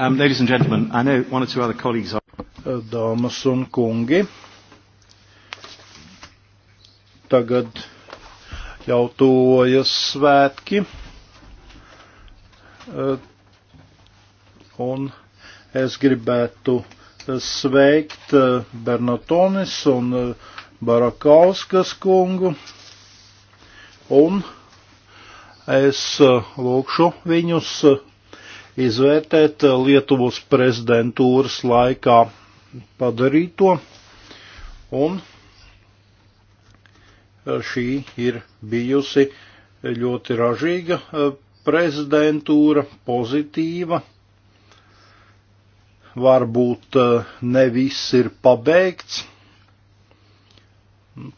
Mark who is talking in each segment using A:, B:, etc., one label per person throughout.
A: Um, ladies and gentlemen, I know one or two other colleagues are... Dāmas un kungi, tagad jau tojas svētki. Eh, un es gribētu sveikt eh, Bernatonis un eh, Barakauskas kungu. Un es lūkšu viņus izvērtēt Lietuvas prezidentūras laikā padarīto. Un šī ir bijusi ļoti ražīga e, prezidentūra, pozitīva. Varbūt e, ne viss ir pabeigts.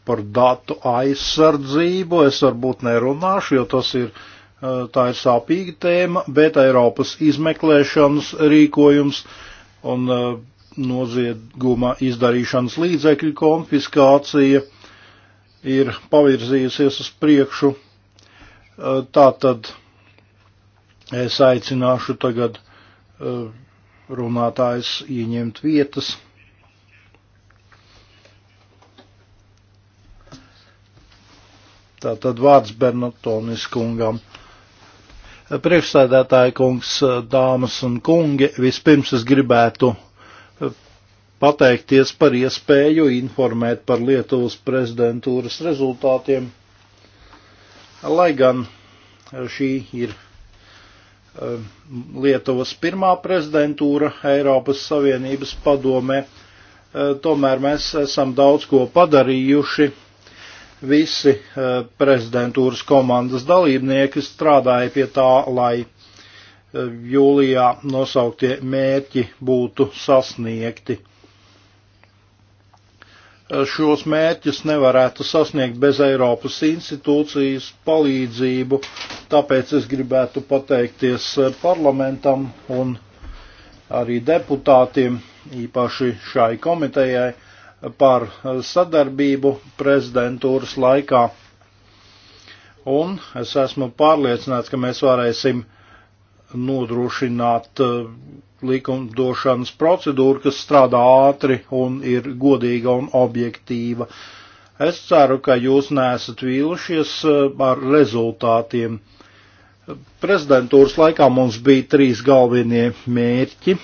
A: Par datu aizsardzību es varbūt nerunāšu, jo tas ir uh, Eh, tā ir sāpīga tēma, bet Eiropas izmeklēšanas rīkojums un eh, nozieguma izdarīšanas līdzekļu konfiskācija ir pavirzījusies uz priekšu. Eh, Tātad es aicināšu tagad runātājs ieņemt vietas. Tātad vārds Bernatonis kungam. Priekšsēdētāji kungs, dāmas un kungi, vispirms es gribētu eh, pateikties par iespēju informēt par Lietuvas prezidentūras rezultātiem. Lai gan eh, šī ir eh, Lietuvas pirmā prezidentūra Eiropas Savienības padomē, tomēr mēs esam daudz ko padarījuši visi eh, prezidentūras komandas dalībnieki strādāja pie tā, lai eh, jūlijā nosauktie mērķi būtu sasniegti. Eh, šos mērķus nevarētu sasniegt bez Eiropas institūcijas palīdzību, tāpēc es gribētu pateikties parlamentam un arī deputātiem, īpaši šai komitejai, par sadarbību prezidentūras laikā. Un es esmu pārliecināts, ka mēs varēsim nodrošināt eh, likumdošanas procedūru, kas strādā ātri un ir godīga un objektīva. Es ceru, ka jūs neesat vīlušies eh, ar rezultātiem. Prezidentūras laikā mums bija trīs galvenie mērķi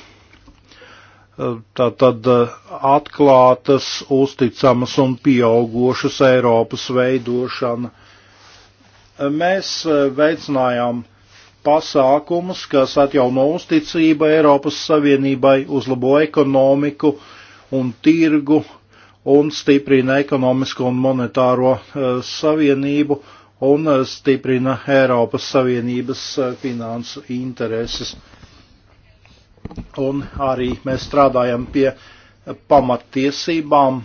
A: tātad uh, atklātas, uzticamas un pieaugošas Eiropas veidošana. Mēs uh, veicinājām pasākumus, kas atjauno uzticību Eiropas Savienībai, uzlabo ekonomiku un tirgu un stiprina ekonomisko un monetāro uh, savienību un stiprina Eiropas Savienības finansu intereses un arī mēs strādājam pie pamattiesībām.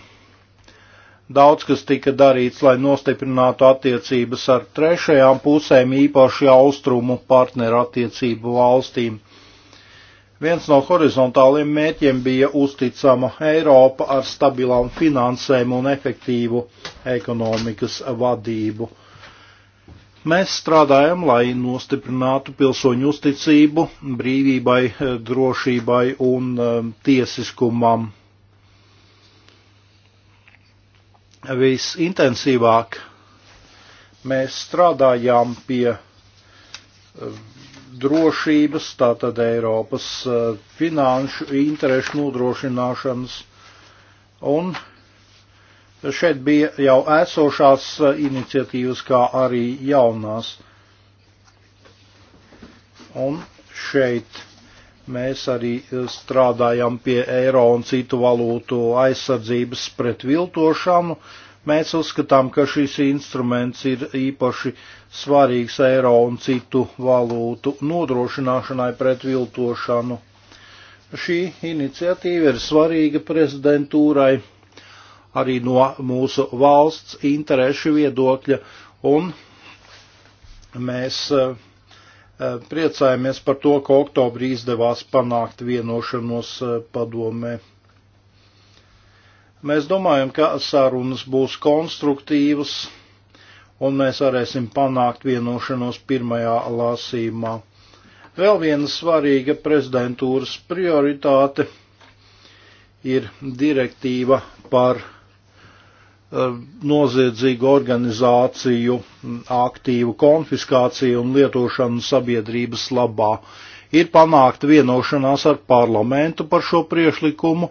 A: Daudz kas tika darīts, lai nostiprinātu attiecības ar trešajām pusēm, īpaši austrumu partneru attiecību valstīm. Viens no horizontāliem mēķiem bija uzticama Eiropa ar stabilām finansēm un efektīvu ekonomikas vadību. Mēs strādājam, lai nostiprinātu pilsoņu uzticību brīvībai, eh, drošībai un eh, tiesiskumam. Visintensīvāk mēs strādājām pie eh, drošības, tātad Eiropas finanšu interešu nodrošināšanas un Šeit bija jau esošās iniciatīvas, kā arī jaunās. Un šeit mēs arī strādājam pie eiro un citu valūtu aizsardzības pret viltošanu. Mēs uzskatām, ka šis instruments ir īpaši svarīgs eiro un citu valūtu nodrošināšanai pret viltošanu. Šī iniciatīva ir svarīga prezidentūrai arī no mūsu valsts interešu viedokļa, un mēs e, e, priecājamies par to, ka oktobrī izdevās panākt vienošanos e, padomē. Mēs domājam, ka sarunas būs konstruktīvas, un mēs varēsim panākt vienošanos pirmajā lasīmā. Vēl viena svarīga prezidentūras prioritāte ir direktīva par Eh, noziedzīgu organizāciju aktīvu konfiskāciju un lietošanu sabiedrības labā. Ir panākta vienošanās ar parlamentu par šo priekšlikumu,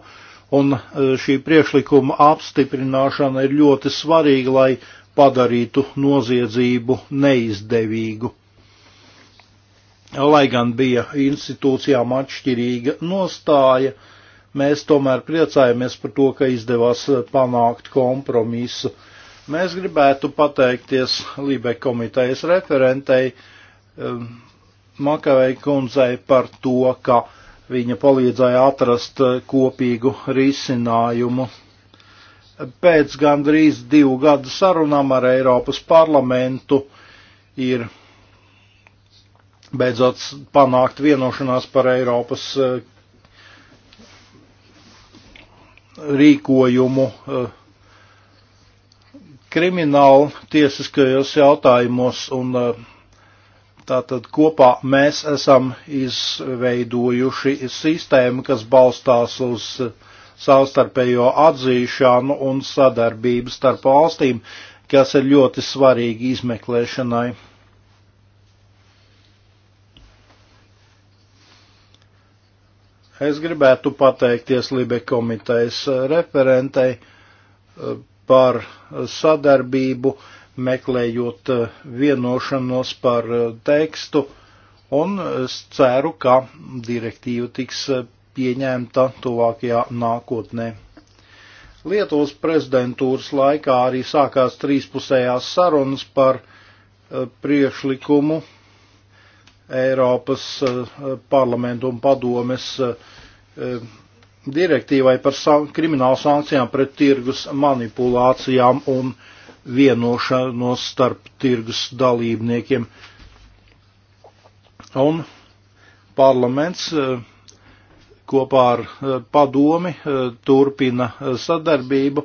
A: un eh, šī priekšlikuma apstiprināšana ir ļoti svarīga, lai padarītu noziedzību neizdevīgu. Lai gan bija institūcijām atšķirīga nostāja, uh, Mēs tomēr priecājamies par to, ka izdevās eh, panākt kompromisu. Mēs gribētu pateikties Lībe komitejas referentei ehm, Makavei kundzei par to, ka viņa palīdzēja atrast eh, kopīgu risinājumu. Pēc gandrīz divu gadu sarunām ar Eiropas parlamentu ir beidzot panākt vienošanās par Eiropas eh, rīkojumu eh, kriminālu tiesiskajos jautājumos, un eh, tātad kopā mēs esam izveidojuši sistēmu, kas balstās uz eh, savstarpējo atzīšanu un sadarbību starp valstīm, kas ir ļoti svarīgi izmeklēšanai. Es gribētu pateikties Libe komitejas referentei eh, par sadarbību, meklējot eh, vienošanos par eh, tekstu, un es ceru, ka direktīva tiks pieņemta tuvākajā nākotnē. Lietuvas prezidentūras laikā arī sākās trīspusējās sarunas par priekšlikumu Eiropas eh, parlamentu un padomes eh, direktīvai par kriminālu sankcijām pret tirgus manipulācijām un vienošanos starp tirgus dalībniekiem. Un parlaments eh, kopā ar padomi turpina sadarbību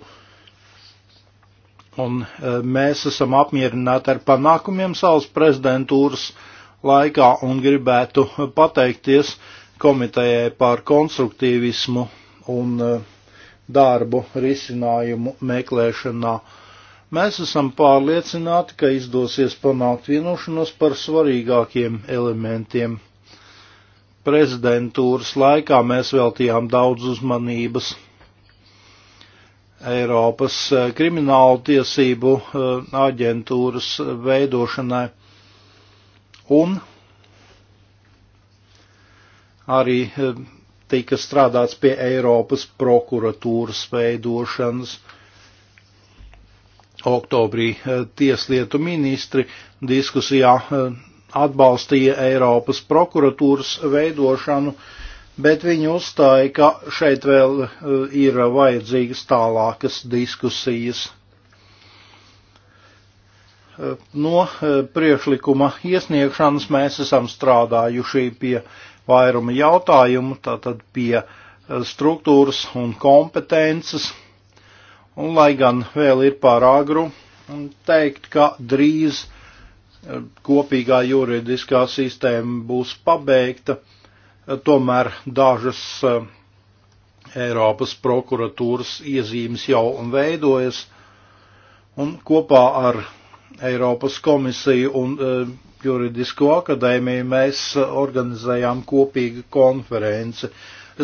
A: un mēs esam apmierināti ar panākumiem savas prezidentūras uh, laikā un gribētu pateikties komitejai par konstruktīvismu un eh, darbu risinājumu meklēšanā. Mēs esam pārliecināti, ka izdosies panākt vienošanos par svarīgākiem elementiem. Prezidentūras laikā mēs veltījām daudz uzmanības Eiropas eh, kriminālu tiesību eh, aģentūras veidošanai Un arī e, tika strādāts pie Eiropas prokuratūras veidošanas. Oktobrī e, tieslietu ministri diskusijā e, atbalstīja Eiropas prokuratūras veidošanu, bet viņi uzstāja, ka šeit vēl ir vajadzīgas tālākas diskusijas. No eh, priekšlikuma iesniegšanas mēs esam strādājuši pie vairuma jautājumu, tātad pie eh, struktūras un kompetences. Un, lai gan vēl ir pār agru teikt, ka drīz eh, kopīgā juridiskā sistēma būs pabeigta, tomēr dažas Eiropas prokuratūras iezīmes jau veidojas, un kopā ar Eiropas komisiju un e, juridisko akadēmiju mēs organizējām kopīgu konferenci.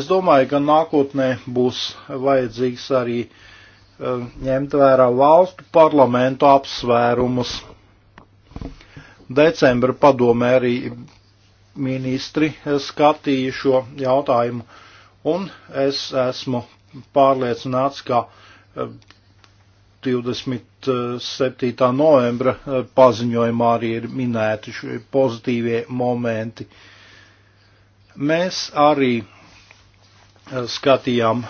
A: Es domāju, ka nākotnē būs vajadzīgs arī e, ņemt vērā valstu parlamentu apsvērumus. Decembra padomē arī ministri skatīja šo jautājumu, un es esmu pārliecināts, ka 20 e, 7. Eh, novembra eh, paziņojumā arī ir minēti šie pozitīvie momenti. Mēs arī eh, skatījām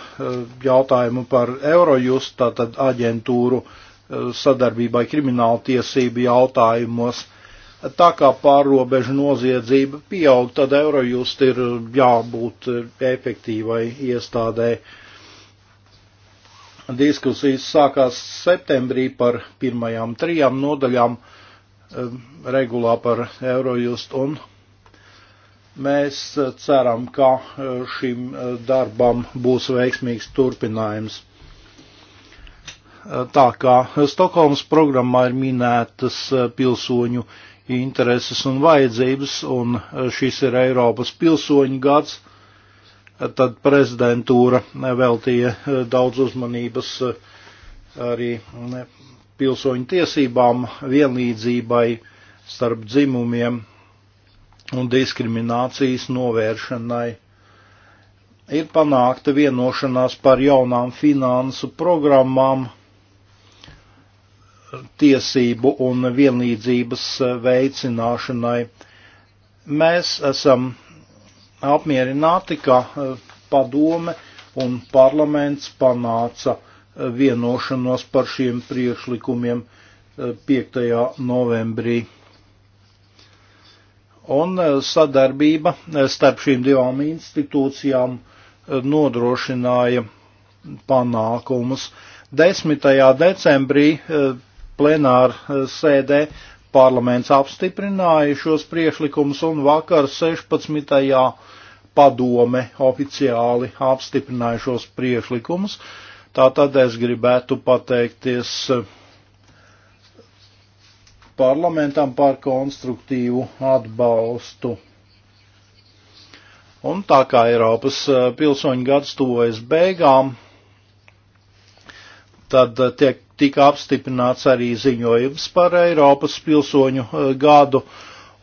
A: jautājumu par Eurojust, tātad aģentūru sadarbībai krimināla tiesību jautājumos. Tā kā pārrobežu noziedzība pieaug, tad Eurojust ir jābūt efektīvai iestādēji Diskusijas sākās septembrī par pirmajām trijām nodaļām eh, regulā par Eurojust un mēs eh, ceram, ka eh, šim darbam būs veiksmīgs turpinājums. Tā kā Stokholmas programmā ir minētas pilsoņu intereses un vajadzības, un šis ir Eiropas pilsoņu gads, tad prezidentūra veltīja eh, daudz uzmanības eh, arī pilsoņu tiesībām, vienlīdzībai starp dzimumiem un diskriminācijas novēršanai. Ir panākta vienošanās par jaunām finansu programmām, tiesību un vienlīdzības eh, veicināšanai. Mēs esam apmierināti, ka eh, padome un parlaments panāca eh, vienošanos par šiem priekšlikumiem 5. Eh, novembrī. Un sadarbība starp šīm divām institūcijām nodrošināja panākumus. 10. decembrī plenāra sēdē parlaments apstiprināja šos priekšlikumus un vakar 16. padome oficiāli apstiprināja šos priekšlikumus. Tātad es gribētu pateikties eh, parlamentam par konstruktīvu atbalstu. Un tā kā Eiropas eh, pilsoņu gads tuvojas beigām, tad eh, tiek tika apstiprināts arī ziņojums par Eiropas pilsoņu eh, gadu,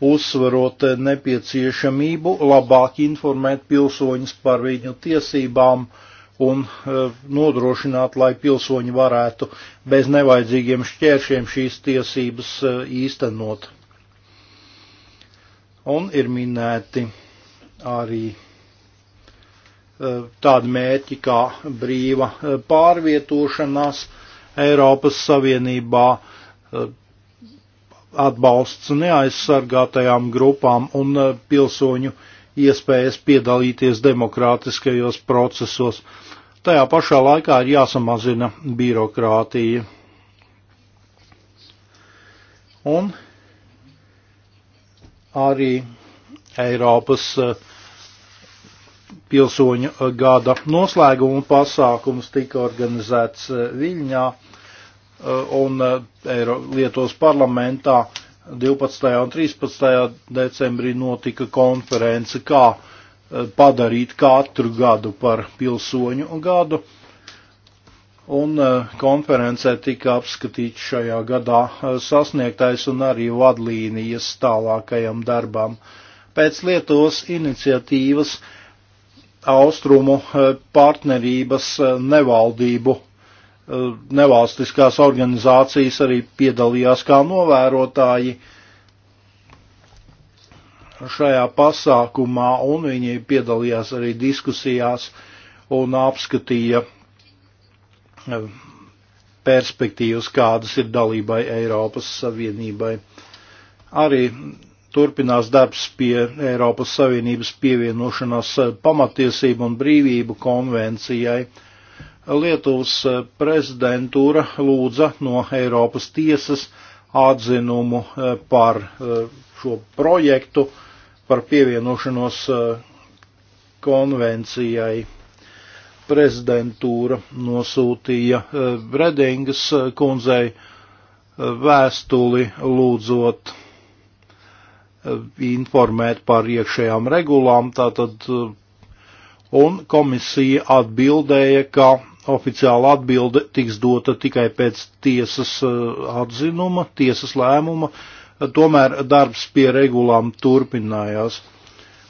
A: uzsverot nepieciešamību labāk informēt pilsoņus par viņu tiesībām un eh, nodrošināt, lai pilsoņi varētu bez nevajadzīgiem šķēršiem šīs tiesības īstenot. Un ir minēti arī tādi mērķi kā brīva eh, pārvietošanās Eiropas Savienībā, eh, atbalsts neaizsargātajām grupām un eh, pilsoņu iespējas piedalīties demokrātiskajos procesos. Tajā pašā laikā ir jāsamazina birokrātija. Un arī Eiropas uh, pilsoņu uh, gada noslēgumu pasākums tika organizēts uh, Viļņā uh, un Lietuvas parlamentā 12. un 13. decembrī notika konference, kā padarīt katru gadu par pilsoņu gadu. Un konferencē tika apskatīts šajā gadā sasniegtais un arī vadlīnijas tālākajam darbam. Pēc Lietuvas iniciatīvas uh, austrumu eh, partnerības eh, nevaldību eh, nevalstiskās organizācijas arī piedalījās kā novērotāji šajā pasākumā, un viņi piedalījās arī diskusijās un apskatīja perspektīvas, kādas ir dalībai Eiropas Savienībai. Arī turpinās darbs pie Eiropas Savienības pievienošanās eh, pamatiesību un brīvību konvencijai. Lietuvas eh, prezidentūra lūdza no Eiropas tiesas atzinumu eh, par šo projektu par pievienošanos konvencijai. Prezidentūra nosūtīja Redingas kundzei vēstuli lūdzot Eh, informēt par iekšējām regulām, tātad, eh, un komisija atbildēja, ka oficiāla atbilde tiks dota tikai pēc tiesas eh, atzinuma, tiesas lēmuma, tomēr darbs pie regulām turpinājās.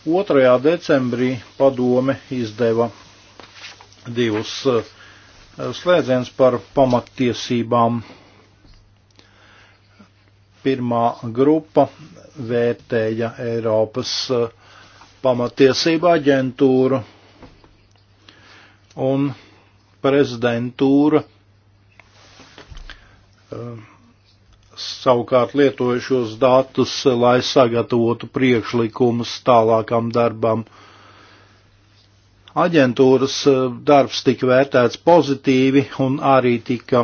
A: 2. decembrī padome izdeva divus slēdzienus par pamattiesībām Pirmā grupa vērtēja Eiropas eh, pamatiesība aģentūru un prezidentūra eh, savukārt lietoja šos datus, lai sagatavotu priekšlikumus tālākam darbam. Aģentūras eh, darbs tika vērtēts pozitīvi un arī tika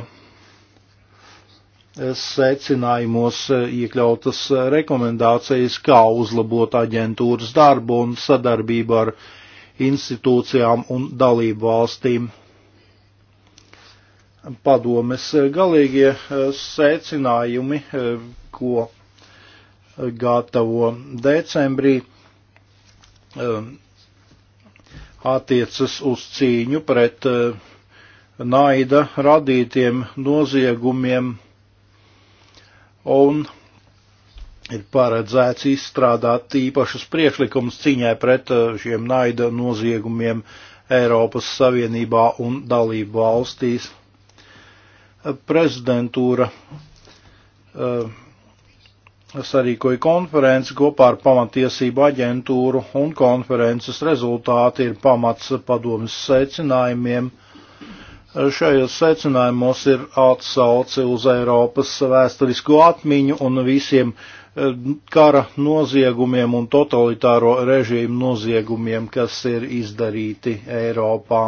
A: secinājumos e, iekļautas e, rekomendācijas, kā uzlabot aģentūras darbu un sadarbību ar institūcijām un dalību valstīm. Padomes e, galīgie secinājumi, ko gatavo decembrī, attiecas uz cīņu pret naida radītiem noziegumiem un ir paredzēts izstrādāt īpašus priekšlikumus cīņai pret eh, šiem naida noziegumiem Eiropas Savienībā un dalību valstīs. Eh, prezidentūra eh, sarīkoja konferenci kopā ar pamatiesību aģentūru, un konferences rezultāti ir pamats padomjas secinājumiem Šajos secinājumos ir atsauce uz Eiropas vēsturisko atmiņu un visiem e, kara noziegumiem un totalitāro režīmu noziegumiem, kas ir izdarīti Eiropā.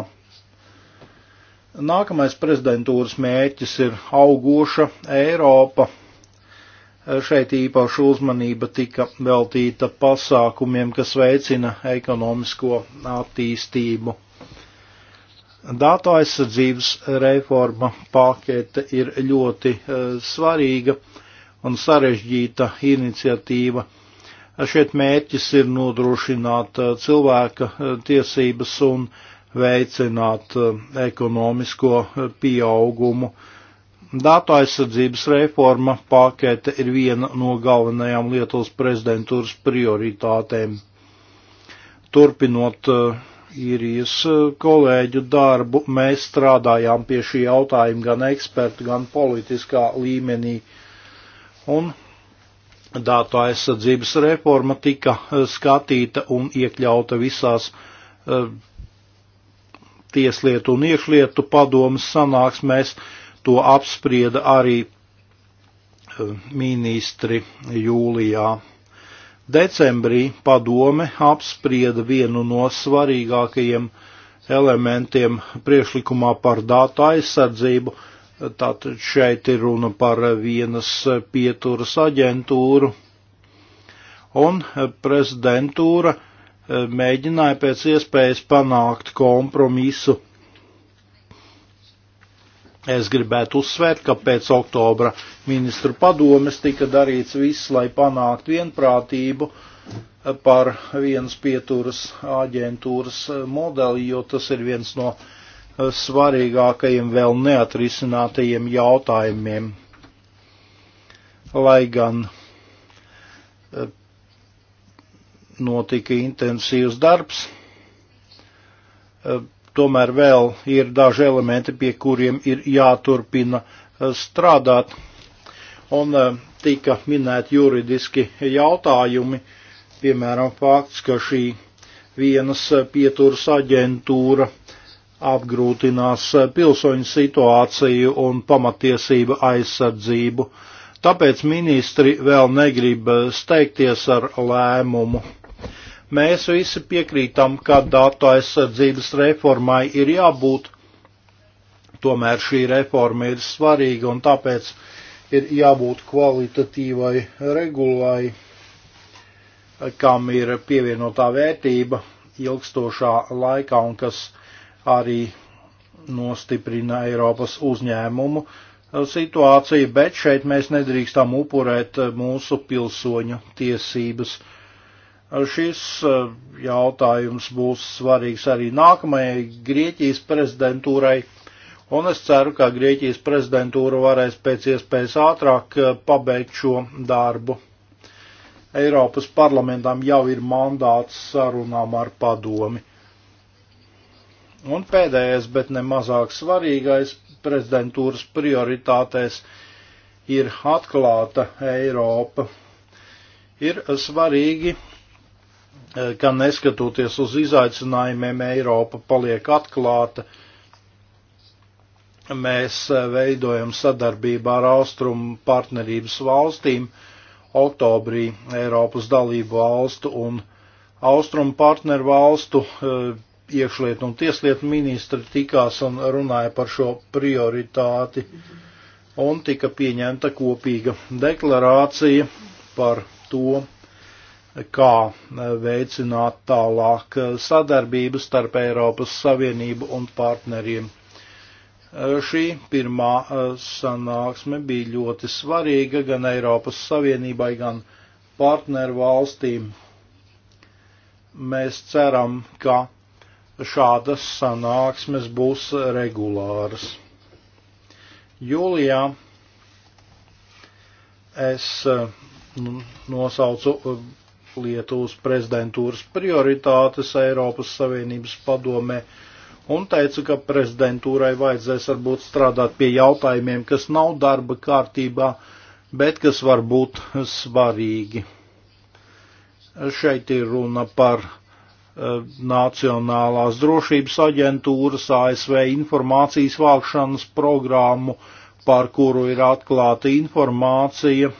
A: Nākamais prezidentūras mērķis ir augoša Eiropa. E, šeit īpaša uzmanība tika veltīta pasākumiem, kas veicina ekonomisko attīstību Dāta aizsardzības reforma pakete ir ļoti e, svarīga un sarežģīta iniciatīva. Šeit mērķis ir nodrošināt e, cilvēka e, tiesības un veicināt ekonomisko pieaugumu. Dāta aizsardzības reforma pakete ir viena no galvenajām Lietuvas prezidentūras prioritātēm. Turpinot uh, īrijas e, kolēģu darbu. Mēs strādājām pie šī jautājuma gan ekspertu, gan politiskā līmenī. Un datu aizsardzības reforma tika e, skatīta un iekļauta visās uh, tieslietu un iekšlietu padomas sanāksmēs. To apsprieda arī uh, ministri jūlijā. Decembrī padome apsprieda vienu no svarīgākajiem elementiem priekšlikumā par datu aizsardzību. Tātad šeit ir runa par vienas pieturas aģentūru. Un prezidentūra eh, mēģināja pēc iespējas panākt kompromisu Es gribētu uzsvērt, ka pēc oktobra ministru padomes tika darīts viss, lai panāktu vienprātību eh, par vienas pieturas aģentūras eh, modeli, jo tas ir viens no eh, svarīgākajiem vēl neatrisinātajiem jautājumiem. Lai gan notika intensīvs darbs, tomēr vēl ir daži elementi, pie kuriem ir jāturpina eh, strādāt. Un eh, tika minēti juridiski jautājumi, piemēram, fakts, ka šī vienas pieturas aģentūra apgrūtinās pilsoņu situāciju un pamatiesību aizsardzību. Tāpēc ministri vēl negrib steigties ar lēmumu Mēs visi piekrītam, ka datu aizsardzības reformai ir jābūt, tomēr šī reforma ir svarīga un tāpēc ir jābūt kvalitatīvai regulai, kam ir pievienotā vērtība ilgstošā laikā un kas arī nostiprina Eiropas uzņēmumu situāciju, bet šeit mēs nedrīkstam upurēt mūsu pilsoņu tiesības. Šis eh, jautājums būs svarīgs arī nākamajai Grieķijas prezidentūrai, un es ceru, ka Grieķijas prezidentūra varēs pēc iespējas ātrāk eh, pabeigt šo darbu. Eiropas parlamentam jau ir mandāts sarunām ar padomi. Un pēdējais, bet nemazāk svarīgais prezidentūras prioritātēs ir atklāta Eiropa. Ir svarīgi ka eh, neskatoties uz izaicinājumiem, Eiropa paliek atklāta. Mēs eh, veidojam sadarbību ar austrumu partnerības valstīm oktobrī Eiropas dalību valstu un austrumu partneru valstu eh, iekšlietu un tieslietu ministri tikās un runāja par šo prioritāti un tika pieņemta kopīga deklarācija par to, kā eh, veicināt tālāk eh, sadarbību starp Eiropas Savienību un partneriem. Eh, šī pirmā sanāksme bija ļoti svarīga gan Eiropas Savienībai, gan partneru valstīm. Mēs ceram, ka šādas sanāksmes būs regulāras. Jūlijā es nu, nosaucu Lietuvas prezidentūras prioritātes Eiropas Savienības padomē un teica, ka prezidentūrai vajadzēs varbūt strādāt pie jautājumiem, kas nav darba kārtībā, bet kas var būt svarīgi. Šeit ir runa par uh, Nacionālās drošības aģentūras ASV informācijas vākšanas programmu, par kuru ir atklāta informācija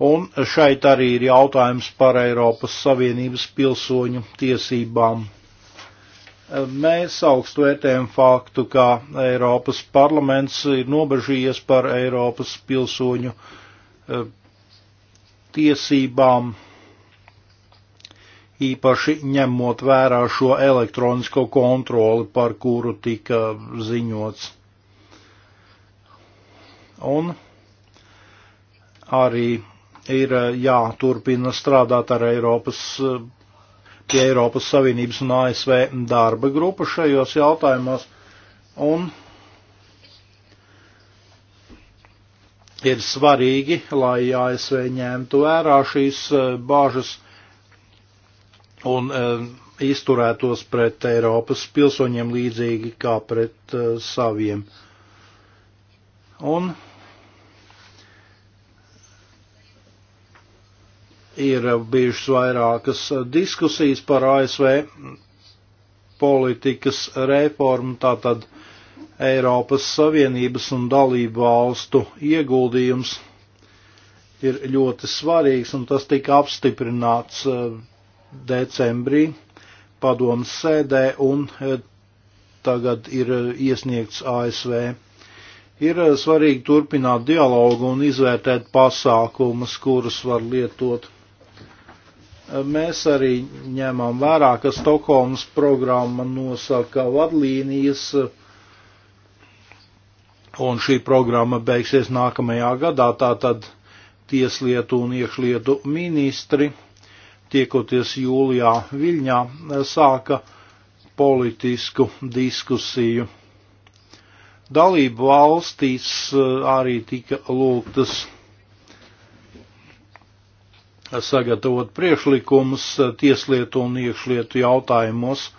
A: Un šeit arī ir jautājums par Eiropas Savienības pilsoņu tiesībām. Mēs augstu vērtējam faktu, ka Eiropas parlaments ir nobežījies par Eiropas pilsoņu e, tiesībām, īpaši ņemot vērā šo elektronisko kontroli, par kuru tika ziņots. Un arī ir eh, jāturpina strādāt ar Eiropas, eh, pie Eiropas Savienības un ASV darba grupu šajos jautājumos. Un ir svarīgi, lai ASV ņemtu vērā šīs eh, bāžas un izturētos pret Eiropas pilsoņiem līdzīgi kā pret saviem. Un Ir bijušas vairākas diskusijas par ASV politikas reformu, tātad Eiropas Savienības un dalību valstu ieguldījums ir ļoti svarīgs, un tas tika apstiprināts e, decembrī padomas sēdē, un e, tagad ir e, iesniegts ASV. Ir svarīgi turpināt dialogu un izvērtēt pasākumus, kurus var lietot Mēs arī ņemam vērā, ka Stokholmas programma nosaka vadlīnijas, un šī programma beigsies nākamajā gadā, tātad tieslietu un iekšlietu ministri tiekoties jūlijā Viļņā, sāka politisku diskusiju. Dalību valstīs eh, arī tika lūgtas sagatavot priekšlikumus tieslietu un iekšlietu jautājumos.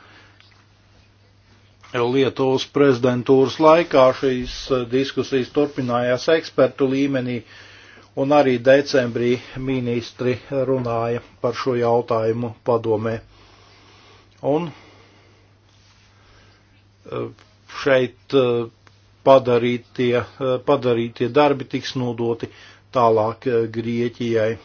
A: Lietuvas prezidentūras laikā šīs diskusijas turpinājās ekspertu līmenī, un arī decembrī ministri runāja par šo jautājumu padomē. Un eh, šeit eh, padarītie, eh, padarītie darbi tiks nodoti tālāk Grieķijai.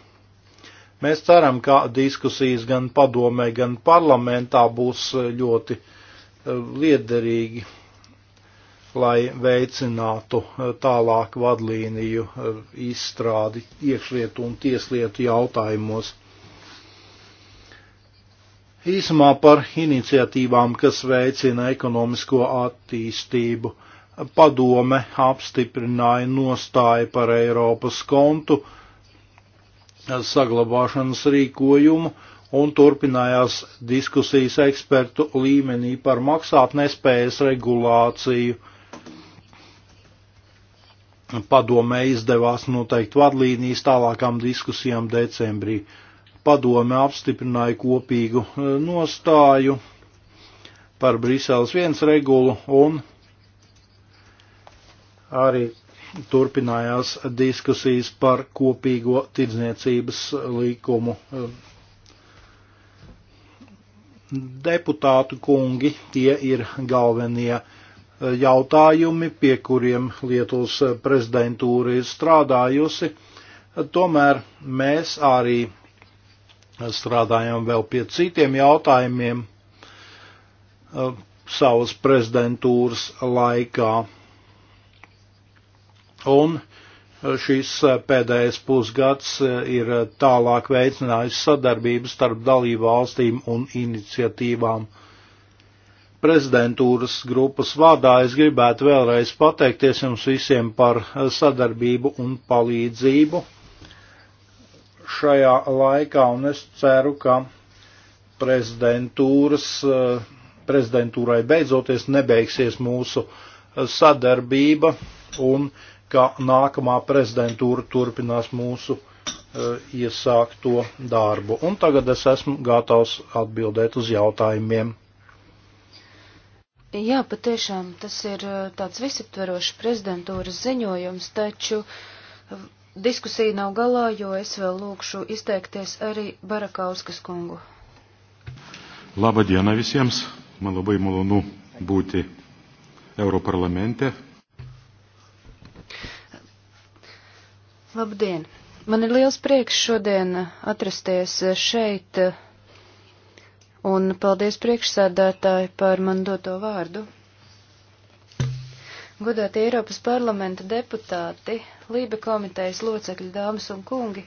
A: Mēs ceram, ka diskusijas gan padomē, gan parlamentā būs eh, ļoti eh, liederīgi, lai veicinātu eh, tālāk vadlīniju izstrādi iekšlietu un tieslietu jautājumos. Īsumā par iniciatīvām, kas veicina ekonomisko attīstību. Padome apstiprināja nostāju par Eiropas kontu, uh, saglabāšanas rīkojumu un turpinājās diskusijas ekspertu līmenī par maksātnespējas regulāciju. Padomē izdevās noteikt vadlīnijas tālākām diskusijām decembrī. Padome apstiprināja kopīgu e, nostāju par Briseles viens regulu un arī turpinājās diskusijas par kopīgo tirdzniecības līkumu. Deputātu kungi, tie ir galvenie jautājumi, pie kuriem Lietuvas prezidentūra ir strādājusi. Tomēr mēs arī strādājam vēl pie citiem jautājumiem savas prezidentūras laikā un eh, šis eh, pēdējais pusgads eh, ir tālāk veicinājis sadarbību starp dalību valstīm un iniciatīvām. Prezidentūras grupas vārdā es gribētu vēlreiz pateikties jums visiem par sadarbību un palīdzību šajā laikā, un es ceru, ka prezidentūras, prezidentūrai beidzoties nebeigsies mūsu sadarbība un ka nākamā prezidentūra turpinās mūsu e, iesākto darbu. Un tagad es esmu gatavs atbildēt uz jautājumiem.
B: Jā, patiešām tas ir e, tāds visaptverošs prezidentūras ziņojums, taču e, diskusija nav galā, jo es vēl lūkšu izteikties arī Barakauskas kungu.
A: Labadiena visiems! Man labai malonu būti Europarlamente
B: Labdien! Man ir liels prieks šodien atrasties šeit, un paldies priekšsēdētāji par man doto vārdu. Godātie Eiropas parlamenta deputāti, Lība komitejas locekļi, dāmas un kungi!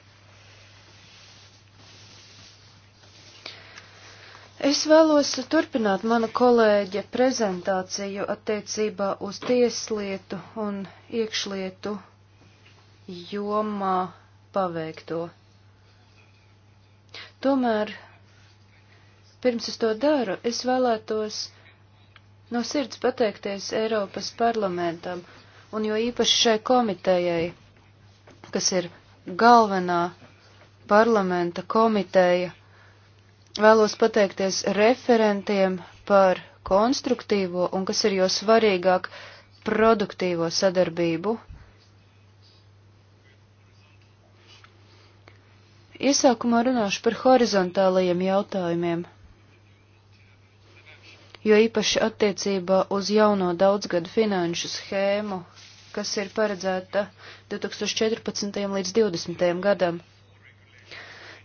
B: Es vēlos turpināt mana kolēģa prezentāciju attiecībā uz tieslietu un iekšlietu jomā paveikto. Tomēr, pirms es to daru, es vēlētos no sirds pateikties Eiropas parlamentam un jo īpaši šai komitejai, kas ir galvenā parlamenta komiteja. Vēlos pateikties referentiem par konstruktīvo un, kas ir jo svarīgāk, produktīvo sadarbību Iesākumā runāšu par horizontālajiem jautājumiem, jo īpaši attiecībā uz jauno daudzgadu finanšu schēmu, kas ir paredzēta 2014. līdz 2020. gadam.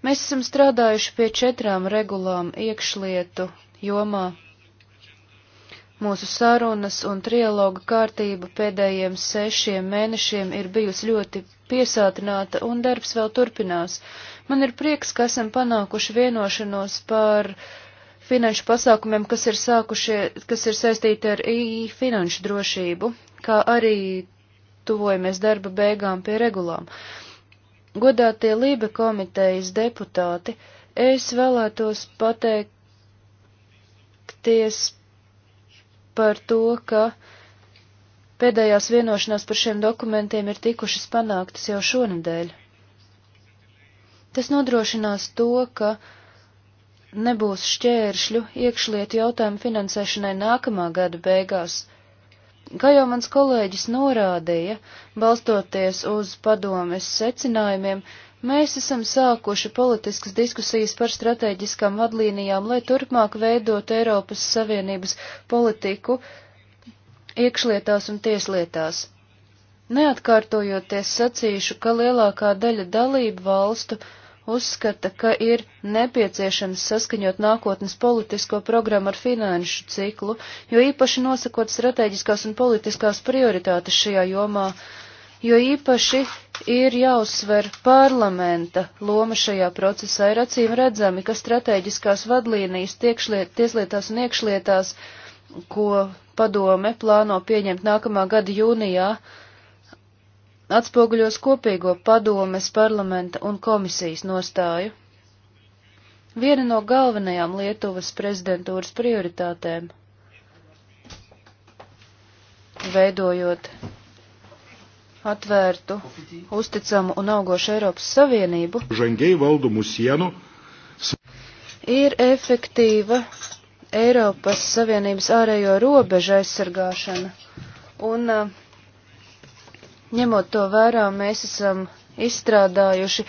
B: Mēs esam strādājuši pie četrām regulām iekšlietu jomā. Mūsu sarunas un trialoga kārtība pēdējiem sešiem mēnešiem ir bijusi ļoti piesātināta un darbs vēl turpinās. Man ir prieks, ka esam panākuši vienošanos par finanšu pasākumiem, kas ir, sākušie, kas ir saistīti ar I finanšu drošību, kā arī tuvojamies darba beigām pie regulām. Godātie Lībe komitejas deputāti, es vēlētos pateikties par to, ka pēdējās vienošanās par šiem dokumentiem ir tikušas panāktas jau šonadēļ. Tas nodrošinās to, ka nebūs šķēršļu iekšlietu jautājumu finansēšanai nākamā gada beigās. Kā jau mans kolēģis norādīja, balstoties uz padomes secinājumiem, mēs esam sākuši politiskas diskusijas par strateģiskām vadlīnijām, lai turpmāk veidot Eiropas Savienības politiku iekšlietās un tieslietās. Neatkārtojoties sacīšu, ka lielākā daļa dalību valstu uzskata, ka ir nepieciešams saskaņot nākotnes politisko programmu ar finanšu ciklu, jo īpaši nosakot strateģiskās un politiskās prioritātes šajā jomā, jo īpaši ir jāuzsver parlamenta loma šajā procesā, ir acīm redzami, ka strateģiskās vadlīnijas tiekšliet, tieslietās un iekšlietās, ko padome plāno pieņemt nākamā gada jūnijā, atspoguļos kopīgo padomes, parlamenta un komisijas nostāju. Viena no galvenajām Lietuvas prezidentūras prioritātēm - veidojot atvērtu, uzticamu un augošu Eiropas Savienību, sienu... ir efektīva Eiropas Savienības ārējo robežu aizsargāšana un uh, Ņemot to vērā, mēs esam izstrādājuši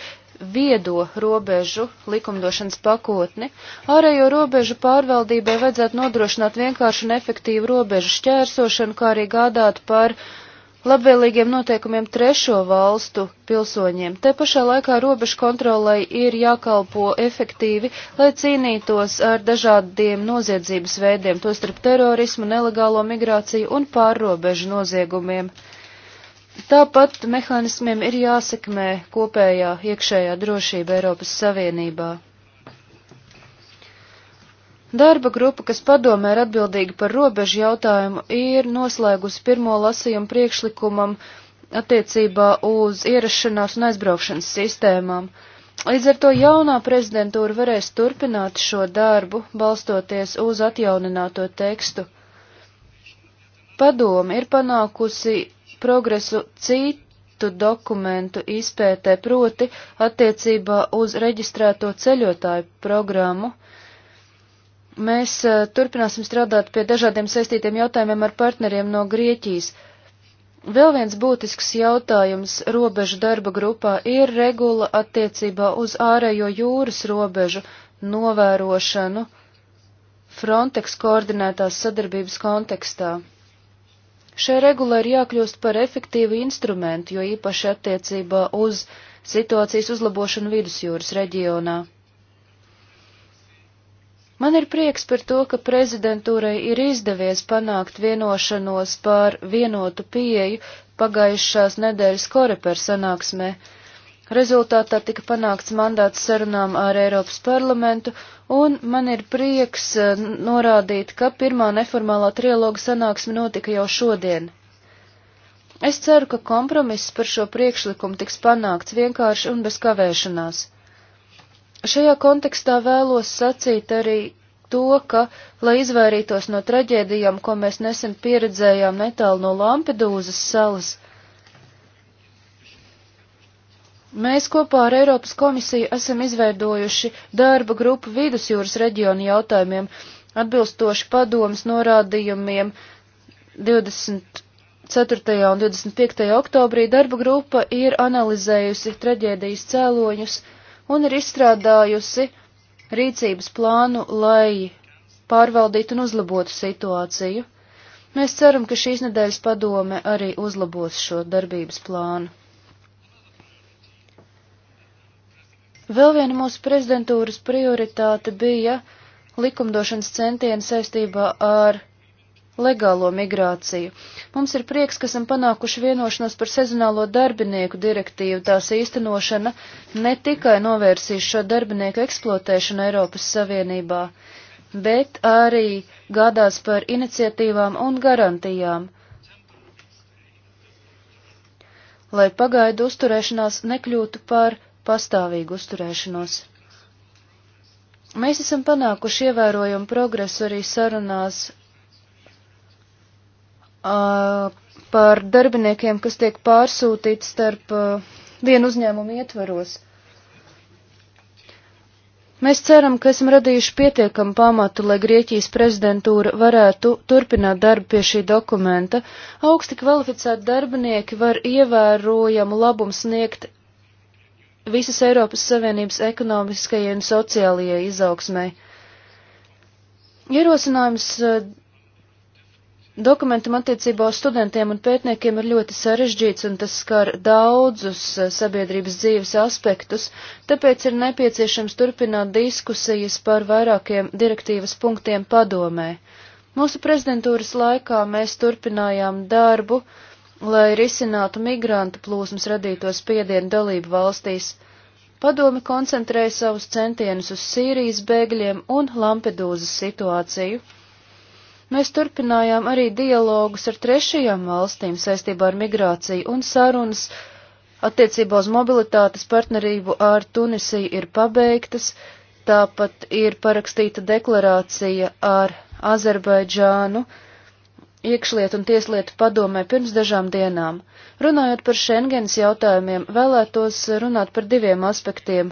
B: viedo robežu likumdošanas pakotni, ārējo robežu pārvaldībai vajadzētu nodrošināt vienkāršu un efektīvu robežu šķērsošanu, kā arī gādāt par labvēlīgiem noteikumiem trešo valstu pilsoņiem. Te pašā laikā robežu kontrolai ir jākalpo efektīvi, lai cīnītos ar dažādiem noziedzības veidiem, tostarp terorismu, nelegālo migrāciju un pārrobežu noziegumiem. Tāpat mehānismiem ir jāsekmē kopējā iekšējā drošība Eiropas Savienībā. Darba grupa, kas padomē ir atbildīga par robežu jautājumu, ir noslēgusi pirmo lasījumu priekšlikumam attiecībā uz ierašanās un aizbraukšanas sistēmām. Līdz ar to jaunā prezidentūra varēs turpināt šo darbu, balstoties uz atjaunināto tekstu. Padomi ir panākusi progresu citu dokumentu izpētē, proti attiecībā uz reģistrēto ceļotāju programmu. Mēs e, turpināsim strādāt pie dažādiem saistītiem jautājumiem ar partneriem no Grieķijas. Vēl viens būtisks jautājums robežu darba grupā ir regula attiecībā uz ārējo jūras robežu novērošanu Frontex koordinētās sadarbības kontekstā. Šai regulai ir jākļūst par efektīvu instrumentu, jo īpaši attiecībā uz situācijas uzlabošanu vidusjūras reģionā. Man ir prieks par to, ka prezidentūrai ir izdevies panākt vienošanos par vienotu pieeju pagājušās nedēļas koreper sanāksmē. Rezultātā tika panākts mandāts sarunām ar Eiropas parlamentu un man ir prieks e, norādīt, ka pirmā neformālā trialoga sanāksme notika jau šodien. Es ceru, ka kompromiss par šo priekšlikumu tiks panākts vienkārši un bez kavēšanās. Šajā kontekstā vēlos sacīt arī to, ka, lai izvairītos no traģēdijām, ko mēs nesen pieredzējām netālu no Lampedūzas salas, Mēs kopā ar Eiropas komisiju esam izveidojuši darba grupu vidusjūras reģionu jautājumiem, atbilstoši padomas norādījumiem 24. un 25. oktobrī darba grupa ir analizējusi traģēdijas cēloņus un ir izstrādājusi rīcības plānu, lai pārvaldītu un uzlabotu situāciju. Mēs ceram, ka šīs nedēļas padome arī uzlabos šo darbības plānu. Vēl viena mūsu prezidentūras prioritāte bija likumdošanas centieni saistībā ar legālo migrāciju. Mums ir prieks, ka esam panākuši vienošanos par sezonālo darbinieku direktīvu. Tās īstenošana ne tikai novērsīs šo darbinieku eksploatēšanu Eiropas Savienībā, bet arī gādās par iniciatīvām un garantijām, lai pagaidu uzturēšanās nekļūtu par pastāvīgu uzturēšanos. Mēs esam panākuši ievērojumu progresu arī sarunās uh, par darbiniekiem, kas tiek pārsūtīti starp uh, vienu uzņēmumu ietvaros. Mēs ceram, ka esam radījuši pietiekamu pamatu, lai Grieķijas prezidentūra varētu turpināt darbu pie šī dokumenta. Augsti kvalificēti darbinieki var ievērojamu labumu sniegt visas Eiropas Savienības ekonomiskajai un sociālajai izaugsmai. Ierosinājums eh, dokumentam attiecībā uz studentiem un pētniekiem ir ļoti sarežģīts, un tas skar daudzus eh, sabiedrības dzīves aspektus, tāpēc ir nepieciešams turpināt diskusijas par vairākiem direktīvas punktiem padomē. Mūsu prezidentūras laikā mēs turpinājām darbu, uh, lai risinātu migrantu plūsmas radīto spiedienu dalību valstīs. Padome koncentrēja savus centienus uz Sīrijas bēgļiem un Lampedūzas situāciju. Mēs turpinājām arī dialogus ar trešajām valstīm saistībā ar migrāciju un sarunas attiecībā uz mobilitātes partnerību ar Tunisiju ir pabeigtas, tāpat ir parakstīta deklarācija ar Azerbaidžānu, iekšlietu un tieslietu padomē pirms dažām dienām. Runājot par Schengens jautājumiem, vēlētos runāt par diviem aspektiem.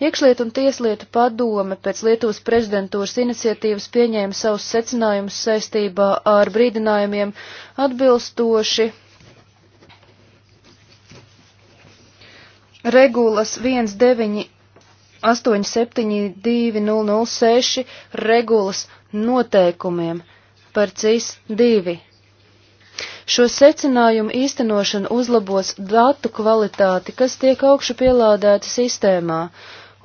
B: Iekšlietu un tieslietu padome pēc Lietuvas prezidentūras iniciatīvas pieņēma savus secinājumus saistībā ar brīdinājumiem atbilstoši regulas 19 872 006 regulas noteikumiem par CIS-2. Šo secinājumu īstenošana uzlabos datu kvalitāti, kas tiek augšu pielādēta sistēmā,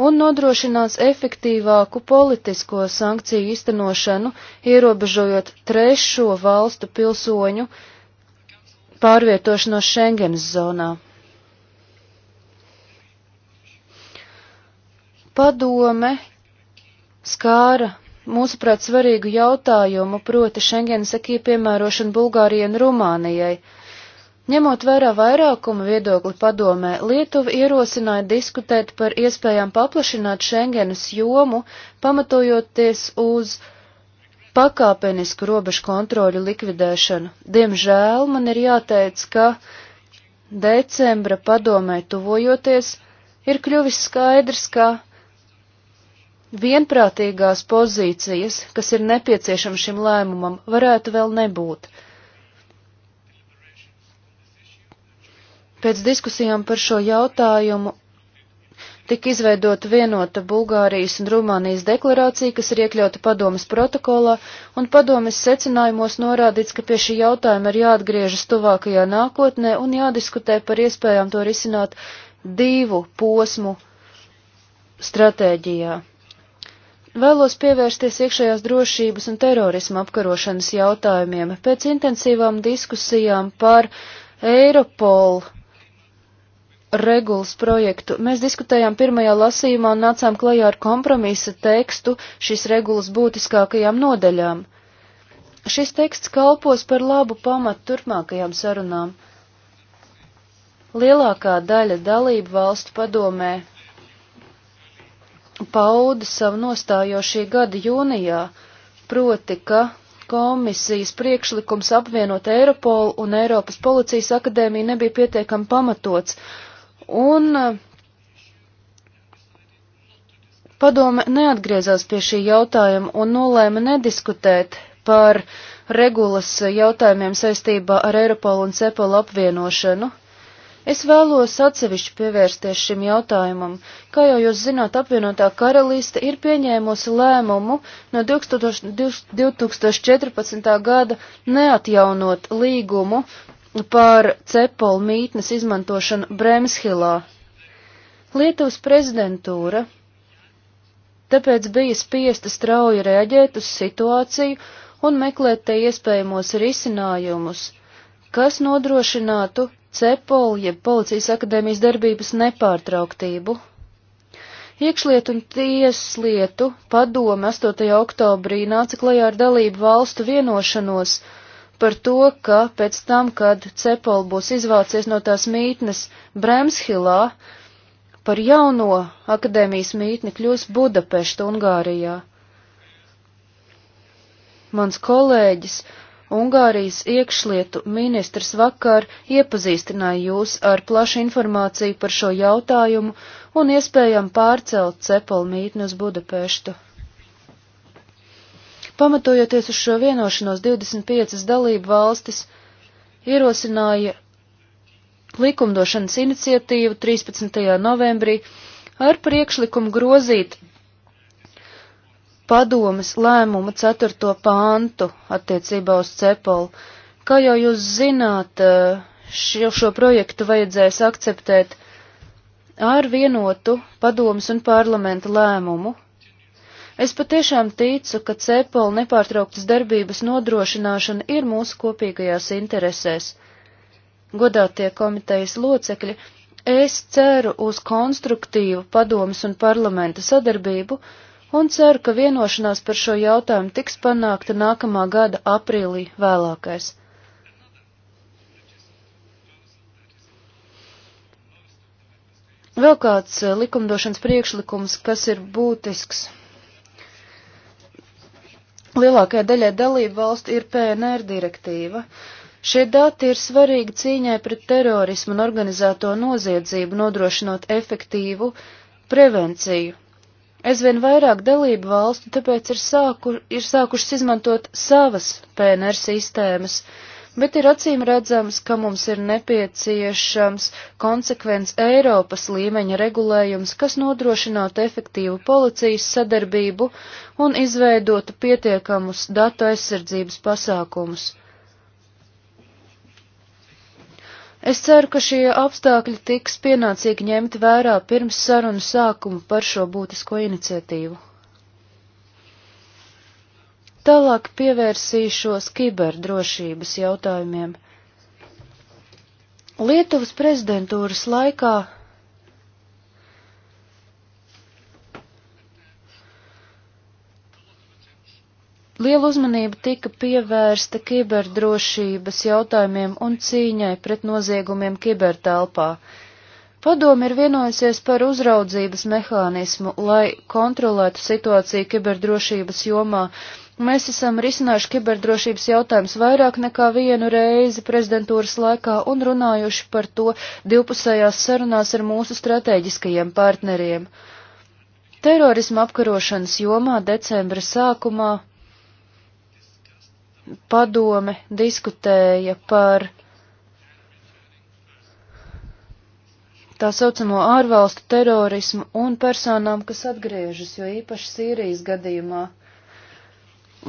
B: un nodrošinās efektīvāku politisko sankciju īstenošanu, ierobežojot trešo valstu pilsoņu pārvietošanos Schengens zonā. Padome skāra mūsuprāt, svarīgu jautājumu, proti Schengenas akī piemērošanu Bulgārijai un Rumānijai. Ņemot vērā vairākuma viedokli padomē, Lietuva ierosināja diskutēt par iespējām paplašināt Schengenas jomu, pamatojoties uz pakāpenisku robežu kontroļu likvidēšanu. Diemžēl man ir jāteic, ka decembra padomē tuvojoties, ir kļuvis skaidrs, ka vienprātīgās pozīcijas, kas ir nepieciešama šim lēmumam, varētu vēl nebūt. Pēc diskusijām par šo jautājumu tika izveidota vienota Bulgārijas un Rumānijas deklarācija, kas ir iekļauta padomas protokolā, un padomas secinājumos norādīts, ka pie šī jautājuma ir jāatgriežas tuvākajā nākotnē un jādiskutē par iespējām to risināt divu posmu stratēģijā. Vēlos pievērsties iekšējās drošības un terorisma apkarošanas jautājumiem pēc intensīvām diskusijām par Eiropolu regulas projektu. Mēs diskutējām pirmajā lasījumā un nācām klajā ar kompromisa tekstu šīs regulas būtiskākajām nodeļām. Šis teksts kalpos par labu pamatu turpmākajām sarunām. Lielākā daļa dalību valstu padomē pauda savu nostājo šī gada jūnijā, proti, ka komisijas priekšlikums apvienot Eiropolu un Eiropas policijas akadēmiju nebija pietiekami pamatots, un eh, padome neatgriezās pie šī jautājuma un nolēma nediskutēt par regulas jautājumiem saistībā ar Eiropolu un Cepolu apvienošanu. Es vēlos atsevišķi pievērsties šim jautājumam. Kā jau jūs zināt, apvienotā karaliste ir pieņēmusi lēmumu no 2014. gada neatjaunot līgumu par cepolu mītnes izmantošanu Bremshilā. Lietuvas prezidentūra tāpēc bija spiesta strauji reaģēt uz situāciju un meklēt te iespējamos risinājumus, kas nodrošinātu CEPOL, jeb Policijas akadēmijas darbības nepārtrauktību. Iekšlietu un tieslietu padome 8. oktobrī nāca klajā ar dalību valstu vienošanos par to, ka pēc tam, kad CEPOL būs izvācies no tās mītnes Bremshilā, par jauno akadēmijas mītni kļūs Budapešta Ungārijā. Mans kolēģis Ungārijas iekšlietu ministrs vakar iepazīstināja jūs ar plašu informāciju par šo jautājumu un iespējam pārcelt cepalu mītni uz Budapeštu. Pamatojoties uz šo vienošanos 25 dalību valstis ierosināja likumdošanas iniciatīvu 13. novembrī ar priekšlikumu grozīt padomas lēmuma 4. pāntu attiecībā uz cepolu. Kā jau jūs zināt, šo, šo projektu vajadzēs akceptēt ar vienotu padomas un parlamenta lēmumu. Es patiešām ticu, ka cepola nepārtrauktas darbības nodrošināšana ir mūsu kopīgajās interesēs. Godātie komitejas locekļi, es ceru uz konstruktīvu padomas un parlamenta sadarbību, un ceru, ka vienošanās par šo jautājumu tiks panākta nākamā gada aprīlī vēlākais. Vēl kāds eh, likumdošanas priekšlikums, kas ir būtisks. Lielākajai daļai dalību valstu ir PNR direktīva. Šie dati ir svarīgi cīņai pret terorismu un organizēto noziedzību, nodrošinot efektīvu prevenciju Aizvien vairāk dalību valstu tāpēc ir, sāku, ir sākušas izmantot savas PNR sistēmas, bet ir acīm redzams, ka mums ir nepieciešams konsekvents Eiropas līmeņa regulējums, kas nodrošinātu efektīvu policijas sadarbību un izveidotu pietiekamus datu aizsardzības pasākumus. Es ceru, ka šie apstākļi tiks pienācīgi ņemti vērā pirms sarunu sākuma par šo būtisko iniciatīvu. Tālāk pievērsīšos kiberdrošības jautājumiem. Lietuvas prezidentūras laikā Liela uzmanība tika pievērsta kiberdrošības jautājumiem un cīņai pret noziegumiem kibertelpā. Padomi ir vienojusies par uzraudzības mehānismu, lai kontrolētu situāciju kiberdrošības jomā. Mēs esam risinājuši kiberdrošības jautājumus vairāk nekā vienu reizi prezidentūras laikā un runājuši par to divpusējās sarunās ar mūsu strateģiskajiem partneriem. Terorisma apkarošanas jomā decembra sākumā padome diskutēja par tā saucamo ārvalstu terorismu un personām, kas atgriežas, jo īpaši Sīrijas gadījumā.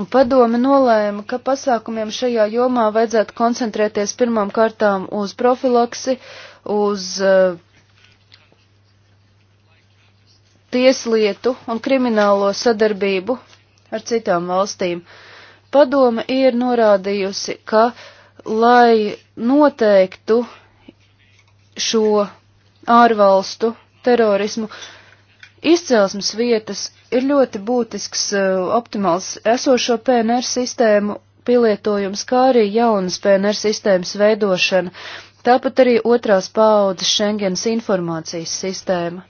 B: Un padome nolēma, ka pasākumiem šajā jomā vajadzētu koncentrēties pirmām kārtām uz profilaksi, uz uh, tieslietu un kriminālo sadarbību ar citām valstīm. Uh, Padoma ir norādījusi, ka, lai noteiktu šo ārvalstu terorismu, izcelsmes vietas ir ļoti būtisks e, optimāls esošo PNR sistēmu pielietojums, kā arī jaunas PNR sistēmas veidošana, tāpat arī otrās paaudzes Schengens informācijas sistēma.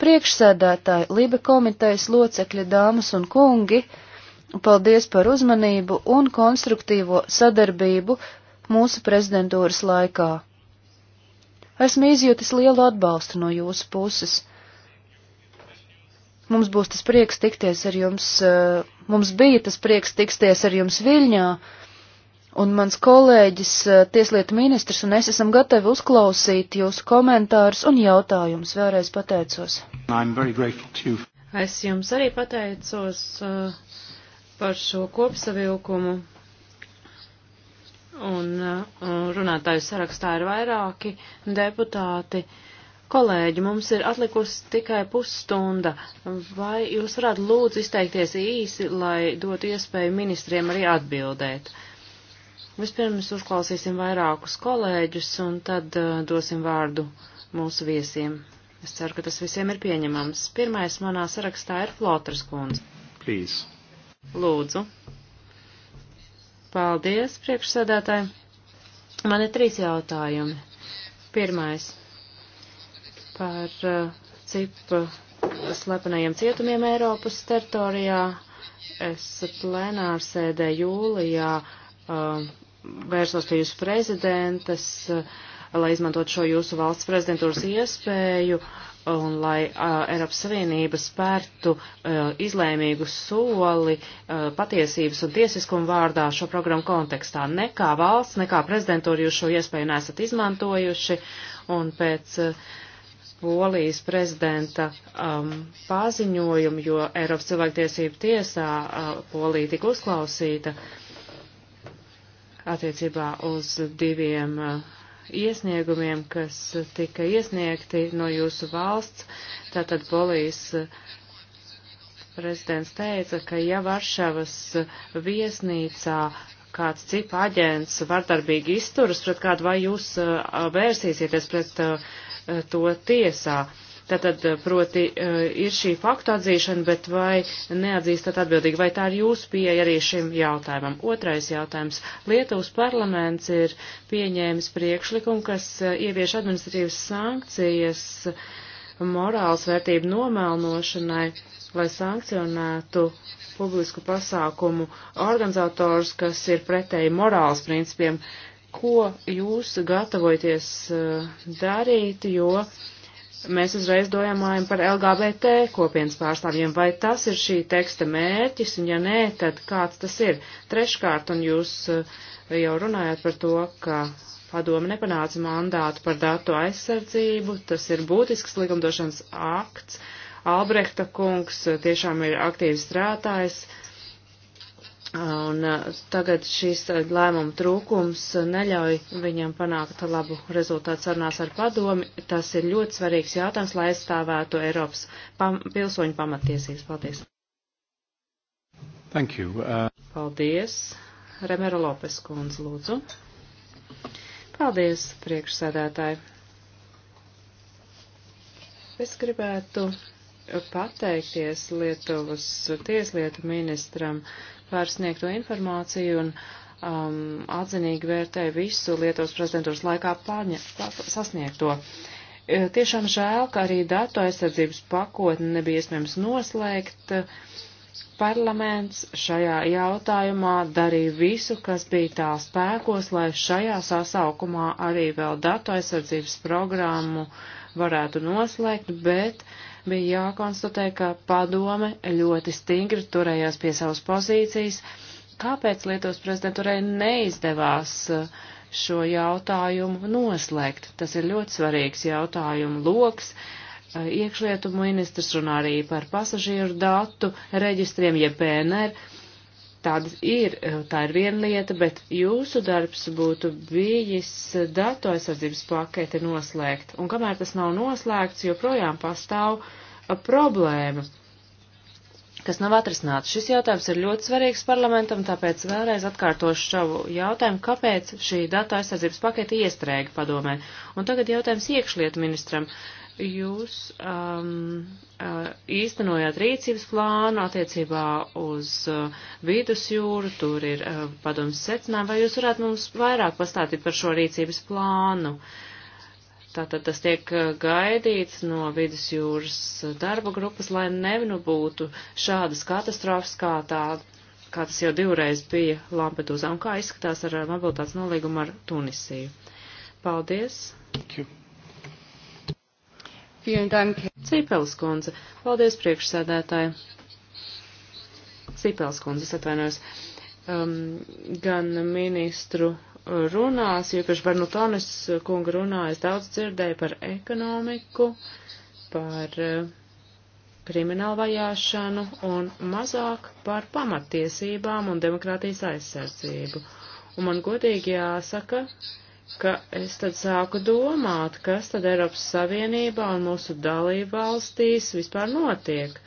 B: Priekšsēdētāji, Liba komitejas locekļi, dāmas un kungi, Paldies par uzmanību un konstruktīvo sadarbību mūsu prezidentūras laikā. Esmu izjutis lielu atbalstu no jūsu puses. Mums būs tas prieks tikties ar jums, eh, mums bija tas prieks tikties ar jums Viļņā, un mans kolēģis, eh, tieslietu ministrs un es esam gatavi uzklausīt jūsu komentārus un jautājumus. Vēlreiz pateicos.
C: Es jums arī pateicos eh, par šo kopsavilkumu. Un, un uh, runātāju sarakstā ir vairāki deputāti. Kolēģi, mums ir atlikusi tikai pusstunda. Vai jūs varētu lūdzu izteikties īsi, lai dotu iespēju ministriem arī atbildēt? Vispirms uzklausīsim vairākus kolēģus un tad uh, dosim vārdu mūsu viesiem. Es ceru, ka tas visiem ir pieņemams. Pirmais manā sarakstā ir Flotras kundze. Please. Lūdzu. Paldies, priekšsēdētāji. Man ir trīs jautājumi. Pirmais par uh, cipu uh, slepenajiem cietumiem Eiropas teritorijā. Es plenārsēdē jūlijā uh, vērsos pie jūsu prezidentes, uh, lai izmantot šo jūsu valsts prezidentūras iespēju un lai uh, Eiropas Savienība spērtu uh, izlēmīgu soli uh, patiesības un tiesiskuma vārdā šo programmu kontekstā. Nekā valsts, nekā prezidentūra jūs šo iespēju nesat izmantojuši, un pēc uh, Polijas prezidenta um, paziņojumu, jo Eiropas cilvēktiesību tiesā uh, Polija tika uzklausīta attiecībā uz diviem uh, iesniegumiem, kas tika iesniegti no jūsu valsts. Tātad Polijas eh, prezidents teica, ka ja Varšavas eh, viesnīcā kāds cipa aģents vardarbīgi izturas pret kādu, vai jūs eh, vērsīsieties pret to tiesā? Tātad, eh, proti, eh, ir šī faktu atzīšana, bet vai neatzīstat atbildīgi, vai tā ir jūsu pieeja arī šim jautājumam? Otrais jautājums. Lietuvas parlaments ir pieņēmis priekšlikumu, kas eh, ievieš administratīvas sankcijas morāls vērtību nomēlnošanai, lai sankcionētu publisku pasākumu organizators, kas ir pretēji morāls principiem. Ko jūs gatavojaties darīt, jo mēs uzreiz domājam par LGBT kopienas pārstāvjiem. Vai tas ir šī teksta mērķis, un ja nē, tad kāds tas ir? Treškārt, un jūs eh, jau runājat par to, ka padome nepanāca mandātu par datu aizsardzību, tas ir būtisks likumdošanas akts. Albrehta kungs eh, tiešām ir aktīvi strādājis Un uh, tagad šīs uh, lēmuma trūkums uh, neļauj viņam panākt labu rezultātu sarunās ar padomi. Tas ir ļoti svarīgs jautājums, lai aizstāvētu Eiropas pam pilsoņu pamatiesības. Paldies.
A: Thank you. Uh...
C: Paldies. Remera Lopes kundze, lūdzu. Paldies, priekšsēdētāji. Es gribētu pateikties Lietuvas tieslietu ministram. Uh, par sniegto informāciju un um, atzinīgi vērtēja visu Lietuvas prezidentūras laikā pārņa, pār, sasniegto. E, tiešām žēl, ka arī datu aizsardzības pakotni nebija iespējams noslēgt. Parlaments šajā jautājumā darīja visu, kas bija tā spēkos, lai šajā sasaukumā arī vēl datu aizsardzības programmu varētu noslēgt, bet uh, bija jākonstatē, ka padome ļoti stingri turējās pie savas pozīcijas. Kāpēc Lietuvas prezidentūrai neizdevās uh, šo jautājumu noslēgt? Tas ir ļoti svarīgs jautājumu loks. Uh, iekšlietu ministrs runā arī par pasažieru datu reģistriem, jeb PNR tādas ir, eh, tā ir viena lieta, bet jūsu darbs būtu bijis datu aizsardzības pakete noslēgt. Un kamēr tas nav noslēgts, joprojām pastāv problēma, kas nav atrisināta. Šis jautājums ir ļoti svarīgs parlamentam, tāpēc vēlreiz atkārtošu šavu jautājumu, kāpēc šī datu aizsardzības pakete iestrēga padomē. Un tagad jautājums iekšlietu ministram. Uh, Jūs um, uh, īstenojāt rīcības plānu attiecībā uz uh, vidusjūru, tur ir uh, padomas secinājumi, vai jūs varētu mums vairāk pastāstīt par šo rīcības plānu? Tātad tas tiek uh, gaidīts no vidusjūras darba grupas, lai nevinu būtu šādas katastrofas, kā tā kā tas jau divreiz bija Lampedūzā, un kā izskatās ar uh, mobilitātes nolīgumu ar Tunisiju. Paldies! Thank you. Cīpels kundze. Paldies, priekšsēdētāji. Cīpels kundze, es atvainojos. Um, gan ministru runās, iepriekš Barnutonis kunga runā, es daudz dzirdēju par ekonomiku, par uh, kriminālu vajāšanu un mazāk par pamattiesībām un demokrātijas aizsardzību. Un man godīgi jāsaka, uh, ka es tad sāku domāt, kas tad Eiropas Savienībā un mūsu dalībvalstīs vispār notiek.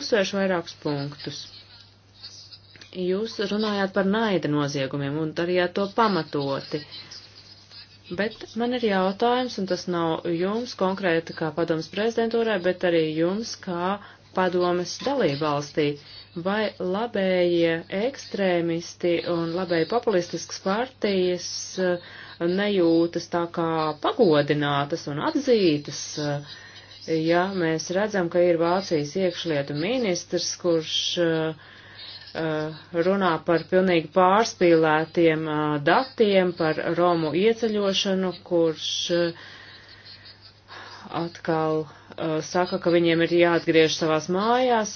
C: Uzsvēršu vairākus punktus. Jūs runājāt par naida noziegumiem un darījāt to pamatoti. Bet man ir jautājums, un tas nav jums konkrēti kā padomas prezidentūrai, bet arī jums kā padomas dalībvalstī. valstī vai labējie ekstrēmisti un labēji populistiskas partijas eh, nejūtas tā kā pagodinātas un atzītas. Eh, ja mēs redzam, ka ir Vācijas iekšlietu ministrs, kurš eh, runā par pilnīgi pārspīlētiem datiem par Romu ieceļošanu, kurš atkal saka, ka viņiem ir jāatgriež savās mājās,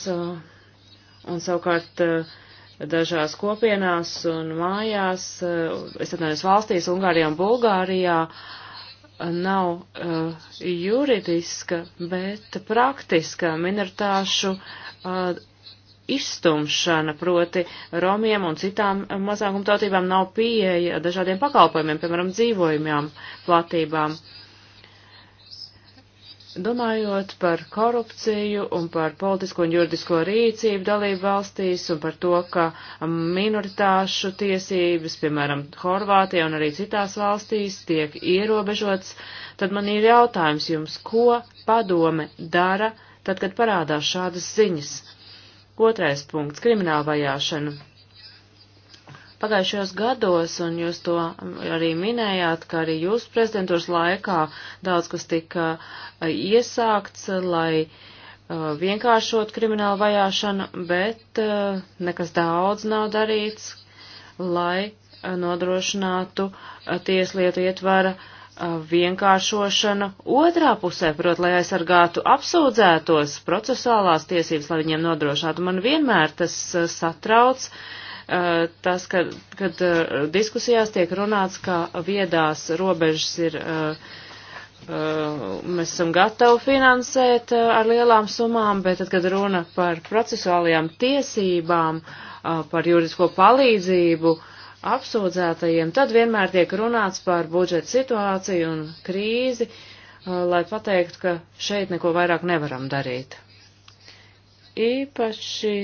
C: Un savukārt eh, dažās kopienās un mājās, eh, es atvainojos valstīs, Ungārijā un Bulgārijā, eh, nav uh, juridiska, bet praktiska minoritāšu uh, izstumšana, proti romiem un citām mazākumtautībām nav pieeja dažādiem pakalpojumiem, piemēram, dzīvojumiem, platībām. Uh, Domājot par korupciju un par politisko un juridisko rīcību dalību valstīs un par to, ka minoritāšu tiesības, piemēram, Horvātijā un arī citās valstīs, tiek ierobežots, tad man ir jautājums jums, ko padome dara, tad, kad parādās šādas ziņas. Otrais punkts - krimināla vajāšana. Pagājušajos gados, un jūs to arī minējāt, ka arī jūsu prezidentūras laikā daudz kas tika iesākts, lai uh, vienkāršot kriminālu vajāšanu, bet uh, nekas daudz nav darīts, lai uh, nodrošinātu tieslietu ietvara vienkāršošanu otrā pusē, prot, lai aizsargātu apsūdzētos procesālās tiesības, lai viņiem nodrošinātu. Man vienmēr tas satrauc, uh, Eh, tas, ka, kad eh, diskusijās tiek runāts, ka viedās robežas ir, eh, mēs esam gatavi finansēt ar lielām summām, bet tad, kad runa par procesuālajām tiesībām, par juridisko palīdzību, apsūdzētajiem, tad vienmēr tiek runāts par budžeta situāciju un krīzi, lai pateiktu, ka šeit neko vairāk nevaram darīt. Īpaši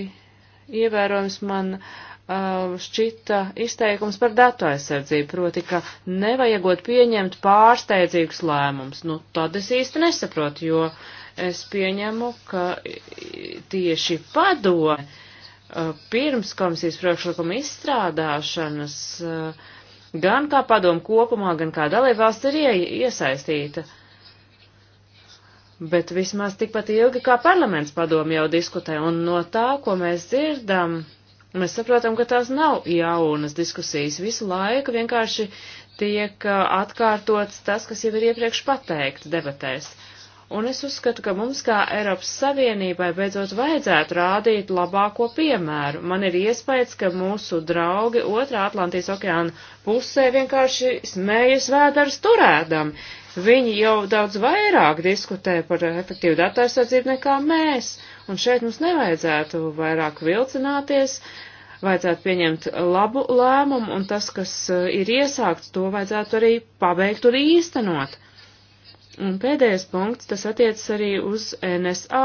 C: ievērojams man uh, Um, šķita izteikums par datu aizsardzību, proti, ka nevajagot pieņemt pārsteidzīgus lēmumus. Nu, tad es īsti nesaprotu, jo es pieņemu, ka tieši padome uh, pirms komisijas priekšlikuma izstrādāšanas uh, gan kā padome kopumā, gan kā dalībvalsts ir iesaistīta. Bet vismaz tikpat ilgi kā parlaments padomu jau diskutē, un no tā, ko mēs dzirdam, Mēs saprotam, ka tās nav jaunas diskusijas. Visu laiku vienkārši tiek atkārtots tas, kas jau ir iepriekš pateikts debatēs. Un es uzskatu, ka mums kā Eiropas Savienībai beidzot vajadzētu rādīt labāko piemēru. Man ir iespējas, ka mūsu draugi otrā Atlantijas okeāna pusē vienkārši smējas vēders turēdam. Viņi jau daudz vairāk diskutē par efektīvu datu aizsardzību nekā mēs Un šeit mums nevajadzētu vairāk vilcināties, vajadzētu pieņemt labu lēmumu, un tas, kas eh, ir iesākts, to vajadzētu arī pabeigt un īstenot. Un pēdējais punkts, tas attiecas arī uz NSA.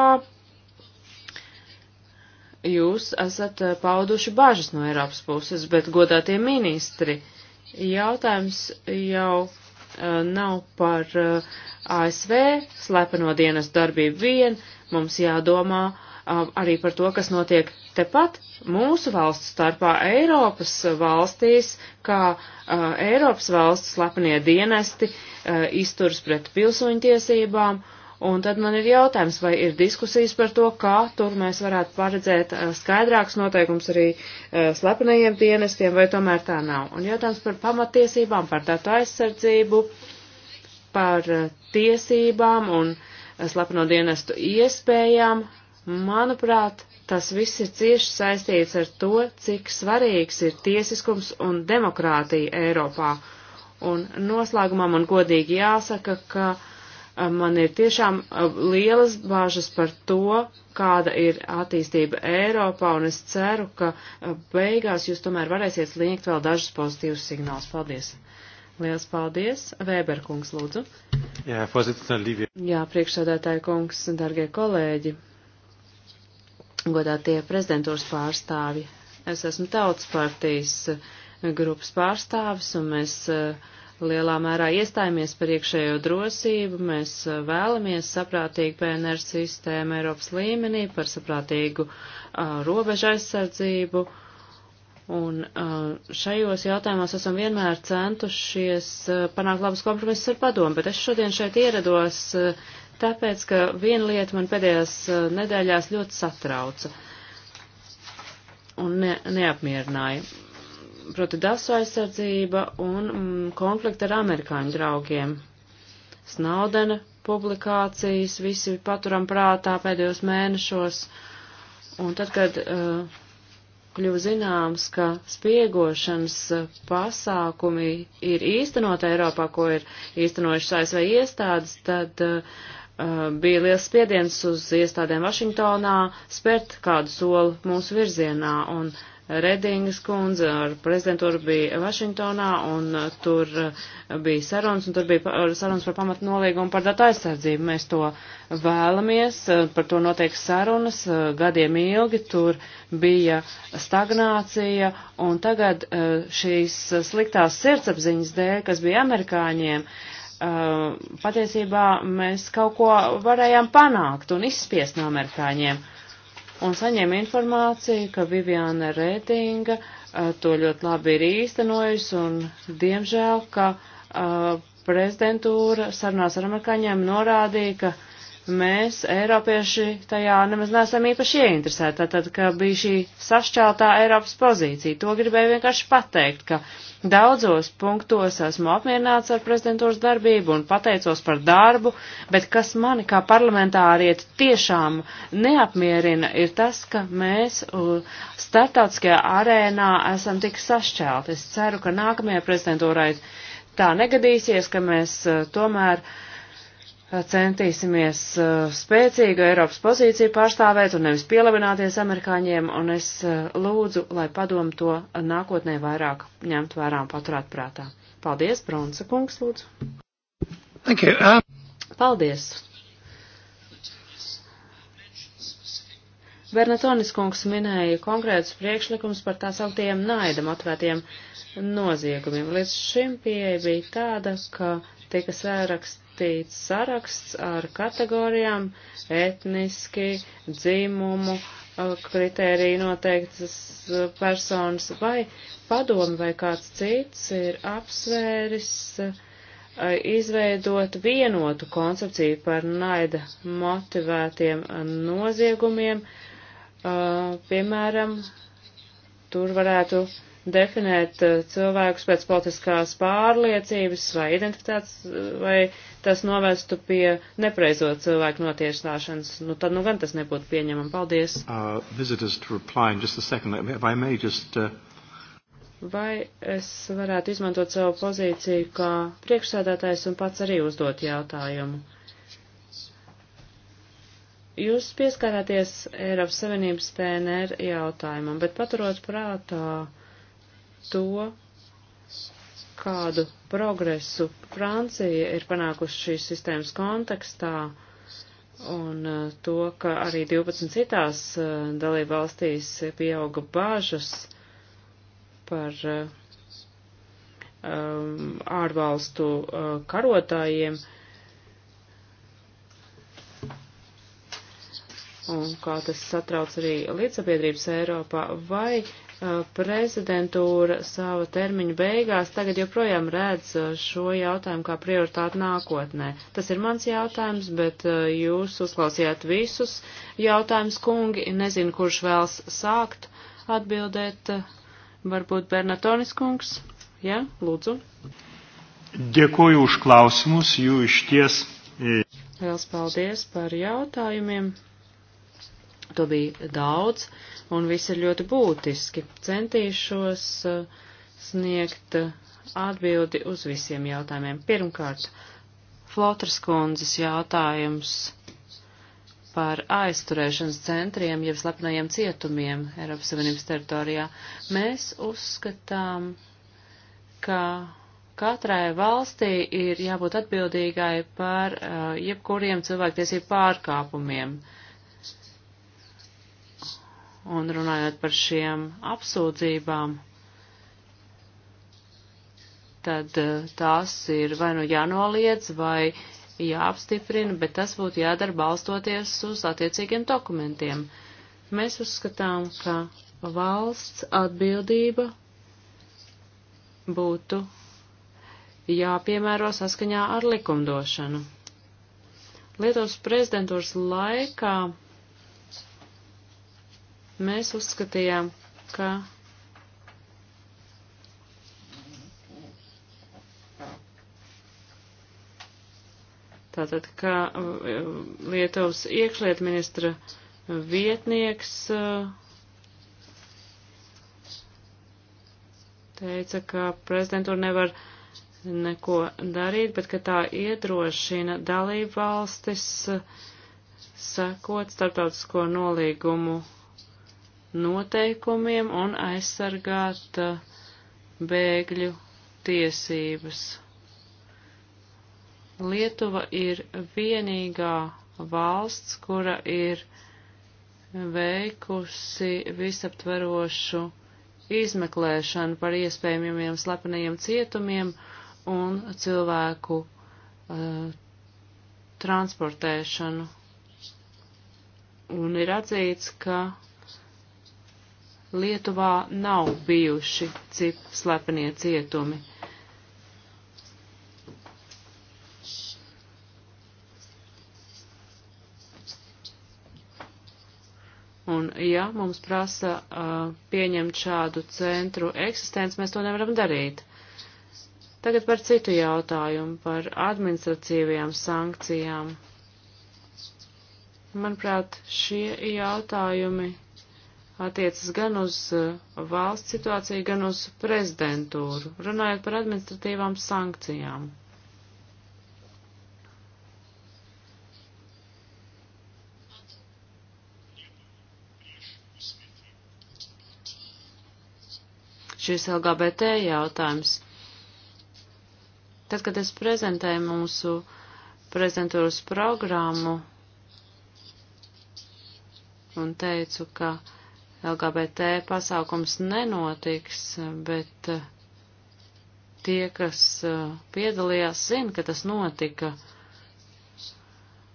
C: Jūs esat eh, pauduši bažas no Eiropas puses, bet godātie ministri, jautājums jau eh, nav par ASV slepeno dienas darbību vien, Mums jādomā arī par to, kas notiek tepat mūsu valsts starpā Eiropas valstīs, kā Eiropas valsts slepenie dienesti izturs pret pilsoņu tiesībām. Un tad man ir jautājums, vai ir diskusijas par to, kā tur mēs varētu paredzēt skaidrāks noteikums arī slepenajiem dienestiem, vai tomēr tā nav. Un jautājums par pamatiesībām, par tātu aizsardzību, par tiesībām un uh, slepeno dienestu iespējām, manuprāt, tas viss ir cieši saistīts ar to, cik svarīgs ir tiesiskums un demokrātija Eiropā. Un noslēgumā man godīgi jāsaka, ka man ir tiešām lielas bāžas par to, kāda ir attīstība Eiropā, un es ceru, ka beigās jūs tomēr varēsiet sniegt vēl dažus pozitīvus signālus. Paldies! Liels paldies. Vēber kungs, lūdzu.
A: Jā, pozitīvi, Līvija.
C: Jā, priekšsēdētāja kungs, dargie kolēģi, godātie prezidentūras pārstāvi. Es esmu tautas partijas eh, grupas pārstāvis, un mēs eh, lielā mērā iestājamies par iekšējo drosību. Mēs eh, vēlamies saprātīgu PNR sistēmu Eiropas līmenī, par saprātīgu uh, robežu aizsardzību. Uh, Un uh, šajos jautājumos esam vienmēr centušies uh, panākt labus kompromisus ar padomu, bet es šodien šeit ierados uh, tāpēc, ka viena lieta man pēdējās nedēļās ļoti satrauca un ne, neapmierināja. Proti dasu aizsardzība un mm, konflikta ar amerikāņu draugiem. Snaudena publikācijas visi paturam prātā pēdējos mēnešos. Un tad, kad uh, kļuva zināms, ka spiegošanas pasākumi ir īstenot Eiropā, ko ir īstenojušas ASV iestādes, tad uh, uh, bija liels spiediens uz iestādēm Vašingtonā spērt kādu soli mūsu virzienā, un Redingas kundze ar prezidentūru bija Vašingtonā, un uh, tur uh, bija sarunas, un tur bija uh, sarunas par pamatu nolīgumu par datu aizsardzību. Mēs to vēlamies, par to notiek sarunas gadiem ilgi, tur bija stagnācija, un tagad šīs sliktās sirdsapziņas dēļ, kas bija amerikāņiem, patiesībā mēs kaut ko varējām panākt un izspiest no amerikāņiem un saņēma informāciju, ka Viviana Rētinga to ļoti labi ir īstenojusi un diemžēl, ka prezidentūra sarunās ar amerikāņiem norādīja, ka mēs, Eiropieši, tajā nemaz neesam īpaši ieinteresēti. Tātad, ka bija šī sašķeltā Eiropas pozīcija. To gribēju vienkārši pateikt, ka daudzos punktos esmu apmierināts ar prezidentūras darbību un pateicos par darbu, bet kas mani kā parlamentārieti tiešām neapmierina, ir tas, ka mēs startautiskajā arēnā esam tik sašķelti. Es ceru, ka nākamajai prezidentūrai tā negadīsies, ka mēs e, tomēr uh, centīsimies uh, spēcīgu Eiropas pozīciju pārstāvēt un nevis pielabināties amerikāņiem, un es uh, lūdzu, lai padomu to nākotnē vairāk ņemt vērā un paturēt prātā. Paldies, Bronsa kungs, lūdzu. Thank you. Um... Paldies. Bernatonis kungs minēja konkrētus priekšlikumus par tā sauktiem naida motivētiem noziegumiem. Līdz šim pieeja bija tāda, ka tika sērakst veltīts saraksts ar kategorijām etniski, dzimumu, uh, kritēriju noteiktas uh, personas, vai padomi vai kāds cits ir apsvēris uh, izveidot vienotu koncepciju par naida motivētiem noziegumiem, piemēram, tur varētu definēt cilvēkus pēc politiskās pārliecības vai identitātes vai tas novestu pie nepreizo cilvēku notiesāšanas. Nu, tad nu gan tas nebūtu pieņemam. Paldies.
A: Uh, uh,
C: Vai es varētu izmantot savu pozīciju kā priekšsēdētājs un pats arī uzdot jautājumu? Jūs pieskarāties Eiropas Savienības PNR jautājumam, bet paturot prātā to, kādu progresu Francija ir panākusi šīs sistēmas kontekstā un uh, to, ka arī 12 citās uh, dalība valstīs pieauga bāžas par uh, um, ārvalstu karotājiem. Un kā tas satrauc arī līdzsabiedrības Eiropā, vai prezidentūra sava termiņa beigās tagad joprojām redz šo jautājumu kā prioritāti nākotnē. Tas ir mans jautājums, bet jūs uzklausījāt visus jautājumus, kungi. Nezinu, kurš vēlas sākt atbildēt. Varbūt Bernatonis kungs? Jā, ja? lūdzu.
A: Ďakuju už klausimus, jū išties. E,
C: Liels paldies par jautājumiem. To bija daudz. Uh, un viss ir ļoti būtiski. Centīšos eh, sniegt eh, atbildi uz visiem jautājumiem. Pirmkārt, Flotras kundzes jautājums par aizturēšanas centriem, jeb slepenajiem cietumiem Eiropas Savienības teritorijā. Mēs uzskatām, ka katrai valstī ir jābūt atbildīgai par uh, jebkuriem cilvēktiesību pārkāpumiem. Uh, Un runājot par šiem apsūdzībām, tad eh, tās ir vai nu jānoliedz, vai jāapstiprina, bet tas būtu jādara balstoties uz attiecīgiem dokumentiem. Mēs uzskatām, ka valsts atbildība būtu jāpiemēro saskaņā ar likumdošanu. Lietuvas prezidentūras laikā Mēs uzskatījām, ka Tātad, kā uh, Lietuvas iekšliet ministra vietnieks uh, teica, ka prezidentūra nevar neko darīt, bet ka tā iedrošina dalību valstis uh, sekot starptautisko nolīgumu noteikumiem un aizsargāt uh, bēgļu tiesības. Lietuva ir vienīgā valsts, kura ir veikusi visaptverošu izmeklēšanu par iespējamiem slepenajiem cietumiem un cilvēku uh, transportēšanu. Un ir atzīts, ka Lietuvā nav bijuši cik slepenie cietumi. Un, ja mums prasa uh, pieņemt šādu centru eksistenci, mēs to nevaram darīt. Tagad par citu jautājumu, par administratīvajām sankcijām. Manuprāt, šie jautājumi attiecas gan uz uh, valsts situāciju, gan uz prezidentūru, runājot par administratīvām sankcijām. Šis LGBT jautājums. Tad, kad es prezentēju mūsu prezidentūras programmu un teicu, ka uh, LGBT pasākums nenotiks, bet eh, tie, kas eh, piedalījās, zina, ka tas notika.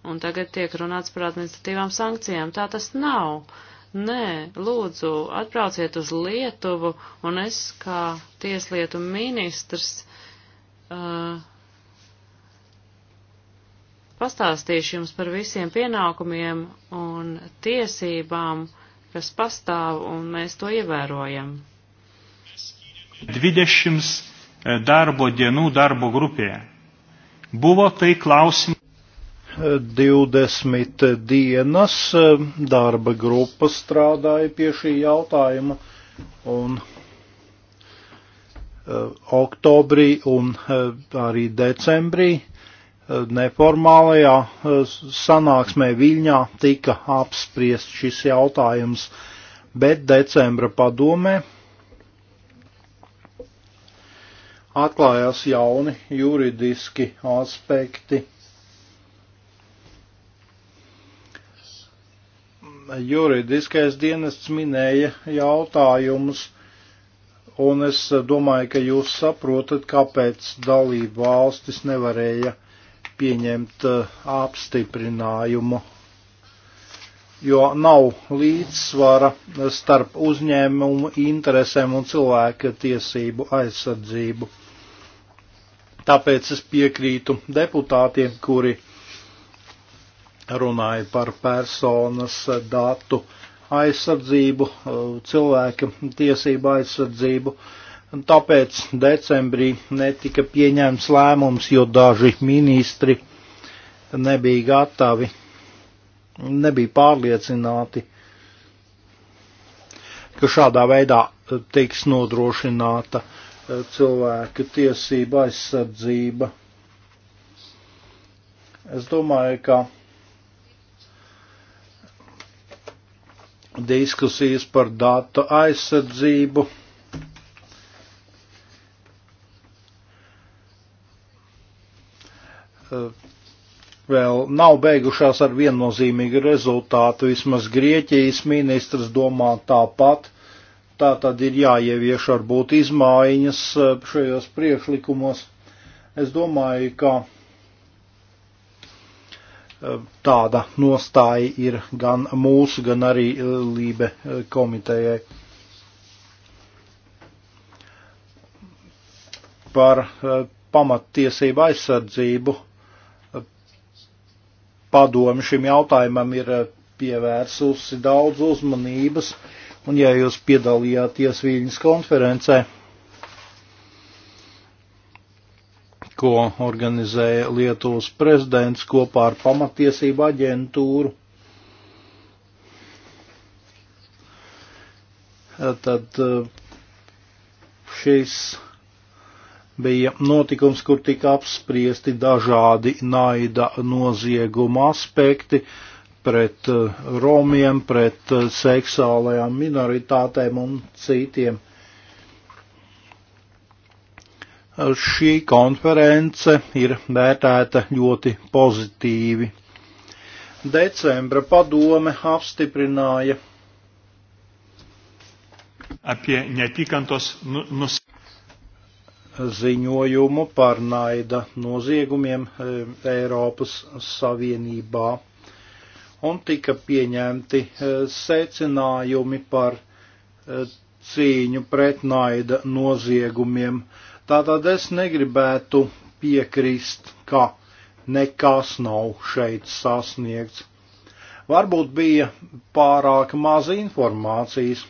C: Un tagad tiek runāts par administratīvām sankcijām. Tā tas nav. Nē, lūdzu, atbrauciet uz Lietuvu, un es kā tieslietu ministrs uh, pastāstīšu jums par visiem pienākumiem un tiesībām, uh, kas pastāv, un mēs to ievērojam.
A: 20 eh, darbo dienų darbo grupėje. Buvo tai klausimas. 20 dienas eh, darba grupa strādāja pie šī jautājuma, un eh, oktobrī un arī decembrī uh, neformālajā e, sanāksmē Viļņā tika apspriest šis jautājums, bet decembra padomē atklājās jauni juridiski aspekti. Juridiskais dienests minēja jautājumus, un es domāju, ka jūs saprotat, kāpēc dalība valstis nevarēja uh, pieņemt eh, apstiprinājumu, jo nav līdzsvara starp uzņēmumu interesēm un cilvēka tiesību aizsardzību. Tāpēc es piekrītu deputātiem, kuri runāja par personas datu aizsardzību, eh, cilvēka tiesību aizsardzību. Uh, un tāpēc decembrī netika pieņemts lēmums, jo daži ministri nebija gatavi, nebija pārliecināti, ka šādā veidā eh, tiks nodrošināta eh, cilvēka tiesība aizsardzība. Es domāju, ka diskusijas par datu aizsardzību Eh, vēl nav beigušās ar viennozīmīgu rezultātu. Vismaz Grieķijas ministrs domā tāpat. Tā tad ir jāievieš varbūt izmaiņas eh, šajos priekšlikumos. Es domāju, ka eh, tāda nostāja ir gan mūsu, gan arī Lībe komitejai. Par pamattiesību aizsardzību padomi šim jautājumam ir eh, pievērsusi daudz uzmanības, un ja jūs piedalījāties Viļņas konferencē, ko organizēja Lietuvas prezidents kopā ar pamatiesību aģentūru, eh, tad eh, šīs bija notikums, kur tika apspriesti dažādi naida nozieguma aspekti pret eh, romiem, pret eh, seksuālajām minoritātēm un citiem. Eh, šī konference ir vērtēta ļoti pozitīvi. Decembra padome apstiprināja apie neapykantos nu- nus ziņojumu par naida noziegumiem e, Eiropas Savienībā un tika pieņemti e, secinājumi par e, cīņu pret naida noziegumiem. Tātad es negribētu piekrist, ka nekas nav šeit sasniegts. Varbūt bija pārāk maz informācijas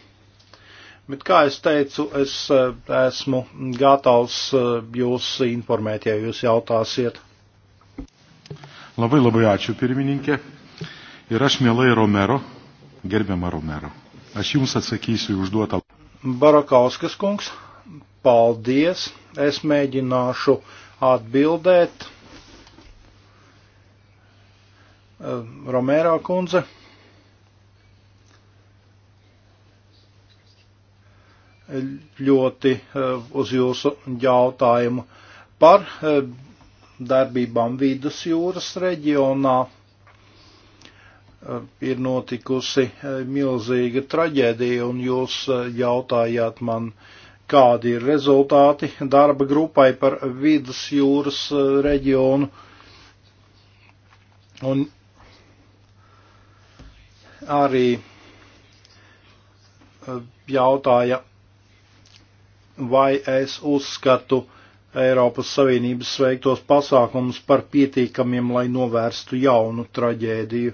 A: Bet, kā es teicu, es eh, esmu gatavs eh, jūs informēt, ja jūs jautāsiet. Labai labai ačiū, pirmininkė. Ir aš mielai Romero, gerbiamą Romero. Aš jums atsakysiu užduotą. Barakauskas kungs, paldies. Es mēģināšu atbildēt. Eh, Romero kundze. ļoti eh, uz jūsu jautājumu par eh, darbībām vidus jūras reģionā. Eh, ir notikusi milzīga traģēdija, un jūs jautājāt man, kādi ir rezultāti darba grupai par vidus jūras reģionu. Un arī jautāja vai es uzskatu Eiropas Savienības veiktos pasākumus par pietiekamiem, lai novērstu jaunu traģēdiju.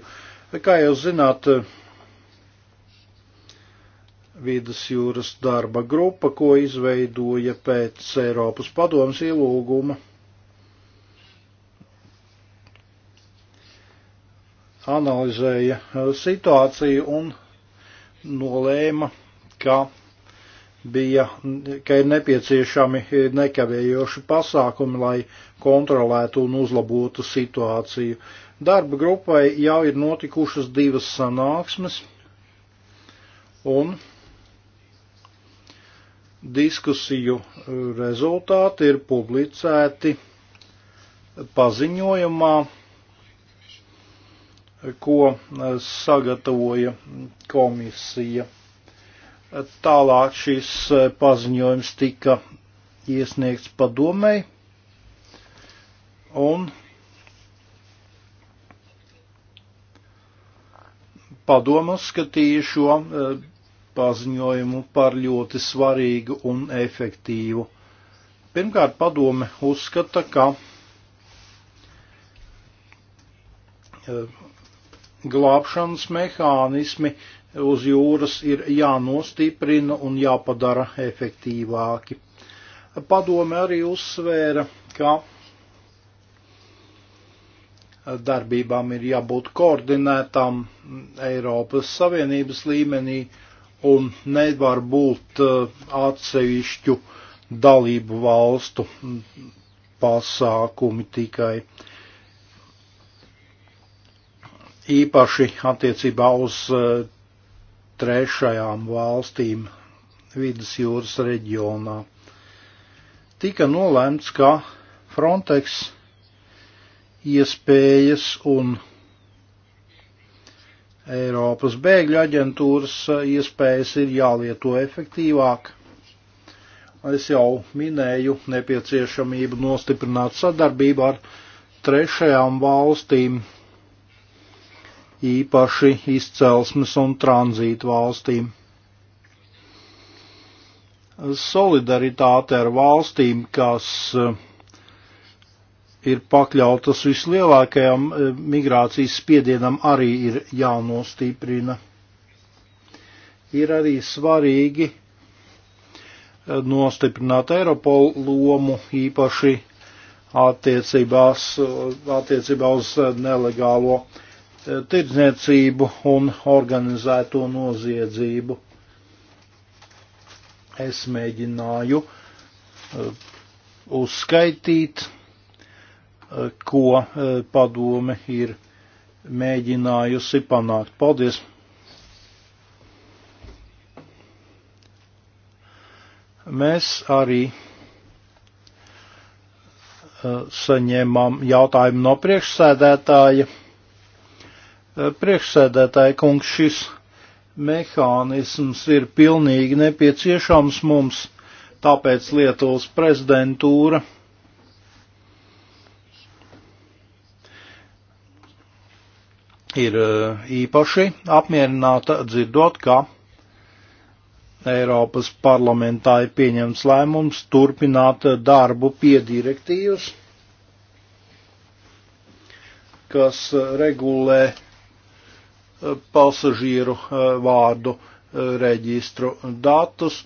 A: Kā jūs zināt, Vidas jūras darba grupa, ko izveidoja pēc Eiropas padomas ielūguma, analizēja eh, situāciju un nolēma, ka bija, ka ir nepieciešami nekavējoši pasākumi, lai kontrolētu un uzlabotu situāciju. Darba grupai jau ir notikušas divas sanāksmes un diskusiju rezultāti ir publicēti paziņojumā, ko sagatavoja komisija. Tālāk šis eh, paziņojums tika iesniegts padomei un padoma skatīja šo eh, paziņojumu par ļoti svarīgu un efektīvu. Pirmkārt, padome uzskata, ka eh, glābšanas mehānismi uz jūras ir jānostiprina un jāpadara efektīvāki. Padome arī uzsvēra, ka darbībām ir jābūt koordinētām Eiropas Savienības līmenī un nevar būt uh, atsevišķu dalību valstu pasākumi tikai. Īpaši attiecībā uz uh, trešajām valstīm vidusjūras reģionā. Tika nolēmts, ka Frontex iespējas un Eiropas bēgļu aģentūras iespējas ir jālieto efektīvāk. Es jau minēju nepieciešamību nostiprināt sadarbību ar trešajām valstīm īpaši izcelsmes un tranzītu valstīm. Solidaritāte ar valstīm, kas eh, ir pakļautas vislielākajam eh, migrācijas spiedienam, arī ir jānostiprina. Ir arī svarīgi eh, nostiprināt Eiropolu lomu īpaši attiecībās, attiecībā uz nelegālo uh, Eh, tirdzniecību un organizēto noziedzību. Es mēģināju eh, uzskaitīt, eh, ko padome ir mēģinājusi panākt. Paldies! Mēs arī saņēmām jautājumu no priekšsēdētāja Eh, priekšsēdētāji kungs, šis mehānisms ir pilnīgi nepieciešams mums, tāpēc Lietuvas prezidentūra ir eh, īpaši apmierināta dzirdot, ka Eiropas parlamentā ir pieņemts lēmums turpināt darbu pie direktīvas, kas eh, regulē pasažieru eh, vārdu eh, reģistru datus,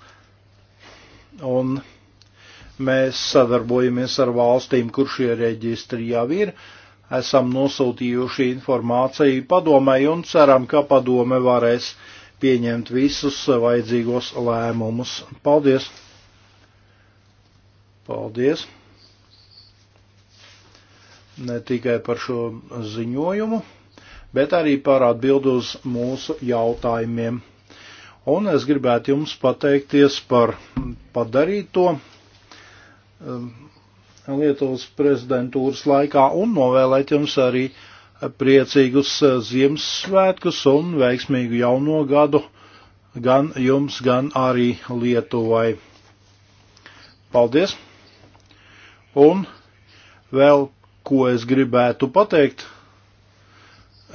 A: un mēs sadarbojamies ar valstīm, kur šie reģistri jau ir. Esam nosūtījuši informāciju padomai un ceram, ka padome varēs pieņemt visus vajadzīgos lēmumus. Paldies! Paldies! Ne tikai par šo ziņojumu bet arī par atbildu uz mūsu jautājumiem. Un es gribētu jums pateikties par padarīto um, Lietuvas prezidentūras laikā un novēlēt jums arī priecīgus uh, Ziemassvētkus un veiksmīgu jauno gadu gan jums, gan arī Lietuvai. Paldies! Un vēl ko es gribētu pateikt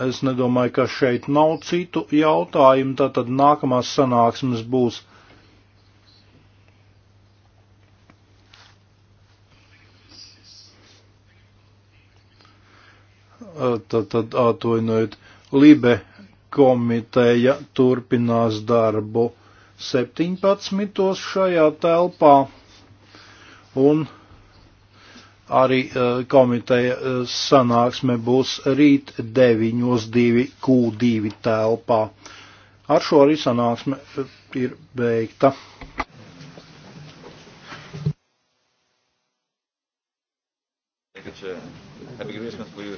A: Es nedomāju, ka šeit nav citu jautājumu, tātad nākamās sanāksmes būs. Eh, tad, tad atvainojiet, Libe komiteja turpinās darbu 17. šajā telpā un Arī e, komiteja e, sanāksme būs rīt 9.2Q2 telpā. Ar šo arī sanāksme e, ir beigta. Have a good Christmas for you.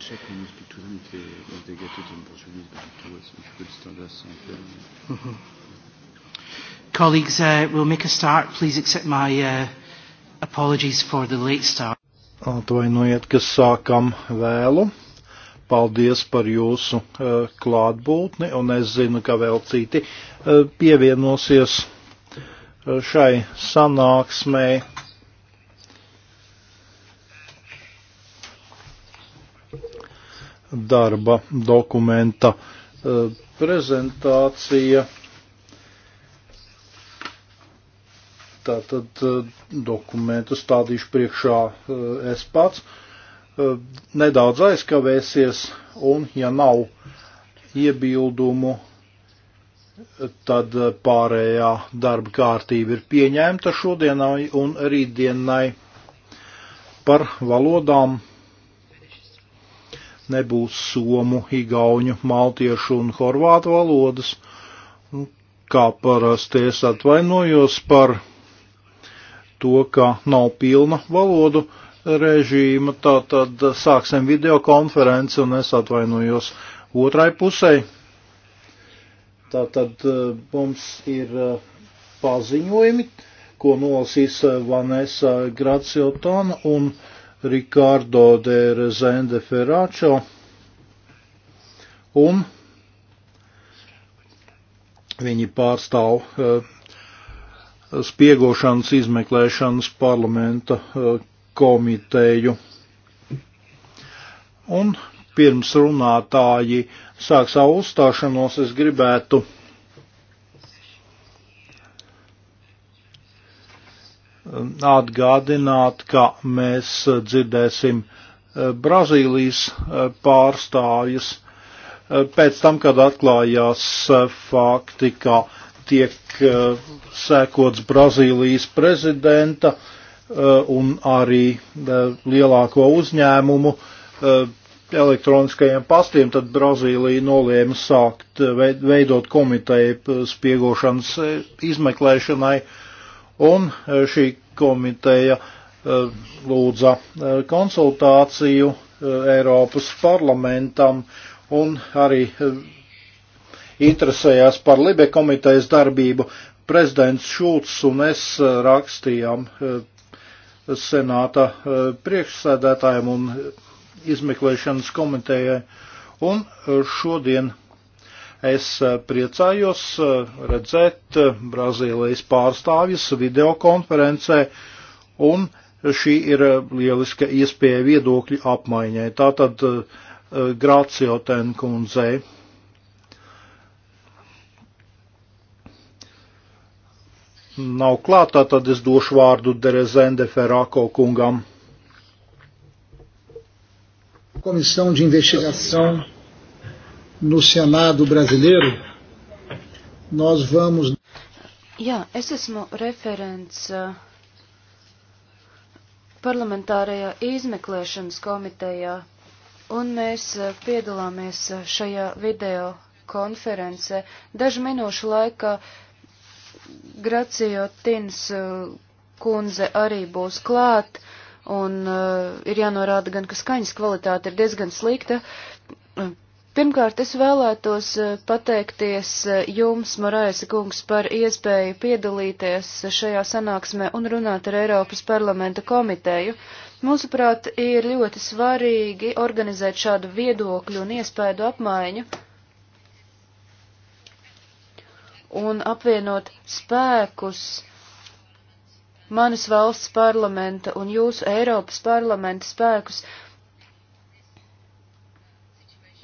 A: check and if you them, if they, if they get it in Portuguese, but afterwards, if you could start us something. Colleagues, uh, we'll make a start. Please accept my uh, apologies for the late start. Atvainojiet, ka sākam vēlu. Paldies par jūsu uh, klātbūtni, un es zinu, ka vēl citi uh, pievienosies uh, šai sanāksmei darba dokumenta e, prezentācija. Tātad e, dokumentu stādīšu priekšā e, es pats. Nedaudz aizkavēsies, un ja nav iebildumu, tad pārējā darba kārtība ir pieņemta šodienai un rītdienai par valodām nebūs somu, igauņu, maltiešu un horvātu valodas. Nu, kā parasti es atvainojos par to, ka nav pilna valodu režīma, tā tad sāksim videokonferenci un es atvainojos otrai pusē. Tā tad eh, mums ir eh, paziņojumi, ko nolasīs eh, Vanessa Graciotona un Ricardo de Rezende Ferračo. Un viņi pārstāv eh, spiegošanas izmeklēšanas parlamenta eh, komiteju. Un pirms runātāji sāk savu uzstāšanos, es gribētu atgādināt, ka mēs dzirdēsim eh, Brazīlijas eh, pārstāvjus eh, pēc tam, kad atklājās fakti, ka tiek sēkots Brazīlijas prezidenta un arī lielāko uzņēmumu elektroniskajiem pastiem, tad Brazīlija nolēma sākt veidot komiteju spiegošanas izmeklēšanai. Uh, Un eh, šī komiteja eh, lūdza eh, konsultāciju Eiropas parlamentam un arī interesējās par Libe komitejas darbību. Prezidents Šulcs un es rakstījām senāta priekšsēdētājiem un izmeklēšanas komitejai. Un šodien Es eh, priecājos eh, redzēt eh, Brazīlijas pārstāvjus videokonferencē, un šī ir lieliska iespēja viedokļu apmaiņai. Tātad Grāciotēn kundzei. Nav klātā, tad es došu vārdu Derezende Ferrako kungam. Comissão de Investigação no Senado brasileiro, nós vamos.
B: Jā, es esmu referents uh, parlamentārajā izmeklēšanas komitejā, un mēs uh, piedalāmies uh, šajā video konferencē. Dažu minūšu laikā Gracio Tins kundze arī būs klāt, un uh, ir jānorāda gan, ka skaņas kvalitāte ir diezgan slikta. Pirmkārt, es vēlētos eh, pateikties eh, jums, Moraisa kungs, par iespēju piedalīties šajā sanāksmē un runāt ar Eiropas parlamenta komiteju. Mūsuprāt, ir ļoti svarīgi organizēt šādu viedokļu un iespēju apmaiņu un apvienot spēkus manas valsts parlamenta un jūsu Eiropas parlamenta spēkus,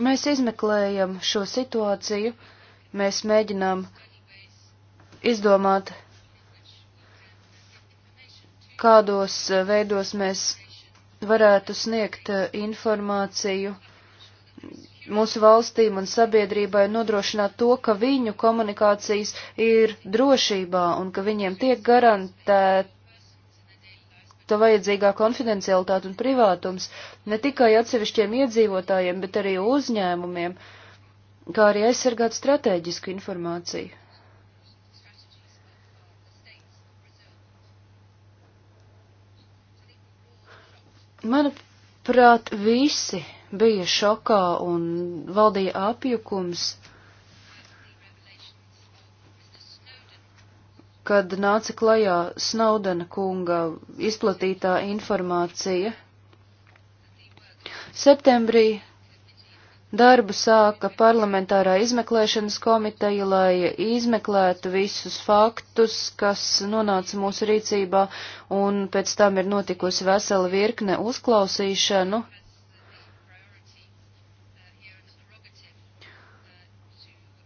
B: Mēs izmeklējam šo situāciju, mēs mēģinām izdomāt, kādos eh, veidos mēs varētu sniegt eh, informāciju mūsu valstīm un sabiedrībai nodrošināt to, ka viņu komunikācijas ir drošībā un ka viņiem tiek garantēta ta vajadzīgā konfidencialitāte un privātums ne tikai atsevišķiem iedzīvotājiem, bet arī uzņēmumiem, kā arī aizsargāt strateģisku informāciju. Manuprāt, visi bija šokā un valdīja apjukums kad nāca klajā Snaudena kunga izplatītā informācija. Septembrī darbu sāka parlamentārā izmeklēšanas komiteja, lai izmeklētu visus faktus, kas nonāca mūsu rīcībā, un pēc tam ir notikusi vesela virkne uzklausīšanu.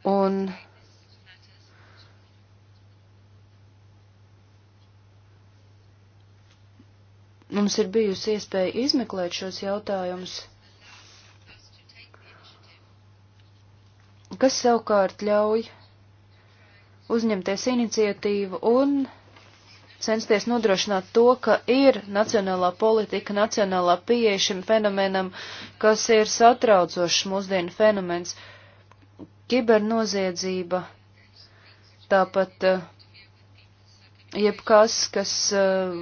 B: Un Mums ir bijusi iespēja izmeklēt šos jautājumus, kas savukārt ļauj uzņemties iniciatīvu un censties nodrošināt to, ka ir nacionālā politika, nacionālā pieeja šim fenomenam, kas ir satraucošs mūsdienu fenomens - kibernoziedzība, tāpat eh, jebkas, kas eh,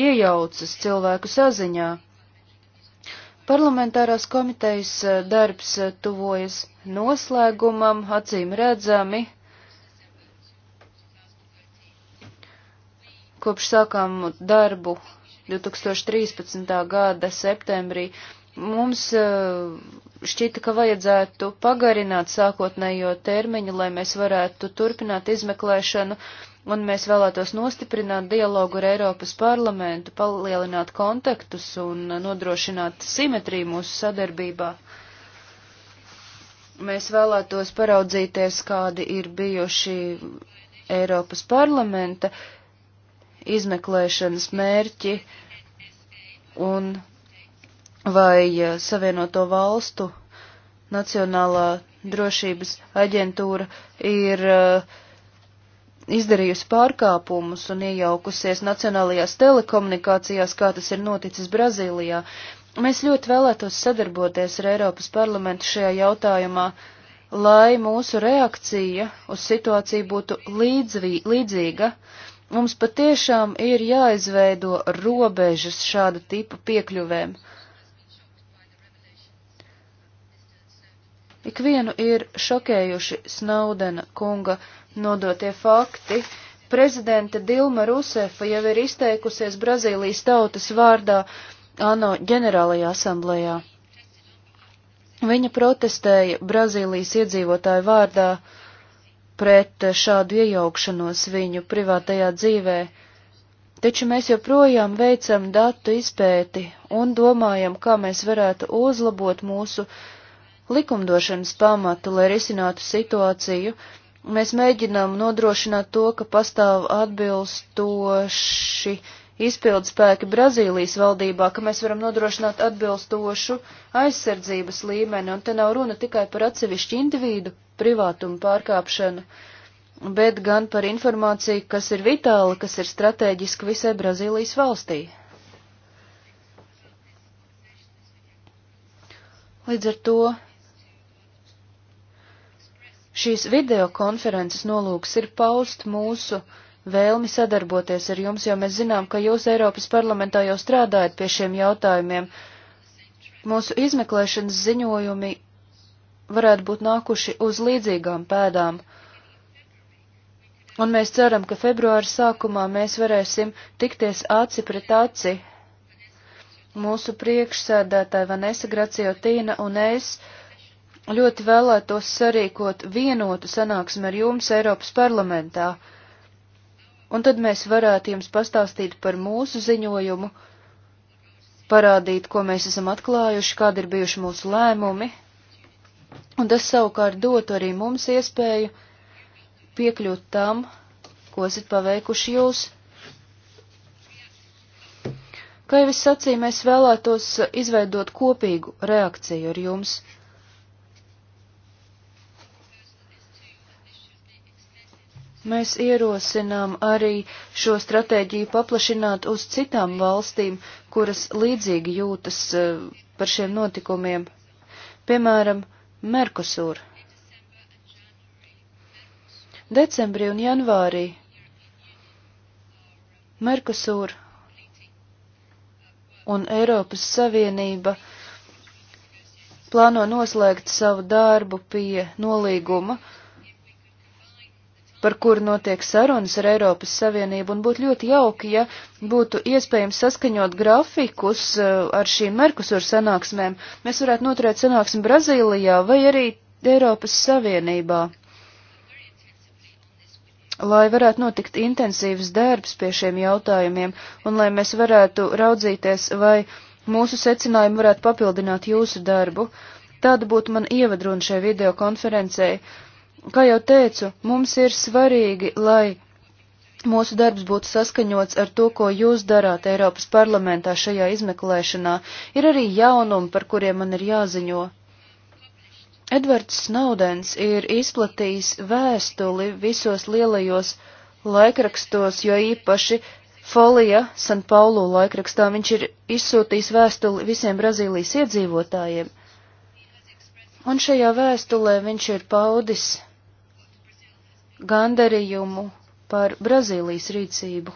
B: iejaucas cilvēku saziņā. Parlamentārās komitejas eh, darbs eh, tuvojas noslēgumam, acīm redzami. Kopš sākām darbu 2013. gada septembrī mums eh, šķita, ka vajadzētu pagarināt sākotnējo termiņu, lai mēs varētu turpināt izmeklēšanu un mēs vēlētos nostiprināt dialogu ar Eiropas parlamentu, palielināt kontaktus un nodrošināt simetriju mūsu sadarbībā. Mēs vēlētos paraudzīties, kādi ir bijuši Eiropas parlamenta izmeklēšanas mērķi un vai eh, Savienoto valstu Nacionālā drošības aģentūra ir uh, izdarījusi pārkāpumus un iejaukusies nacionālajās telekomunikācijās, kā tas ir noticis Brazīlijā. Mēs ļoti vēlētos sadarboties ar Eiropas parlamentu šajā jautājumā, lai mūsu reakcija uz situāciju būtu līdzvī, līdzīga. Mums patiešām ir jāizveido robežas šāda tipa piekļuvēm. Ikvienu ir šokējuši Snaudena kunga nodotie fakti. Prezidente Dilma Rusefa jau ir izteikusies Brazīlijas tautas vārdā ANO ģenerālajā asamblējā. Viņa protestēja Brazīlijas iedzīvotāju vārdā pret šādu iejaukšanos viņu privātajā dzīvē, taču mēs joprojām veicam datu izpēti un domājam, kā mēs varētu uzlabot mūsu likumdošanas pamatu, lai risinātu situāciju, Mēs mēģinām nodrošināt to, ka pastāv atbilstoši izpildu spēki Brazīlijas valdībā, ka mēs varam nodrošināt atbilstošu aizsardzības līmeni, un te nav runa tikai par atsevišķu individu privātumu pārkāpšanu, bet gan par informāciju, kas ir vitāla, kas ir strateģiska visai Brazīlijas valstī. Līdz ar to Šīs videokonferences nolūks ir paust mūsu vēlmi sadarboties ar jums, jo mēs zinām, ka jūs Eiropas parlamentā jau strādājat pie šiem jautājumiem. Mūsu izmeklēšanas ziņojumi varētu būt nākuši uz līdzīgām pēdām. Un mēs ceram, ka februāra sākumā mēs varēsim tikties aci pret aci. Mūsu priekšsēdētāja Vanesa Graciotīna un es ļoti vēlētos sarīkot vienotu sanāksmi ar jums Eiropas parlamentā, un tad mēs varētu jums pastāstīt par mūsu ziņojumu, parādīt, ko mēs esam atklājuši, kādi ir bijuši mūsu lēmumi, un tas savukārt dotu arī mums iespēju piekļūt tam, ko esat paveikuši jūs. Kā jau es sacīju, mēs vēlētos izveidot kopīgu reakciju ar jums. Mēs ierosinām arī šo stratēģiju paplašināt uz citām valstīm, kuras līdzīgi jūtas eh, par šiem notikumiem, piemēram, Merkusūra. Decembrī un janvārī Merkusūra un Eiropas Savienība plāno noslēgt savu darbu pie nolīguma, uh, par kuru notiek sarunas ar Eiropas Savienību, un būtu ļoti jauki, ja būtu iespējams saskaņot grafikus eh, ar šīm Merkusur sanāksmēm. Mēs varētu noturēt sanāksmi Brazīlijā vai arī Eiropas Savienībā, lai varētu notikt intensīvs darbs pie šiem jautājumiem, un lai mēs varētu raudzīties, vai mūsu secinājumi varētu papildināt jūsu darbu. Tāda būtu man ievadruna šai videokonferencei. konferencei. Kā jau teicu, mums ir svarīgi, lai mūsu darbs būtu saskaņots ar to, ko jūs darāt Eiropas parlamentā šajā izmeklēšanā. Ir arī jaunumi, par kuriem man ir jāziņo. Edvards Snaudens ir izplatījis vēstuli visos lielajos laikrakstos, jo īpaši Folija San Paulo laikrakstā viņš ir izsūtījis vēstuli visiem Brazīlijas iedzīvotājiem. Un šajā vēstulē viņš ir paudis gandarījumu par Brazīlijas rīcību.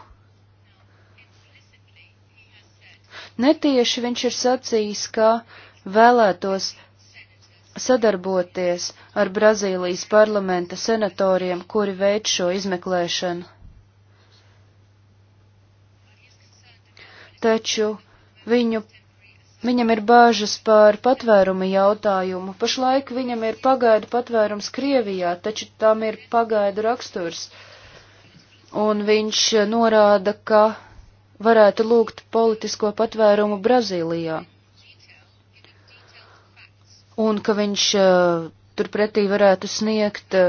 B: Netieši viņš ir sacījis, ka vēlētos sadarboties ar Brazīlijas parlamenta senatoriem, kuri veic šo izmeklēšanu. Taču viņu Viņam ir bāžas par patvērumu jautājumu. Pašlaik viņam ir pagaidu patvērums Krievijā, taču tam ir pagaidu raksturs. Un viņš norāda, ka varētu lūgt politisko patvērumu Brazīlijā. Un ka viņš e, turpretī varētu sniegt e,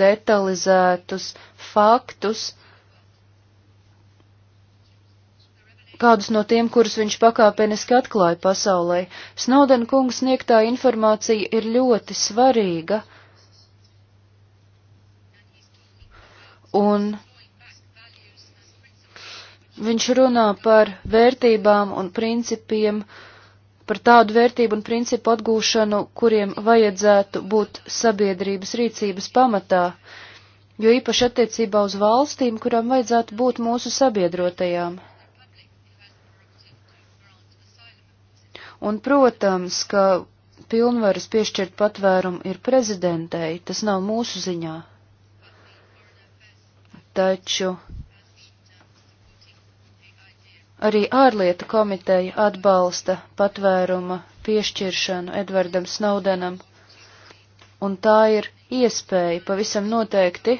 B: detalizētus faktus, uh, kādus no tiem, kurus viņš pakāpeniski atklāja pasaulē. Snowden kungs sniegtā informācija ir ļoti svarīga. Un viņš runā par vērtībām un principiem, par tādu vērtību un principu atgūšanu, kuriem vajadzētu būt sabiedrības rīcības pamatā, jo īpaši attiecībā uz valstīm, kurām vajadzētu būt mūsu sabiedrotajām. Un, protams, ka pilnvaras piešķirt patvērumu ir prezidentei, tas nav mūsu ziņā. Taču arī ārlietu komiteja atbalsta patvēruma piešķiršanu Edvardam Snowdenam, un tā ir iespēja pavisam noteikti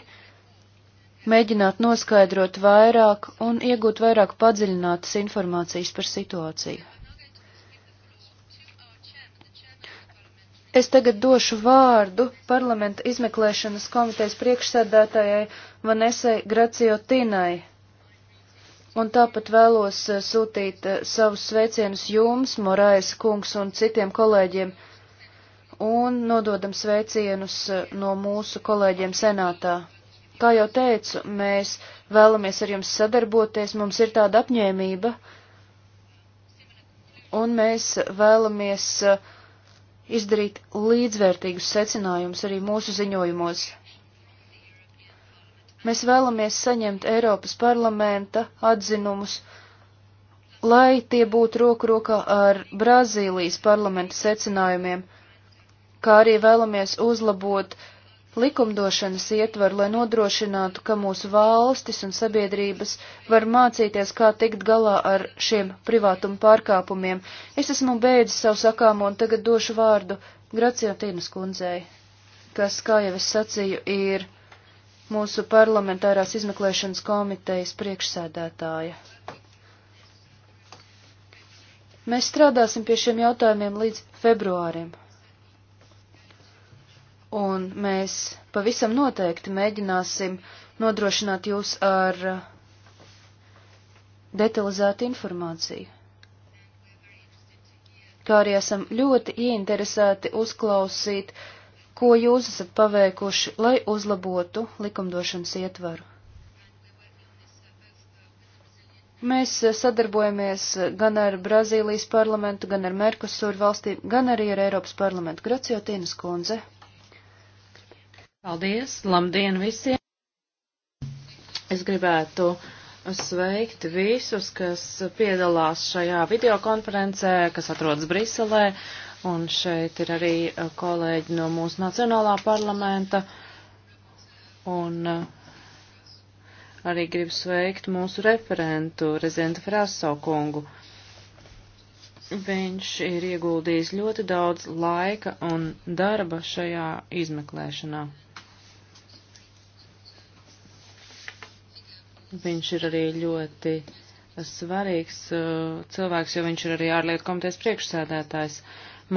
B: mēģināt noskaidrot vairāk un iegūt vairāk padziļinātas informācijas par situāciju. Es tagad došu vārdu parlamenta izmeklēšanas komitejas priekšsēdētājai Vanesai Graciotinai. Un tāpat vēlos eh, sūtīt eh, savus sveicienus jums, Morais kungs un citiem kolēģiem, un nododam sveicienus eh, no mūsu kolēģiem senātā. Kā jau teicu, mēs vēlamies ar jums sadarboties, mums ir tāda apņēmība, un mēs vēlamies uh, izdarīt līdzvērtīgus secinājumus arī mūsu ziņojumos. Mēs vēlamies saņemt Eiropas parlamenta atzinumus, lai tie būtu roku rokā ar Brazīlijas parlamenta secinājumiem, kā arī vēlamies uzlabot uh, likumdošanas ietvaru, lai nodrošinātu, ka mūsu valstis un sabiedrības var mācīties, kā tikt galā ar šiem privātuma pārkāpumiem. Es esmu beidzis savu sakāmu un tagad došu vārdu Graciotīnas kundzei, kas, kā jau es sacīju, ir mūsu parlamentārās izmeklēšanas komitejas priekšsēdētāja. Mēs strādāsim pie šiem jautājumiem līdz februārim un mēs pavisam noteikti mēģināsim nodrošināt jūs ar uh, detalizētu informāciju. Kā arī esam ļoti ieinteresēti uzklausīt, ko jūs esat paveikuši, lai uzlabotu likumdošanas ietvaru. Mēs uh, sadarbojamies uh, gan ar Brazīlijas parlamentu, gan ar Merkusūru valstīm, gan arī ar Eiropas parlamentu. Graciotīnas kundze.
C: Paldies, labdien visiem! Es gribētu sveikt visus, kas piedalās šajā videokonferencē, kas atrodas Briselē, un šeit ir arī uh, kolēģi no mūsu nacionālā parlamenta, un uh, arī gribu sveikt mūsu referentu, Rezidenta Fraso kungu. Viņš ir ieguldījis ļoti daudz laika un darba šajā izmeklēšanā. Viņš ir arī ļoti svarīgs uh, cilvēks, jo viņš ir arī ārlietu komitejas priekšsēdētājs.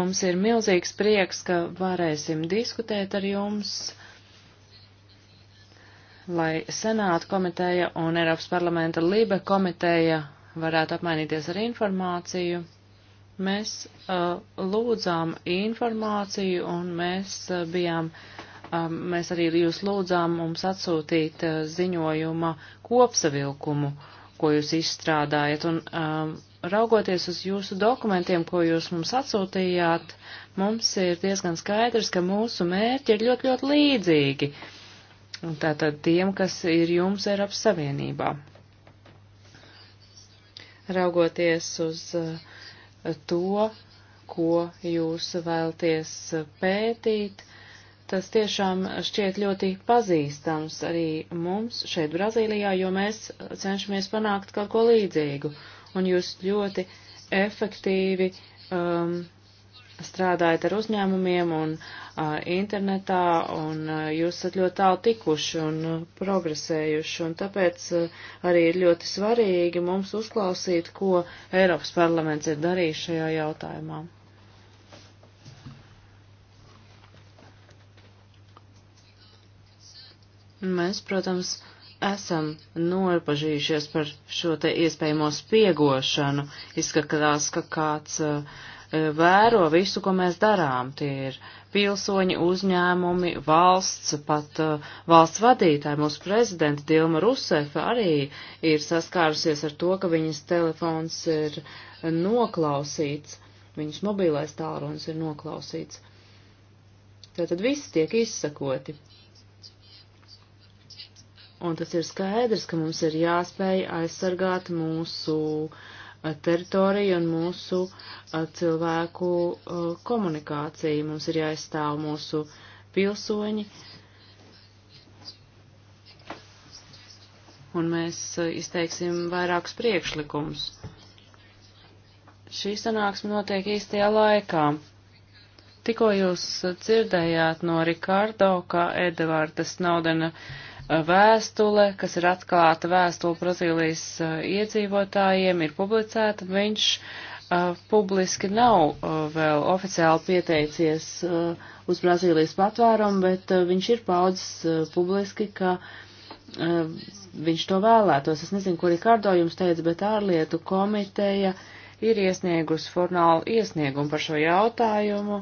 C: Mums ir milzīgs prieks, ka varēsim diskutēt ar jums, lai Senāta komiteja un Eiropas parlamenta Libe komiteja varētu apmainīties ar informāciju mēs uh, lūdzām informāciju un mēs uh, bijām Um, mēs arī jūs lūdzām mums atsūtīt uh, ziņojuma kopsavilkumu, ko jūs izstrādājat. Un um, raugoties uz jūsu dokumentiem, ko jūs mums atsūtījāt, mums ir diezgan skaidrs, ka mūsu mērķi ir ļoti, ļoti līdzīgi. Tātad tiem, kas ir jums Eiropas Savienībā. Raugoties uz uh, to, ko jūs vēlties uh, pētīt, tas tiešām šķiet ļoti pazīstams arī mums šeit Brazīlijā, jo mēs cenšamies panākt kaut ko līdzīgu. Un jūs ļoti efektīvi um, strādājat ar uzņēmumiem un uh, internetā, un uh, jūs esat ļoti tālu tikuši un uh, progresējuši, un tāpēc uh, arī ir ļoti svarīgi mums uzklausīt, ko Eiropas parlaments ir darījis šajā jautājumā. Mēs, protams, esam norpažījušies par šo te iespējamo spiegošanu. Izskatās, ka kāds eh, vēro visu, ko mēs darām. Tie ir pilsoņi, uzņēmumi, valsts, pat eh, valsts vadītāji. Mūsu prezidenta Dilma Rusefa arī ir saskārusies ar to, ka viņas telefons ir noklausīts, viņas mobilais tālrunis ir noklausīts. Tātad viss tiek izsakoti. Un tas ir skaidrs, ka mums ir jāspēj aizsargāt mūsu uh, teritoriju un mūsu uh, cilvēku uh, komunikāciju. Mums ir jāizstāv mūsu pilsoņi. Un mēs izteiksim vairākus priekšlikumus. Šī sanāksme notiek īstajā laikā. Tikko jūs dzirdējāt no Rikārdo, ka Edvarda Snaudena uh, vēstule, kas ir atklāta vēstule Brazīlijas eh, iedzīvotājiem, ir publicēta. Viņš uh, publiski nav uh, vēl oficiāli pieteicies uh, uz Brazīlijas patvērumu, bet viņš ir paudzis publiski, ka viņš to vēlētos. Es nezinu, kur Rikārdo jums teica, bet ārlietu komiteja ir iesniegusi formālu iesniegumu par šo jautājumu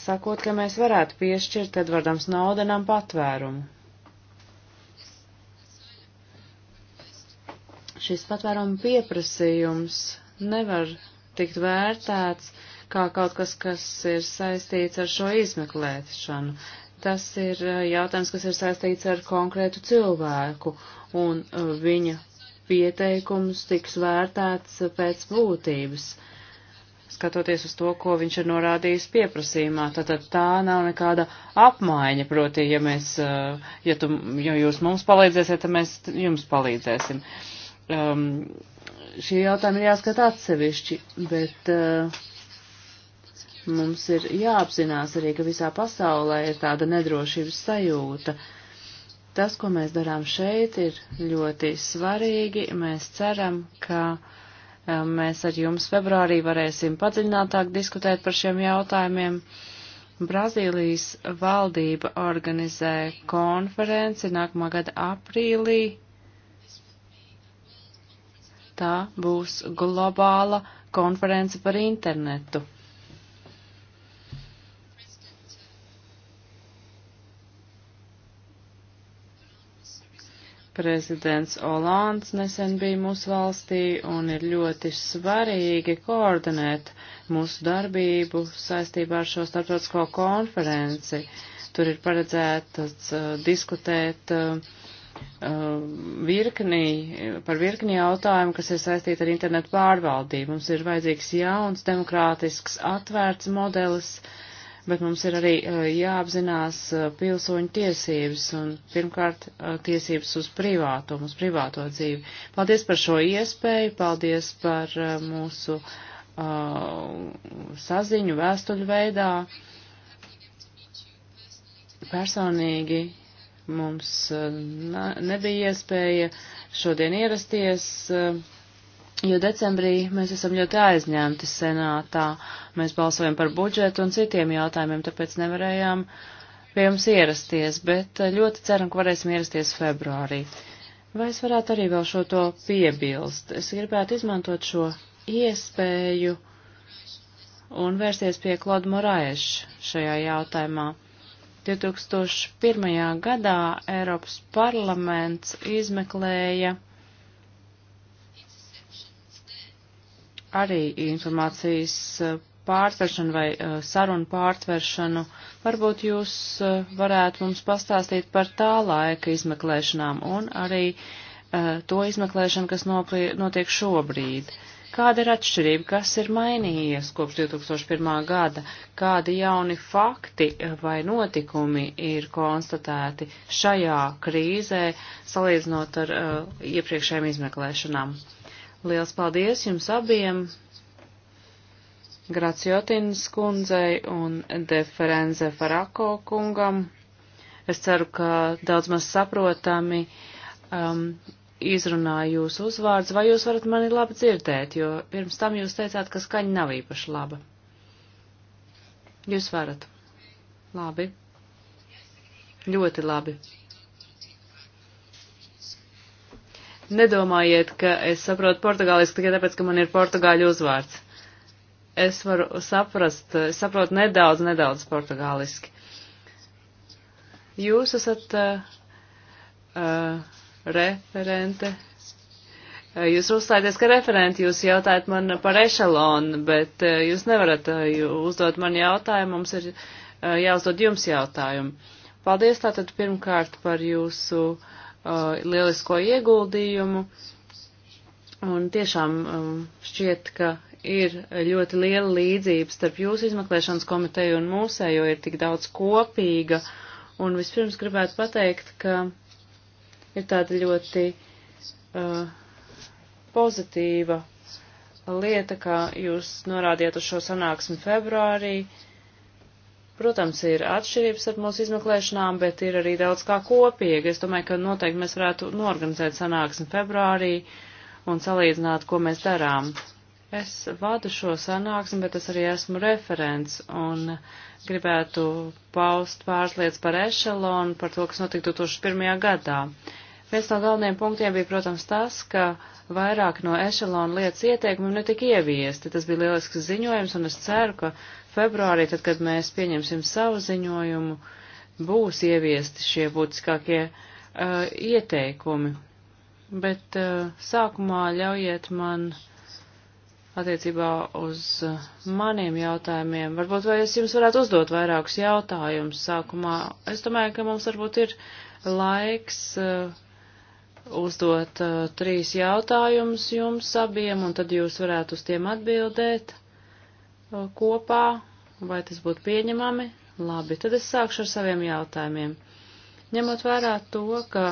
C: sakot, ka mēs varētu piešķirt Edvardam Snowdenam patvērumu. Šis patvēruma pieprasījums nevar tikt vērtēts kā kaut kas, kas ir saistīts ar šo izmeklēšanu. Tas ir uh, jautājums, kas ir saistīts ar konkrētu cilvēku, un uh, viņa pieteikums tiks vērtēts pēc būtības, skatoties uz to, ko viņš ir norādījis pieprasījumā. Tātad tā nav nekāda apmaiņa, proti, ja, mēs, uh, ja, tu, ja jūs mums palīdzēsiet, tad mēs jums palīdzēsim. Uh, um, šie jautājumi ir jāskat atsevišķi, bet uh, mums ir jāapzinās arī, ka visā pasaulē ir tāda nedrošības sajūta. Tas, ko mēs darām šeit, ir ļoti svarīgi. Mēs ceram, ka um, mēs ar jums februārī varēsim padziļinātāk diskutēt par šiem jautājumiem. Brazīlijas valdība organizē konferenci nākamā gada aprīlī tā būs globāla konference par internetu. Prezidents Olāns nesen bija mūsu valstī un ir ļoti svarīgi koordinēt mūsu darbību saistībā ar šo starptautisko konferenci. Tur ir paredzēts uh, diskutēt uh, Eh, virknī, par virknī jautājumu, kas ir saistīti ar internetu pārvaldību. Mums ir vajadzīgs jauns, demokrātisks, atvērts modelis, bet mums ir arī eh, jāapzinās eh, pilsoņu tiesības un pirmkārt tiesības uz privātumu, uz privāto dzīvi. Paldies par šo iespēju, paldies par mūsu uh, saziņu vēstuļu veidā. Personīgi Mums eh, nebija iespēja šodien ierasties, eh, jo decembrī mēs esam ļoti aizņemti senātā. Mēs balsojam par budžetu un citiem jautājumiem, tāpēc nevarējām pie jums ierasties, bet eh, ļoti ceram, ka varēsim ierasties februārī. Vai es varētu arī vēl šo to piebilst? Es gribētu izmantot šo iespēju un vērsties pie Kloda Morāeša šajā jautājumā. 2001. gadā Eiropas parlaments izmeklēja arī informācijas uh, pārtveršanu vai uh, sarunu pārtveršanu. Varbūt jūs uh, varētu mums pastāstīt par tā laika izmeklēšanām un arī to izmeklēšanu, kas notiek šobrīd. Uh, Kāda ir atšķirība, kas ir mainījies kopš 2001. gada, kādi jauni fakti vai notikumi ir konstatēti šajā krīzē, salīdzinot ar uh, iepriekšējām izmeklēšanām? Liels paldies jums abiem, Graciotins kundzei un Deferenze Farako kungam. Es ceru, ka daudz maz saprotami um, izrunāju jūsu uzvārds, vai jūs varat mani labi dzirdēt, jo pirms tam jūs teicāt, ka skaņa nav īpaši laba. Jūs varat. Labi. Ļoti labi. Nedomājiet, ka es saprotu portugāliski tikai tāpēc, ka man ir portugāļu uzvārds. Es varu saprast, es saprotu nedaudz, nedaudz portugāliski. Jūs esat uh, uh, referente. Eh, jūs uzstājaties, ka referenti jūs jautājat man par ešalonu, bet eh, jūs nevarat eh, uzdot man jautājumu, mums ir jāuzdod jums jautājumu. Paldies tātad pirmkārt par jūsu uh, lielisko ieguldījumu. Un tiešām um, šķiet, ka ir ļoti liela līdzība starp jūsu izmeklēšanas komiteju un mūsējo, ir tik daudz kopīga. Un vispirms gribētu pateikt, ka ir tāda ļoti uh, pozitīva lieta, kā jūs norādījāt uz šo sanāksmi februārī. Protams, ir atšķirības ar mūsu izmeklēšanām, bet ir arī daudz kā kopīga. Es domāju, ka noteikti mēs varētu norganizēt sanāksmi februārī un salīdzināt, ko mēs darām. Es vadu šo sanāksmi, bet es arī esmu referents un gribētu paust pāris lietas par ešelonu, par to, kas notika 2001. gadā. Viens no galvenajiem punktiem bija, protams, tas, ka vairāk no ešalona lietas ieteikumu netika ieviesti. Tas bija lielisks ziņojums, un es ceru, ka februārī, tad, kad mēs pieņemsim savu ziņojumu, būs ieviesti šie būtiskākie uh, ieteikumi. Bet uh, sākumā ļaujiet man attiecībā uz uh, maniem jautājumiem. Varbūt vai es jums varētu uzdot vairākus jautājumus sākumā. Es domāju, ka mums varbūt ir laiks. Uh, uzdot uh, trīs jautājumus jums abiem, un tad jūs varētu uz tiem atbildēt uh, kopā, vai tas būtu pieņemami. Labi, tad es sākšu ar saviem jautājumiem. Ņemot vērā to, ka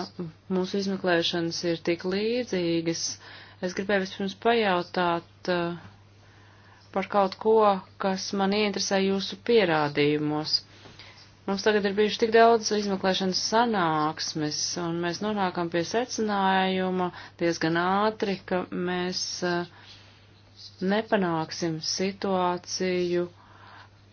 C: mūsu izmeklēšanas ir tik līdzīgas, es gribēju vispirms pajautāt uh, par kaut ko, kas man ieinteresē jūsu pierādījumos. Mums tagad ir bijuši tik daudz izmeklēšanas sanāksmes, un mēs nonākam pie secinājuma diezgan ātri, ka mēs eh, nepanāksim situāciju,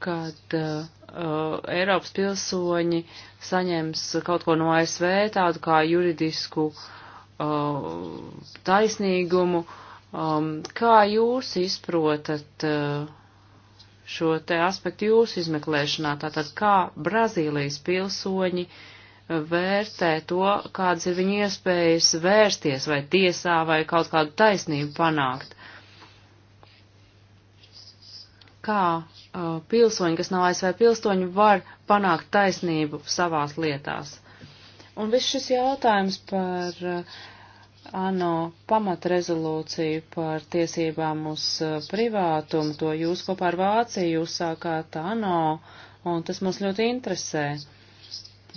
C: kad uh, Eiropas pilsoņi saņems kaut ko no ASV, tādu kā juridisku uh, taisnīgumu. Um, kā jūs izprotat? Uh, šo te aspektu jūsu izmeklēšanā, tātad kā Brazīlijas pilsoņi eh, vērtē to, kādas ir viņu iespējas vērsties vai tiesā vai kaut kādu taisnību panākt. Kā uh, pilsoņi, kas nav ASV pilsoņi, var panākt taisnību savās lietās. Un viss šis jautājums par uh, ANO pamatrezolūciju par tiesībām uz uh, privātumu, to jūs kopā ar Vāciju uzsākāt ANO, un tas mums ļoti interesē.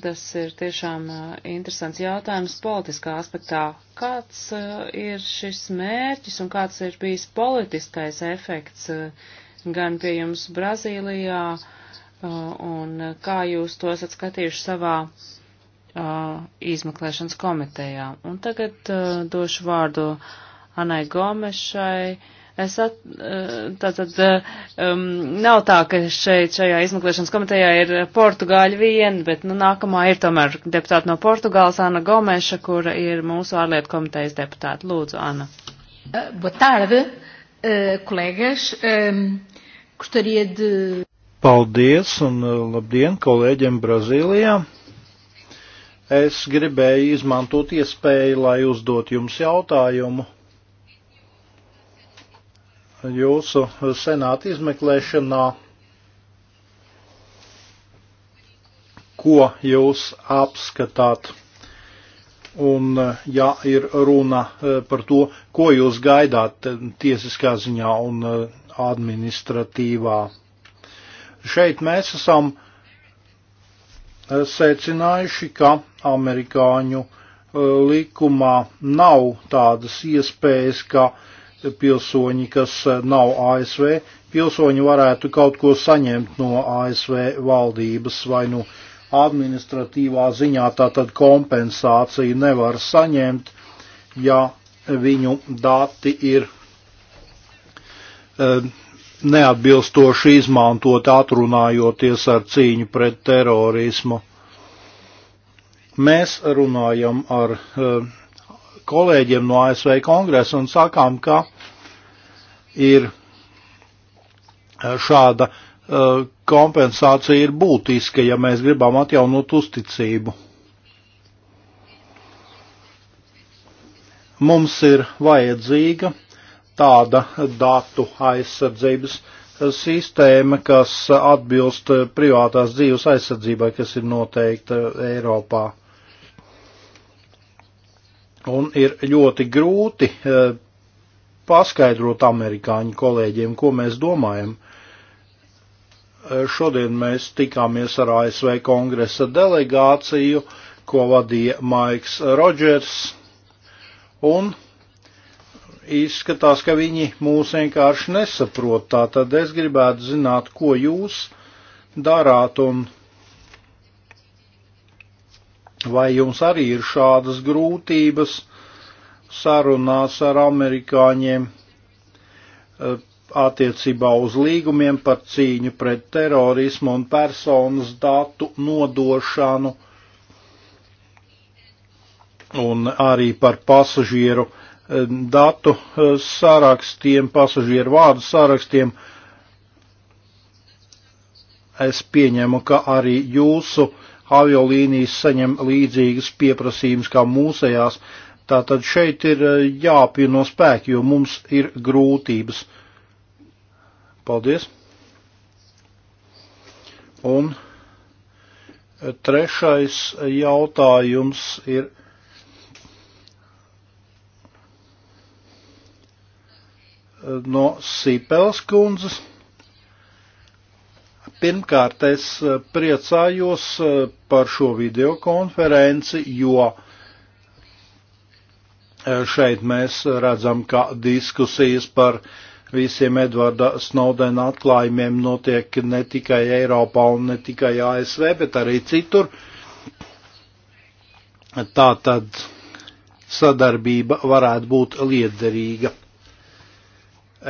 C: Tas ir tiešām uh, interesants jautājums politiskā aspektā. Kāds uh, ir šis mērķis un kāds ir bijis politiskais efekts gan pie jums Brazīlijā, un kā jūs to esat skatījuši savā uh, izmeklēšanas komitejā. Un tagad uh, došu vārdu Anai Gomešai. Es at, uh, tātad uh, um, nav tā, ka šeit šajā izmeklēšanas komitejā ir portugāļi vien, bet nu, nākamā ir tomēr deputāta no Portugāles, Ana Gomeša, kura ir mūsu ārlietu komitejas deputāta. Lūdzu, Ana. Uh, boa tarde, kolēgas. Um, gostaria de.
A: Paldies un labdien kolēģiem Brazīlijā. Es gribēju izmantot iespēju, lai uzdot jums jautājumu. Jūsu senāta izmeklēšanā, ko jūs apskatāt? Un, ja ir runa e, par to, ko jūs gaidāt e, tiesiskā ziņā un e, administratīvā. Šeit mēs esam Eh, secinājuši, ka amerikāņu eh, likumā nav tādas iespējas, ka pilsoņi, kas eh, nav ASV, pilsoņi varētu kaut ko saņemt no ASV valdības vai no nu administratīvā ziņā, tātad kompensāciju nevar saņemt, ja viņu dati ir neatbilstoši izmantot atrunājoties ar cīņu pret terorismu. Mēs runājam ar eh, kolēģiem no ASV kongresa un sakām, ka ir eh, šāda eh, kompensācija ir būtiska, ja mēs gribam atjaunot uzticību. Mums ir vajadzīga tāda datu aizsardzības sistēma, kas atbilst privātās dzīves aizsardzībai, kas ir noteikta Eiropā. Un ir ļoti grūti e, paskaidrot amerikāņu kolēģiem, ko mēs domājam. E, šodien mēs tikāmies ar ASV kongresa delegāciju, ko vadīja Maiks Rodžers, un izskatās, ka viņi mūs vienkārši nesaprot. Tātad es gribētu zināt, ko jūs darāt un vai jums arī ir šādas grūtības sarunās ar amerikāņiem eh, attiecībā uz līgumiem par cīņu pret terorismu un personas datu nodošanu un arī par pasažieru uh, datu eh, sārakstiem, pasažieru vārdu sārakstiem. Es pieņemu, ka arī jūsu aviolīnijas saņem līdzīgas pieprasījumus kā mūsējās. Tātad šeit ir eh, jāpieno spēki, jo mums ir grūtības. Paldies! Un eh, trešais jautājums ir no Sīpels kundzes. Pirmkārt, es eh, priecājos eh, par šo videokonferenci, jo eh, šeit mēs redzam, ka diskusijas par visiem Edvarda Snowdena atklājumiem notiek ne tikai Eiropā un ne tikai ASV, bet arī citur. Tā tad sadarbība varētu būt liederīga.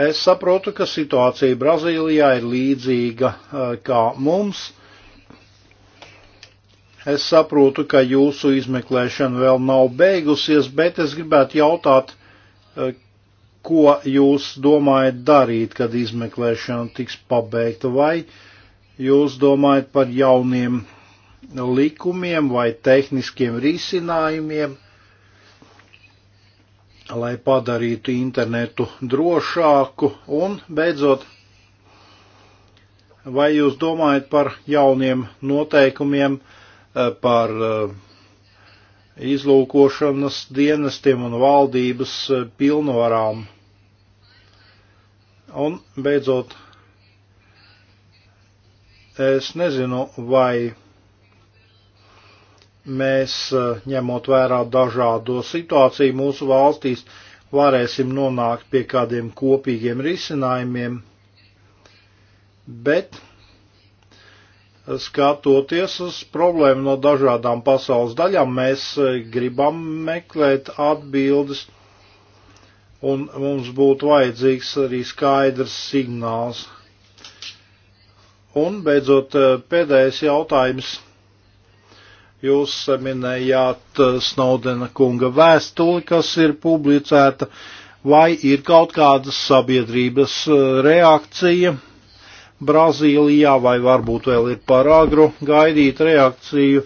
A: Es saprotu, ka situācija Brazīlijā ir līdzīga eh, kā mums. Es saprotu, ka jūsu izmeklēšana vēl nav beigusies, bet es gribētu jautāt, eh, ko jūs domājat darīt, kad izmeklēšana tiks pabeigta, vai jūs domājat par jauniem likumiem vai tehniskiem risinājumiem, lai padarītu internetu drošāku un, beidzot, vai jūs domājat par jauniem noteikumiem, eh, par eh, izlūkošanas dienestiem un valdības eh, pilnvarām? Un, beidzot, es nezinu, vai mēs, eh, ņemot vērā dažādo situāciju mūsu valstīs, varēsim nonākt pie kādiem kopīgiem risinājumiem, bet eh, skatoties uz problēmu no dažādām pasaules daļām, mēs eh, gribam meklēt atbildes, un mums būtu vajadzīgs arī skaidrs signāls. Un beidzot, pēdējais jautājums Jūs minējāt eh, Snowdena kunga vēstuli, kas ir publicēta, vai ir kaut kāda sabiedrības eh, reakcija Brazīlijā, vai varbūt vēl ir par agru gaidīt reakciju.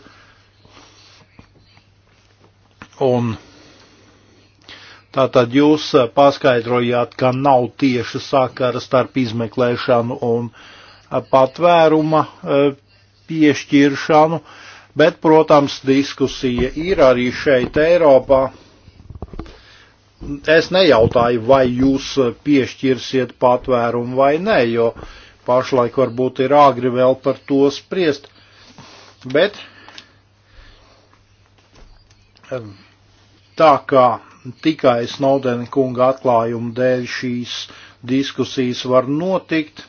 A: Un tātad jūs eh, paskaidrojāt, ka nav tieši sakara starp izmeklēšanu un patvēruma piešķiršanu. Uh, Bet, protams, diskusija ir arī šeit Eiropā. Es nejautāju, vai jūs piešķirsiet patvērumu vai nē, jo pašlaik varbūt ir āgri vēl par to spriest. Bet tā kā tikai Snowdena kunga atklājumu dēļ šīs diskusijas var notikt,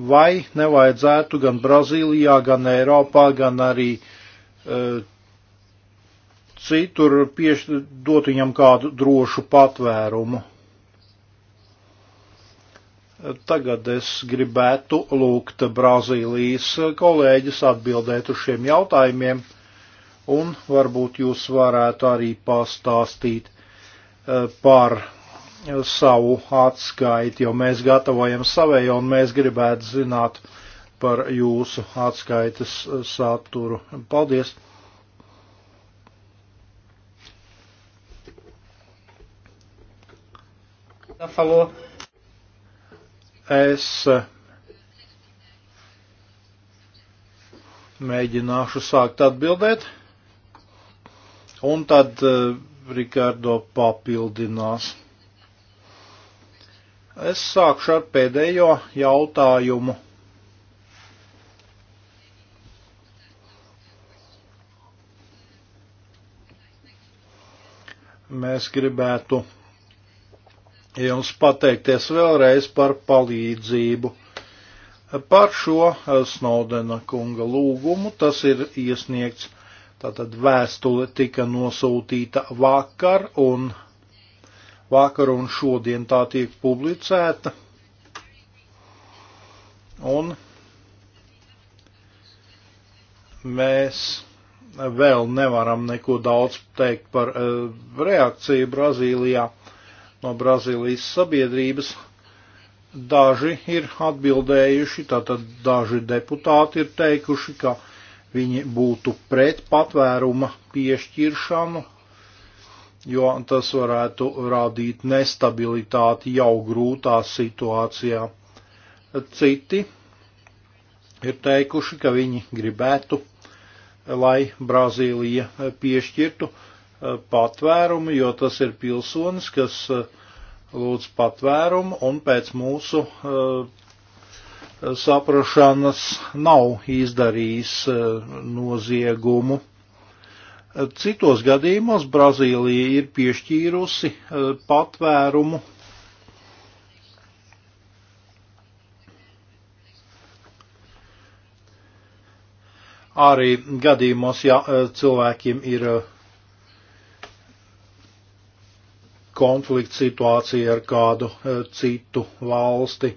A: vai nevajadzētu gan Brazīlijā, gan Eiropā, gan arī uh, citur pieš, dot viņam kādu drošu patvērumu. Tagad es gribētu lūgt Brazīlijas kolēģis atbildēt uz šiem jautājumiem, un varbūt jūs varētu arī pastāstīt e, par savu atskaiti, jo mēs gatavojam savēju un mēs gribētu zināt par jūsu atskaites eh, saturu. Paldies! falou. Es eh, mēģināšu sākt atbildēt, un tad eh, Rikārdo papildinās. Es sākšu ar pēdējo jautājumu. Mēs gribētu jums pateikties vēlreiz par palīdzību. Par šo eh, Snowdena kunga lūgumu tas ir iesniegts. Tātad vēstule tika nosūtīta vakar un vakar un šodien tā tiek publicēta. Un mēs vēl nevaram neko daudz teikt par uh, reakciju Brazīlijā no Brazīlijas sabiedrības. Daži ir atbildējuši, tātad daži deputāti ir teikuši, ka viņi būtu pret patvēruma piešķiršanu jo tas varētu radīt nestabilitāti jau grūtā situācijā. Citi ir teikuši, ka viņi gribētu, lai Brazīlija piešķirtu e, patvērumu, jo tas ir pilsonis, kas e, lūdz patvērumu un pēc mūsu e, saprašanas nav izdarījis noziegumu. Citos gadījumos Brazīlija ir piešķīrusi e, patvērumu. Arī gadījumos, ja e, cilvēkiem ir e, konflikts situācija ar kādu citu valsti,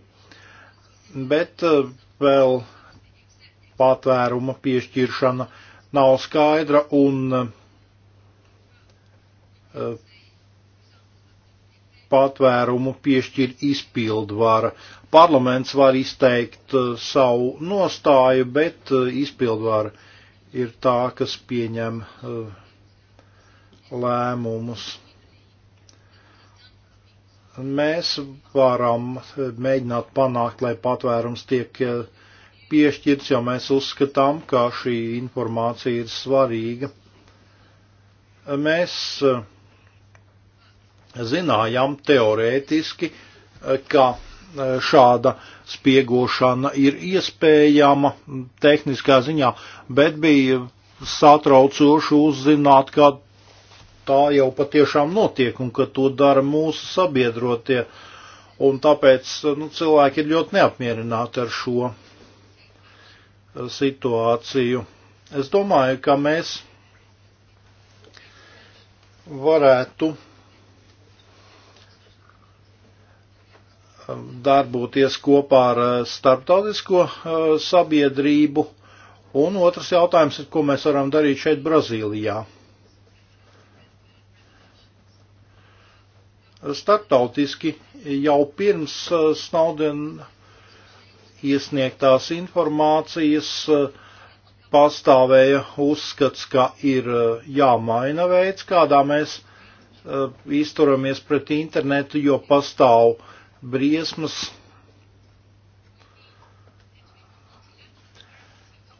A: bet vēl patvēruma piešķiršana uh, nav skaidra un e, patvērumu piešķir izpildvara. Parlaments var izteikt e, savu nostāju, bet e, izpildvara ir tā, kas pieņem lēmumus. Mēs varam mēģināt panākt, lai patvērums tiek uh, piešķirts, jo mēs uzskatām, ka šī informācija ir svarīga. Mēs eh, zinājām teorētiski, eh, ka eh, šāda spiegošana ir iespējama tehniskā ziņā, bet bija satraucoši uzzināt, ka tā jau patiešām notiek un ka to dara mūsu sabiedrotie. Un tāpēc nu, cilvēki ir ļoti neapmierināti ar šo situāciju. Es domāju, ka mēs varētu darboties kopā ar eh, starptautisko eh, sabiedrību, un otrs jautājums ir, ko mēs varam darīt šeit Brazīlijā. Startautiski jau pirms eh, Snowden iesniegtās informācijas eh, pastāvēja uzskats, ka ir eh, jāmaina veids, kādā mēs eh, izturamies pret internetu, jo pastāv briesmas.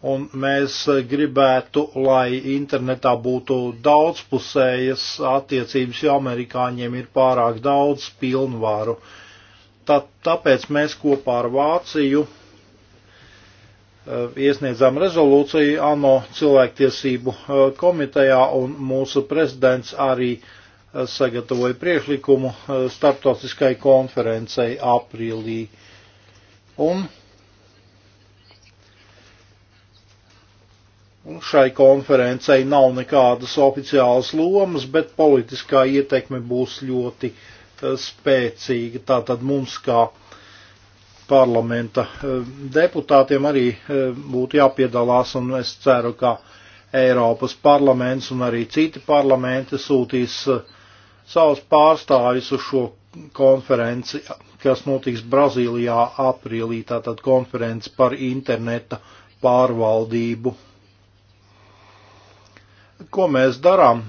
A: Un mēs gribētu, lai internetā būtu daudzpusējas attiecības, jo amerikāņiem ir pārāk daudz pilnvaru. Uh, tā, tāpēc mēs kopā ar Vāciju eh, iesniedzām rezolūciju ANO cilvēktiesību eh, komitejā un mūsu prezidents arī eh, sagatavoja priekšlikumu starptautiskai konferencei aprīlī. Un, un šai konferencei nav nekādas oficiālas lomas, bet politiskā ietekme būs ļoti uh, Eh, spēcīga. Tātad mums kā parlamenta eh, deputātiem arī eh, būtu jāpiedalās, un es ceru, ka Eiropas parlaments un arī citi parlamenti sūtīs savus pārstāvjus uz šo konferenci, kas notiks Brazīlijā aprīlī, tātad konferenci par interneta pārvaldību. Ko mēs darām?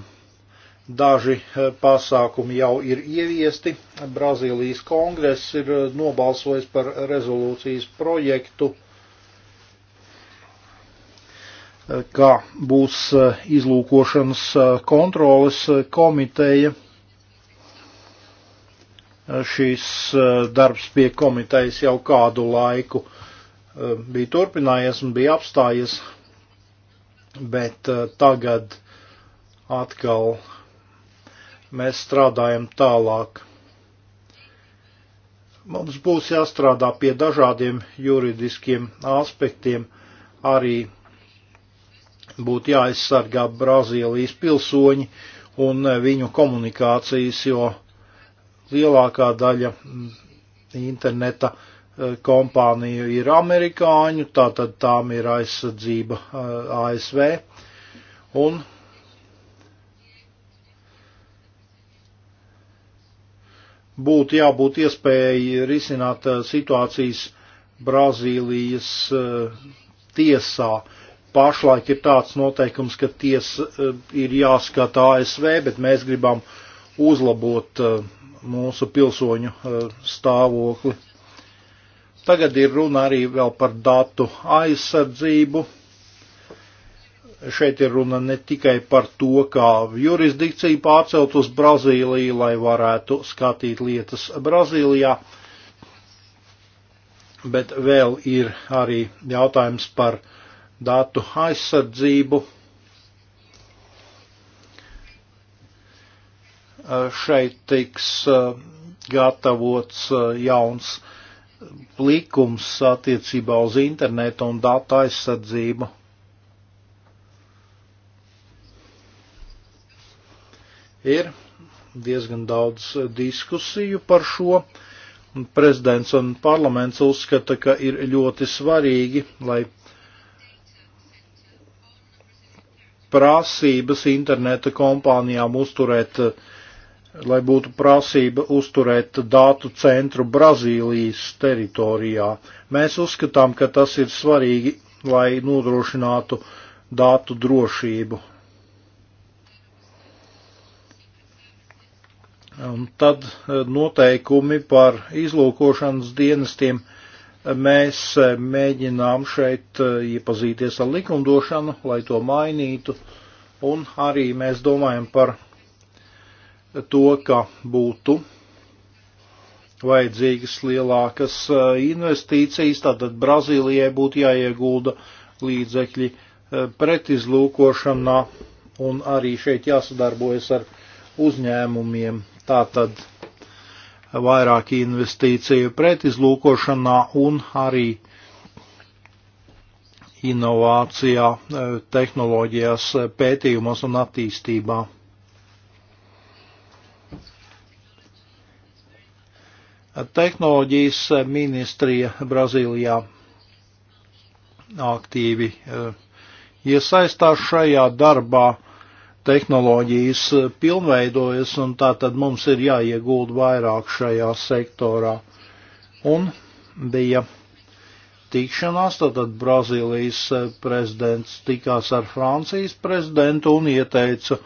A: Daži eh, pasākumi jau ir ieviesti. Brazīlijas kongress ir eh, nobalsojis par rezolūcijas projektu, eh, kā būs izlūkošanas kontroles komiteja. Šis darbs pie komitejas jau kādu laiku bija turpinājies un bija apstājies, bet tagad atkal uh, mēs strādājam tālāk. Mums būs jāstrādā pie dažādiem juridiskiem aspektiem, arī būtu jāaizsargā Brazīlijas pilsoņi un viņu komunikācijas, jo lielākā daļa interneta e, kompāniju ir amerikāņu, tātad tām ir aizsardzība e, ASV. Un būtu jābūt iespējai risināt eh, situācijas Brazīlijas eh, tiesā. Pašlaik ir tāds noteikums, ka tiesa eh, ir jāskata ASV, bet mēs gribam uzlabot mūsu pilsoņu stāvokli. Tagad ir runa arī vēl par datu aizsardzību šeit ir runa ne tikai par to, kā jurisdikciju pārcelt uz Brazīliju, lai varētu skatīt lietas Brazīlijā, bet vēl ir arī jautājums par datu aizsardzību. Šeit tiks eh, gatavots eh, jauns likums attiecībā uz internetu un datu aizsardzību Ir diezgan daudz eh, diskusiju par šo. Prezidents un parlaments uzskata, ka ir ļoti svarīgi, lai prasības interneta kompānijām uzturēt, eh, lai būtu prasība uzturēt datu centru Brazīlijas teritorijā. Mēs uzskatām, ka tas ir svarīgi, lai nodrošinātu datu drošību Un tad e, noteikumi par izlūkošanas dienestiem mēs e, mēģinām šeit e, iepazīties ar likumdošanu, lai to mainītu, un arī mēs domājam par to, ka būtu vajadzīgas lielākas investīcijas, tātad Brazīlijai būtu jāiegulda līdzekļi pretizlūkošanā un arī šeit jāsadarbojas ar uzņēmumiem. Tātad vairāk investīciju pretizlūkošanā un arī inovācijā, e, tehnoloģijās, e, pētījumos un attīstībā. Tehnoloģijas ministrija Brazīlijā aktīvi e, iesaistās šajā darbā tehnoloģijas eh, pilnveidojas, un tā tad mums ir jāiegūda vairāk šajā sektorā. Un bija tikšanās, tātad Brazīlijas eh, prezidents tikās ar Francijas prezidentu un ieteica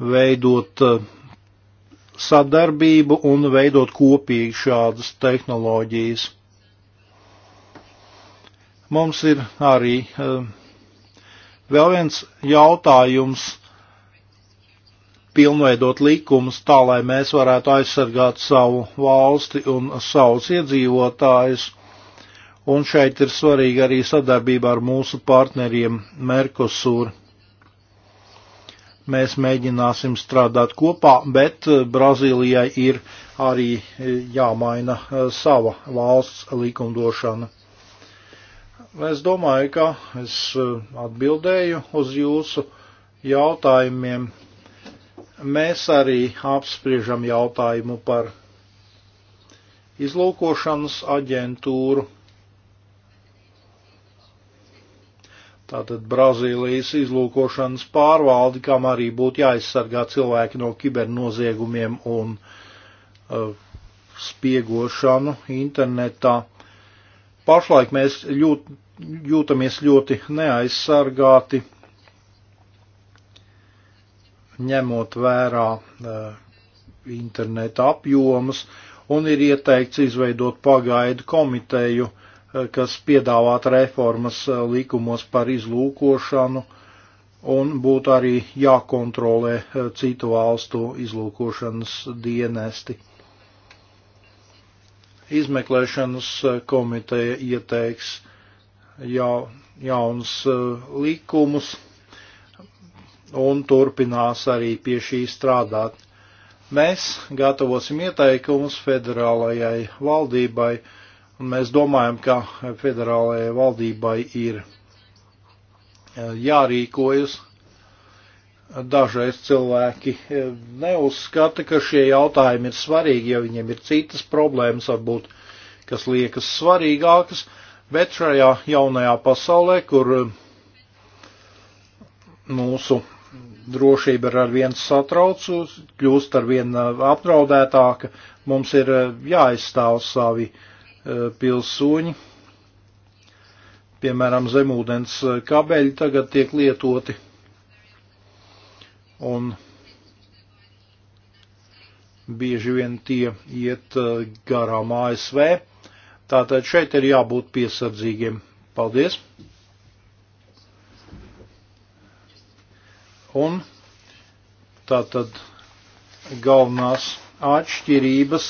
A: veidot eh, sadarbību un veidot kopīgi šādas tehnoloģijas. Mums ir arī vēl viens jautājums pilnveidot likumus tā, lai mēs varētu aizsargāt savu valsti un savus iedzīvotājus. Un šeit ir svarīga arī sadarbība ar mūsu partneriem Merkosūru. Mēs mēģināsim strādāt kopā, bet Brazīlijai ir arī jāmaina sava valsts likumdošana. Es domāju, ka es atbildēju uz jūsu jautājumiem mēs arī apspriežam jautājumu par izlūkošanas aģentūru. Tātad Brazīlijas izlūkošanas pārvaldi, kam arī būtu jāaizsargā cilvēki no kibernoziegumiem un uh, spiegošanu internetā. Pašlaik mēs ļūt, jūtamies ļoti neaizsargāti ņemot vērā e, interneta apjomus, un ir ieteikts izveidot pagaidu komiteju, e, kas piedāvāt reformas e, likumos par izlūkošanu, un būtu arī jākontrolē citu valstu izlūkošanas dienesti. Izmeklēšanas komiteja ieteiks jau, jaunus likumus un turpinās arī pie šī strādāt. Mēs gatavosim ieteikumus federālajai valdībai, un mēs domājam, ka federālajai valdībai ir e, jārīkojas. Dažreiz cilvēki e, neuzskata, ka šie jautājumi ir svarīgi, ja viņiem ir citas problēmas, varbūt, kas liekas svarīgākas, bet šajā jaunajā pasaulē, kur e, mūsu drošība ir ar vienu satraucus, kļūst ar vienu uh, apdraudētāka, mums ir uh, jāizstāv savi uh, pilsoņi. Piemēram, zemūdens kabeļi tagad tiek lietoti. Un bieži vien tie iet garām ASV. Tātad šeit ir jābūt piesardzīgiem. Paldies! Un tātad galvenās atšķirības.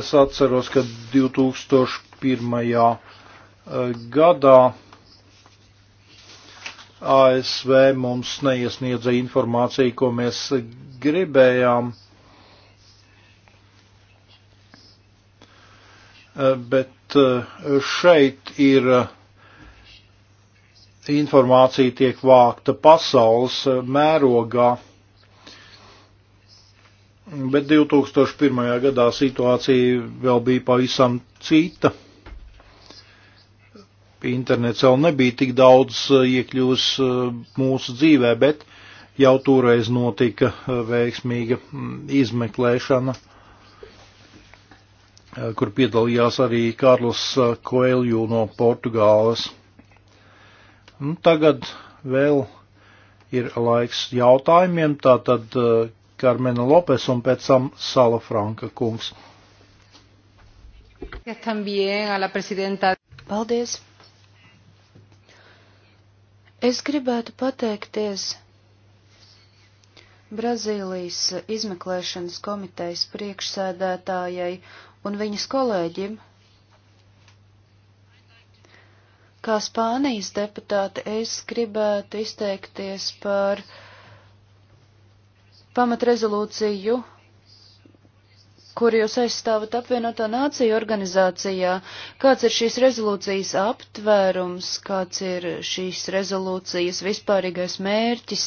A: Es atceros, ka 2001. Eh, gadā ASV mums neiesniedza informāciju, ko mēs gribējām. Eh, bet eh, šeit ir informācija tiek vākta pasaules eh, mērogā. Bet 2001. gadā situācija vēl bija pavisam cita. Internets vēl nebija tik daudz eh, iekļūs eh, mūsu dzīvē, bet jau toreiz notika veiksmīga mm, izmeklēšana, kur piedalījās arī Kārlis Koelju no Portugāles. Nu, tagad vēl ir laiks jautājumiem, tātad Karmena uh, Lopes un pēc tam Sala Franka kungs.
B: Paldies! Es gribētu pateikties Brazīlijas izmeklēšanas komitejas priekšsēdētājai un viņas kolēģim Kā Spānijas deputāte es gribētu izteikties par pamatrezolūciju, kuru jūs aizstāvat apvienoto nāciju organizācijā. Kāds ir šīs rezolūcijas aptvērums, kāds ir šīs rezolūcijas vispārīgais mērķis?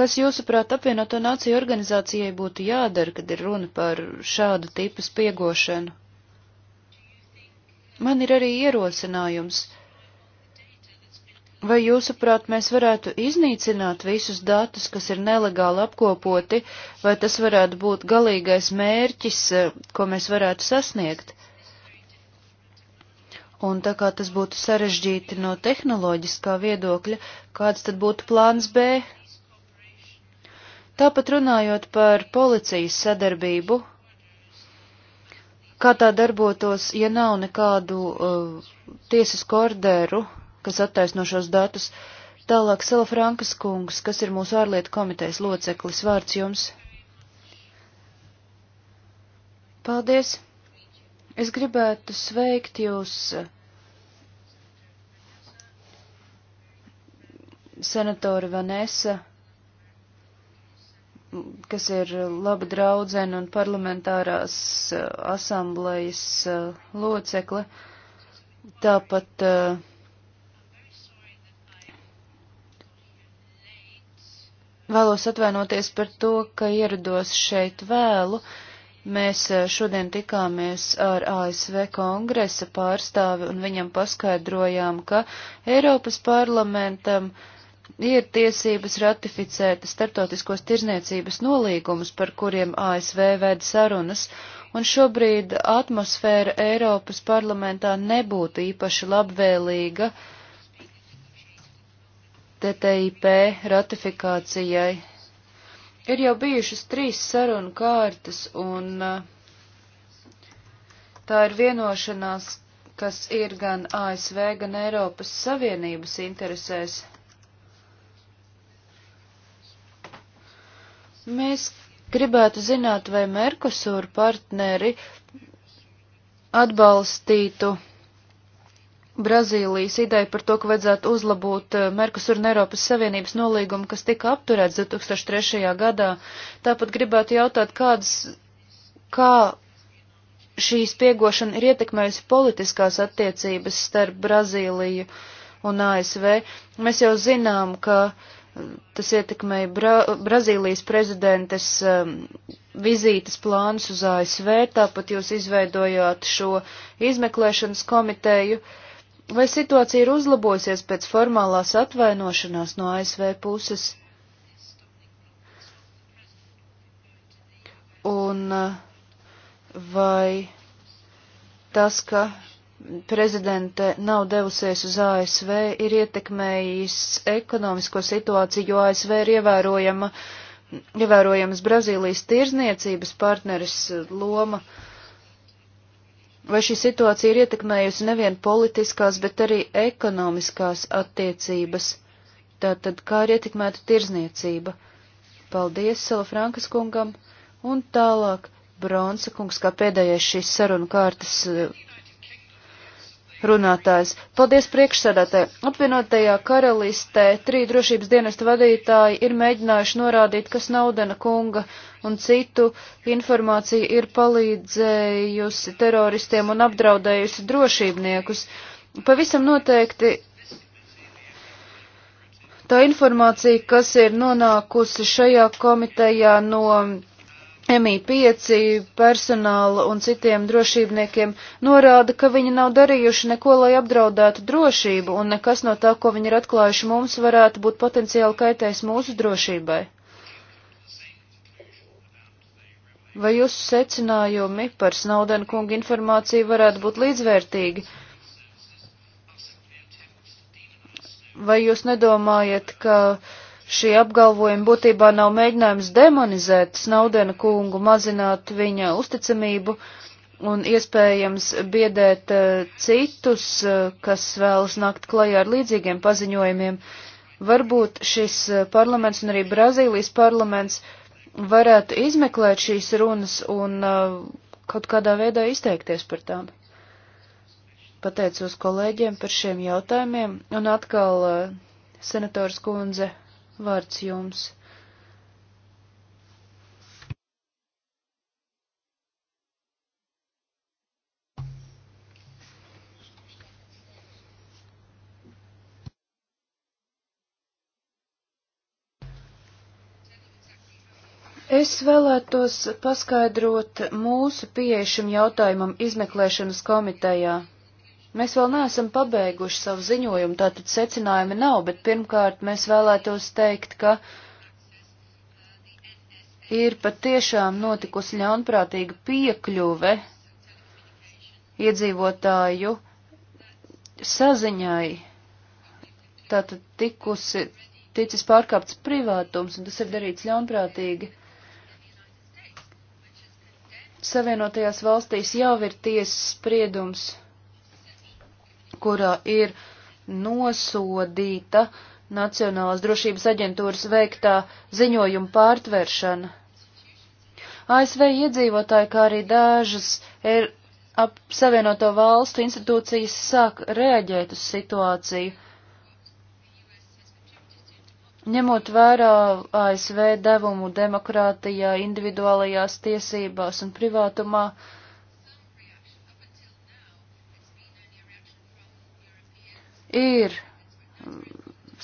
B: Kas jūsuprāt apvienoto nāciju organizācijai būtu jādara, kad ir runa par šādu tipu spiegošanu? Man ir arī ierosinājums. Vai jūsuprāt, mēs varētu iznīcināt visus datus, kas ir nelegāli apkopoti, vai tas varētu būt galīgais mērķis, eh, ko mēs varētu sasniegt? Un tā kā tas būtu sarežģīti no tehnoloģiskā viedokļa, kāds tad būtu plāns B? Tāpat runājot par policijas sadarbību, Kā tā darbotos, ja nav nekādu uh, tiesisku orderu, kas attaisno šos datus? Tālāk Sela Frankas kungs, kas ir mūsu ārlietu komitejas loceklis, vārds jums. Paldies! Es gribētu sveikt jūs, uh, senatori Vanesa kas ir laba draudzene un parlamentārās eh, asamblejas eh, locekle. Tāpat eh, vēlos atvainoties par to, ka ierados šeit vēlu. Mēs šodien tikāmies ar ASV kongresa pārstāvi un viņam paskaidrojām, ka Eiropas parlamentam uh, ir tiesības ratificēt starptautiskos tirzniecības nolīgumus, par kuriem ASV ved sarunas, un šobrīd atmosfēra Eiropas parlamentā nebūtu īpaši labvēlīga TTIP ratifikācijai. Ir jau bijušas trīs sarunu kārtas, un uh, tā ir vienošanās, kas ir gan ASV, gan Eiropas Savienības interesēs. Mēs gribētu zināt, vai Merkusūra partneri atbalstītu Brazīlijas ideja par to, ka vajadzētu uzlabot eh, Merkusur un Eiropas Savienības nolīgumu, kas tika apturēts 2003. gadā. Tāpat gribētu jautāt, kādas, kā šī spiegošana ir ietekmējusi politiskās attiecības starp Brazīliju un ASV. Mēs jau zinām, ka uh, Tas ietekmēja Bra Brazīlijas prezidentes um, vizītes plānus uz ASV, tāpat jūs izveidojāt šo izmeklēšanas komiteju. Vai situācija ir uzlabosies pēc formālās atvainošanās no ASV puses? Un uh, vai tas, ka prezidente nav devusies uz ASV, ir ietekmējis ekonomisko situāciju, jo ASV ir ievērojama, ievērojams Brazīlijas tirzniecības partneris loma. Vai šī situācija ir ietekmējusi nevien politiskās, bet arī ekonomiskās attiecības? Tātad, kā ir ietekmēta tirzniecība? Paldies Sala Frankas kungam un tālāk Bronsa kungs kā pēdējais šīs sarunu kārtas runātājs. Paldies priekšsēdētē. Apvienotajā karalistē trīs drošības dienesta vadītāji ir mēģinājuši norādīt, ka Snaudena kunga un citu informācija ir palīdzējusi teroristiem un apdraudējusi drošībniekus. Pavisam noteikti tā informācija, kas ir nonākusi šajā komitejā no MI5 personāla un citiem drošībniekiem norāda, ka viņi nav darījuši neko, lai apdraudētu drošību, un nekas no tā, ko viņi ir atklājuši mums, varētu būt potenciāli kaitējis mūsu drošībai. Vai jūsu secinājumi par Snaudena kunga informāciju varētu būt līdzvērtīgi? Vai jūs nedomājat, ka uh, Šie apgalvojumi būtībā nav mēģinājums demonizēt Snaudena kungu, mazināt viņa uzticamību un iespējams biedēt uh, citus, uh, kas vēlas nākt klajā ar līdzīgiem paziņojumiem. Varbūt šis uh, parlaments un arī Brazīlijas parlaments varētu izmeklēt šīs runas un kaut kādā veidā izteikties par tām. Pateicos kolēģiem par šiem jautājumiem un atkal senators kundze vārds jums. Es vēlētos paskaidrot mūsu pieejušam jautājumam izmeklēšanas komitejā. Mēs vēl neesam pabeiguši savu ziņojumu, tātad secinājumi nav, bet pirmkārt mēs vēlētos teikt, ka ir patiešām notikusi ļaunprātīga piekļuve iedzīvotāju saziņai, tātad tikusi, ticis pārkāpts privātums, un tas ir darīts ļaunprātīgi. Savienotajās valstīs jau ir tiesas spriedums kurā ir nosodīta Nacionālās drošības aģentūras veiktā ziņojuma pārtveršana. ASV iedzīvotāji, kā arī dažas ir er, ap Savienoto valstu institūcijas sāk reaģēt uz situāciju. Ņemot vērā ASV devumu demokrātijā, individuālajās tiesībās un privātumā, uh, ir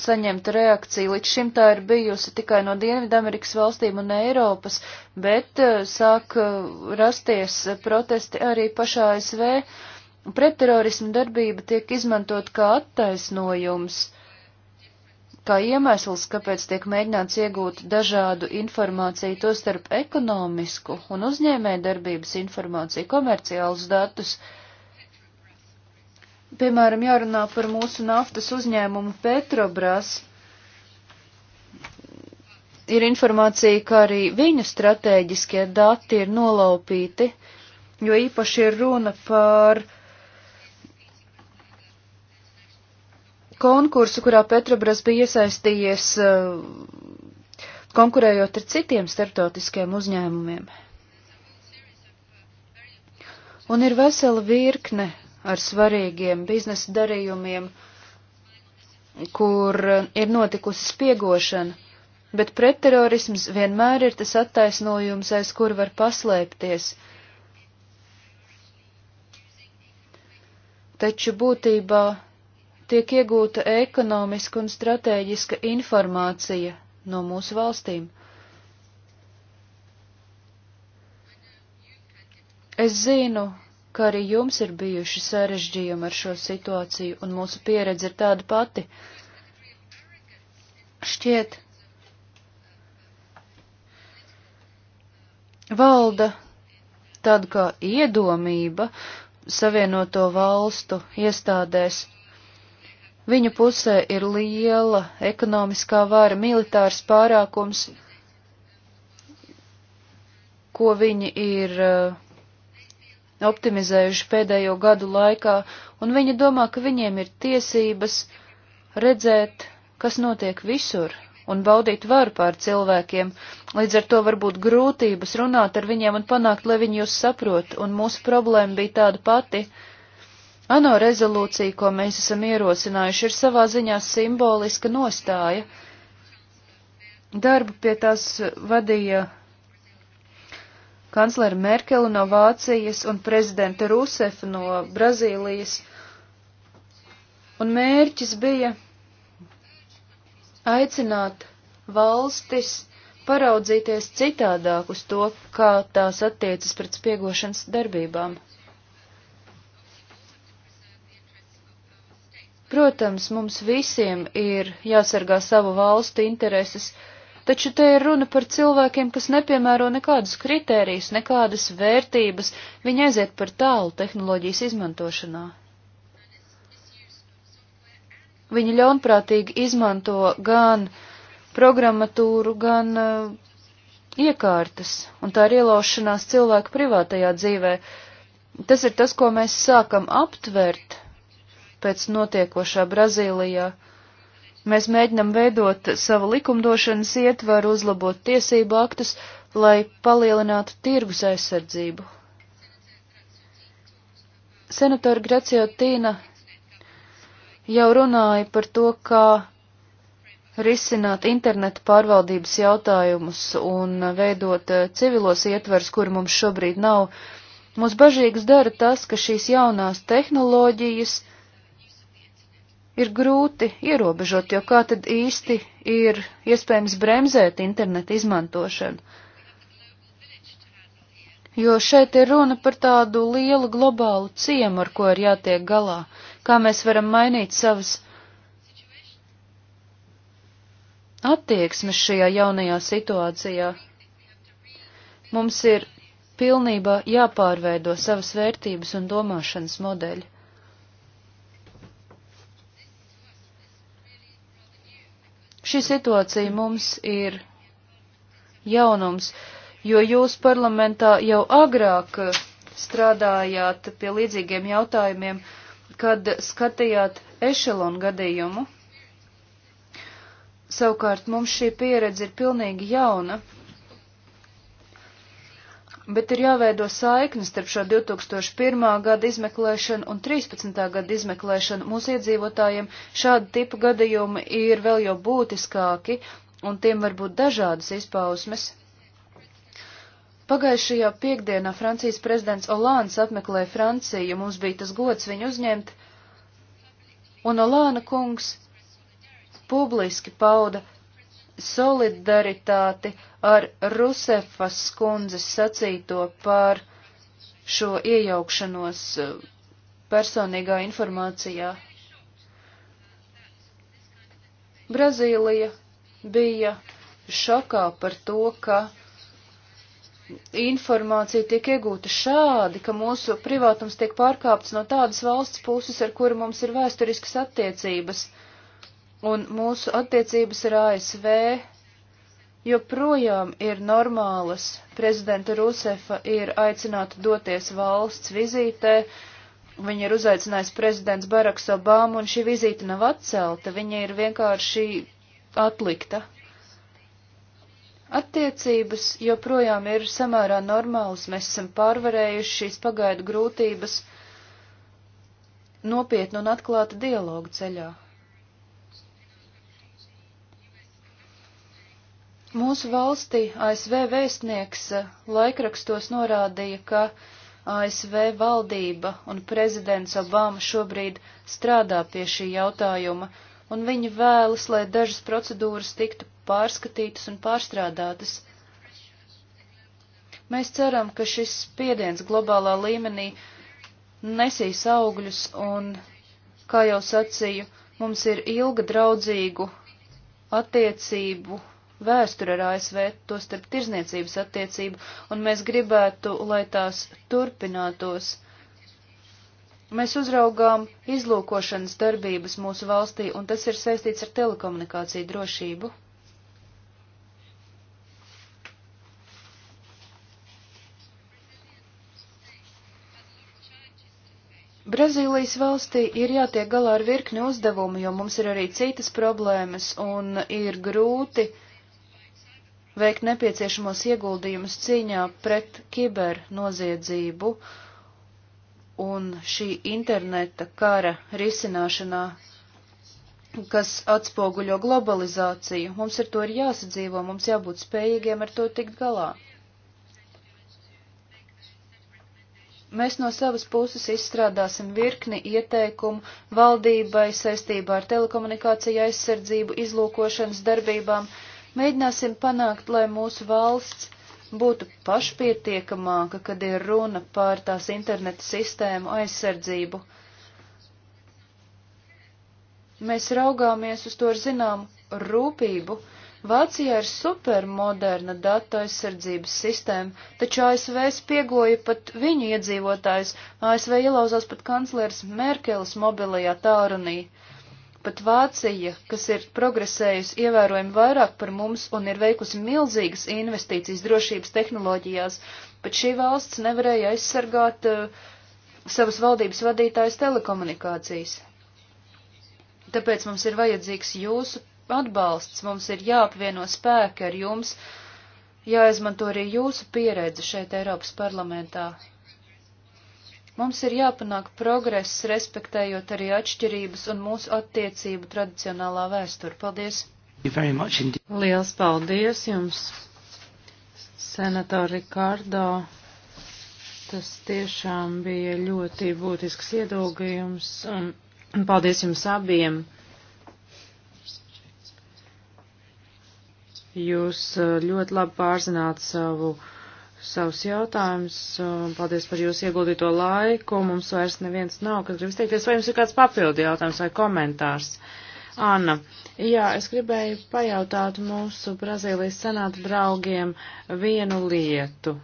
B: saņemta reakcija. Līdz šim tā ir bijusi tikai no Dienvidamerikas valstīm un Eiropas, bet eh, sāk eh, rasties protesti arī pašā ASV. Pretterorismu darbība tiek izmantot kā attaisnojums, kā iemesls, kāpēc tiek mēģināts iegūt dažādu informāciju, tostarp ekonomisku un uzņēmē darbības informāciju, komerciālus datus. Uh, Piemēram, jārunā par mūsu naftas uzņēmumu Petrobras. Ir informācija, ka arī viņu stratēģiskie dati ir nolaupīti, jo īpaši ir runa par konkursu, kurā Petrobras bija iesaistījies uh, konkurējot ar citiem starptautiskiem uzņēmumiem. Un ir vesela virkne ar svarīgiem biznesa darījumiem, kur ir notikusi spiegošana, bet pretterorisms vienmēr ir tas attaisnojums, aiz kur var paslēpties. Taču būtībā tiek iegūta ekonomiska un strateģiska informācija no mūsu valstīm. Es zinu, ka arī jums ir bijuši sarežģījumi ar šo situāciju, un mūsu pieredze ir tāda pati. Šķiet, valda tāda kā iedomība savienoto valstu iestādēs. Viņu pusē ir liela ekonomiskā vara, militārs pārākums, ko viņi ir uh, optimizējuši pēdējo gadu laikā, un viņi domā, ka viņiem ir tiesības redzēt, kas notiek visur, un baudīt varu pār cilvēkiem, līdz ar to varbūt grūtības runāt ar viņiem un panākt, lai viņi jūs saprot, un mūsu problēma bija tāda pati. ANO rezolūcija, ko mēs esam ierosinājuši, ir savā ziņā simboliska nostāja. Darbu pie tās vadīja kanclera Merkela no Vācijas un prezidenta Rusefa no Brazīlijas. Un mērķis bija aicināt valstis paraudzīties citādāk uz to, kā tās attiecas pret spiegošanas darbībām. Protams, mums visiem ir jāsargā savu valstu intereses, taču te ir runa par cilvēkiem, kas nepiemēro nekādus kritērijus, nekādas vērtības, viņi aiziet par tālu tehnoloģijas izmantošanā. Viņi ļaunprātīgi izmanto gan programmatūru, gan uh, iekārtas, un tā ir ielaušanās cilvēku privātajā dzīvē. Tas ir tas, ko mēs sākam aptvert pēc notiekošā Brazīlijā. Uh, Mēs mēģinam veidot savu likumdošanas ietvaru, uzlabot tiesību aktus, lai palielinātu tirgus aizsardzību. Senatora Gracio Tīna jau runāja par to, kā risināt interneta pārvaldības jautājumus un veidot eh, civilos ietvers, kur mums šobrīd nav. Mums bažīgs dara tas, ka šīs jaunās tehnoloģijas, uh, ir grūti ierobežot, jo kā tad īsti ir iespējams bremzēt internetu izmantošanu? Jo šeit ir runa par tādu lielu globālu ciemu, ar ko ir jātiek galā, kā mēs varam mainīt savas attieksmes šajā jaunajā situācijā. Mums ir pilnībā jāpārveido savas vērtības un domāšanas modeļi. Šī situācija mums ir jaunums, jo jūs parlamentā jau agrāk strādājāt pie līdzīgiem jautājumiem, kad skatījāt ešelonu gadījumu. Savukārt mums šī pieredze ir pilnīgi jauna, bet ir jāveido saiknes starp šo 2001. gada izmeklēšanu un 13. gada izmeklēšanu. Mūsu iedzīvotājiem šāda tipa gadījumi ir vēl jau būtiskāki, un tiem var būt dažādas izpausmes. Pagājušajā piekdienā Francijas prezidents Olāns apmeklēja Franciju, mums bija tas gods viņu uzņemt, un Olāna kungs publiski pauda solidaritāti ar Rusefas kundzes sacīto par šo iejaukšanos eh, personīgā informācijā. Brazīlija bija šokā par to, ka informācija tiek iegūta šādi, ka mūsu privātums tiek pārkāpts no tādas valsts puses, ar kuru mums ir vēsturiskas attiecības, un mūsu attiecības ar ASV joprojām ir normālas. Prezidenta Rusefa ir aicināta doties valsts vizītē, viņa ir uzaicinājusi prezidents Baraks Obama, un šī vizīte nav atcelta, viņa ir vienkārši atlikta. Attiecības joprojām ir samērā normālas, mēs esam pārvarējuši šīs pagaidu grūtības nopietnu un atklātu dialogu ceļā. Mūsu valstī ASV vēstnieks eh, laikrakstos norādīja, ka ASV valdība un prezidents Obama šobrīd strādā pie šī jautājuma, un viņi vēlas, lai dažas procedūras tiktu pārskatītas un pārstrādātas. Mēs ceram, ka šis spiediens globālā līmenī nesīs augļus, un, kā jau sacīju, mums ir ilga draudzīgu attiecību vēsturi ar ASV, to starp tirzniecības attiecību, un mēs gribētu, lai tās turpinātos. Mēs uzraugām izlūkošanas darbības mūsu valstī, un tas ir saistīts ar telekomunikāciju drošību. Brazīlijas valstī ir jātiek galā ar virkni uzdevumu, jo mums ir arī citas problēmas un ir grūti uh, veikt nepieciešamos ieguldījumus cīņā pret kibernoziedzību un šī interneta kara risināšanā, kas atspoguļo globalizāciju. Mums ar to ir jāsadzīvo, mums jābūt spējīgiem ar to tikt galā. Mēs no savas puses izstrādāsim virkni ieteikumu valdībai saistībā ar telekomunikāciju aizsardzību, izlūkošanas darbībām, uh, Mēģināsim panākt, lai mūsu valsts būtu pašpietiekamāka, kad ir runa par tās interneta sistēmu aizsardzību. Mēs raugāmies uz to ar zināmu rūpību. Vācijā ir supermoderna datu aizsardzības sistēma, taču ASV spiegoja pat viņu iedzīvotājs. ASV ielauzās pat kanclers Merkeles mobilajā tālrunī pat Vācija, kas ir progresējusi ievērojami vairāk par mums un ir veikusi milzīgas investīcijas drošības tehnoloģijās, pat šī valsts nevarēja aizsargāt uh, savas valdības vadītājas telekomunikācijas. Tāpēc mums ir vajadzīgs jūsu atbalsts, mums ir jāapvieno spēki ar jums, jāizmanto arī jūsu pieredze šeit Eiropas parlamentā. Mums ir jāpanāk progress, respektējot arī atšķirības un mūsu attiecību tradicionālā vēsture. Paldies!
C: Liels paldies jums, senator Rikārdo! Tas tiešām bija ļoti būtisks iedogījums un paldies jums abiem! Jūs uh, ļoti labi pārzināt savu savus jautājumus. Paldies par jūsu ieguldīto laiku. Mums vairs neviens nav, kas grib izteikties. Vai jums ir kāds papildi jautājums vai komentārs? Anna, jā, es gribēju pajautāt mūsu Brazīlijas senāta draugiem vienu lietu.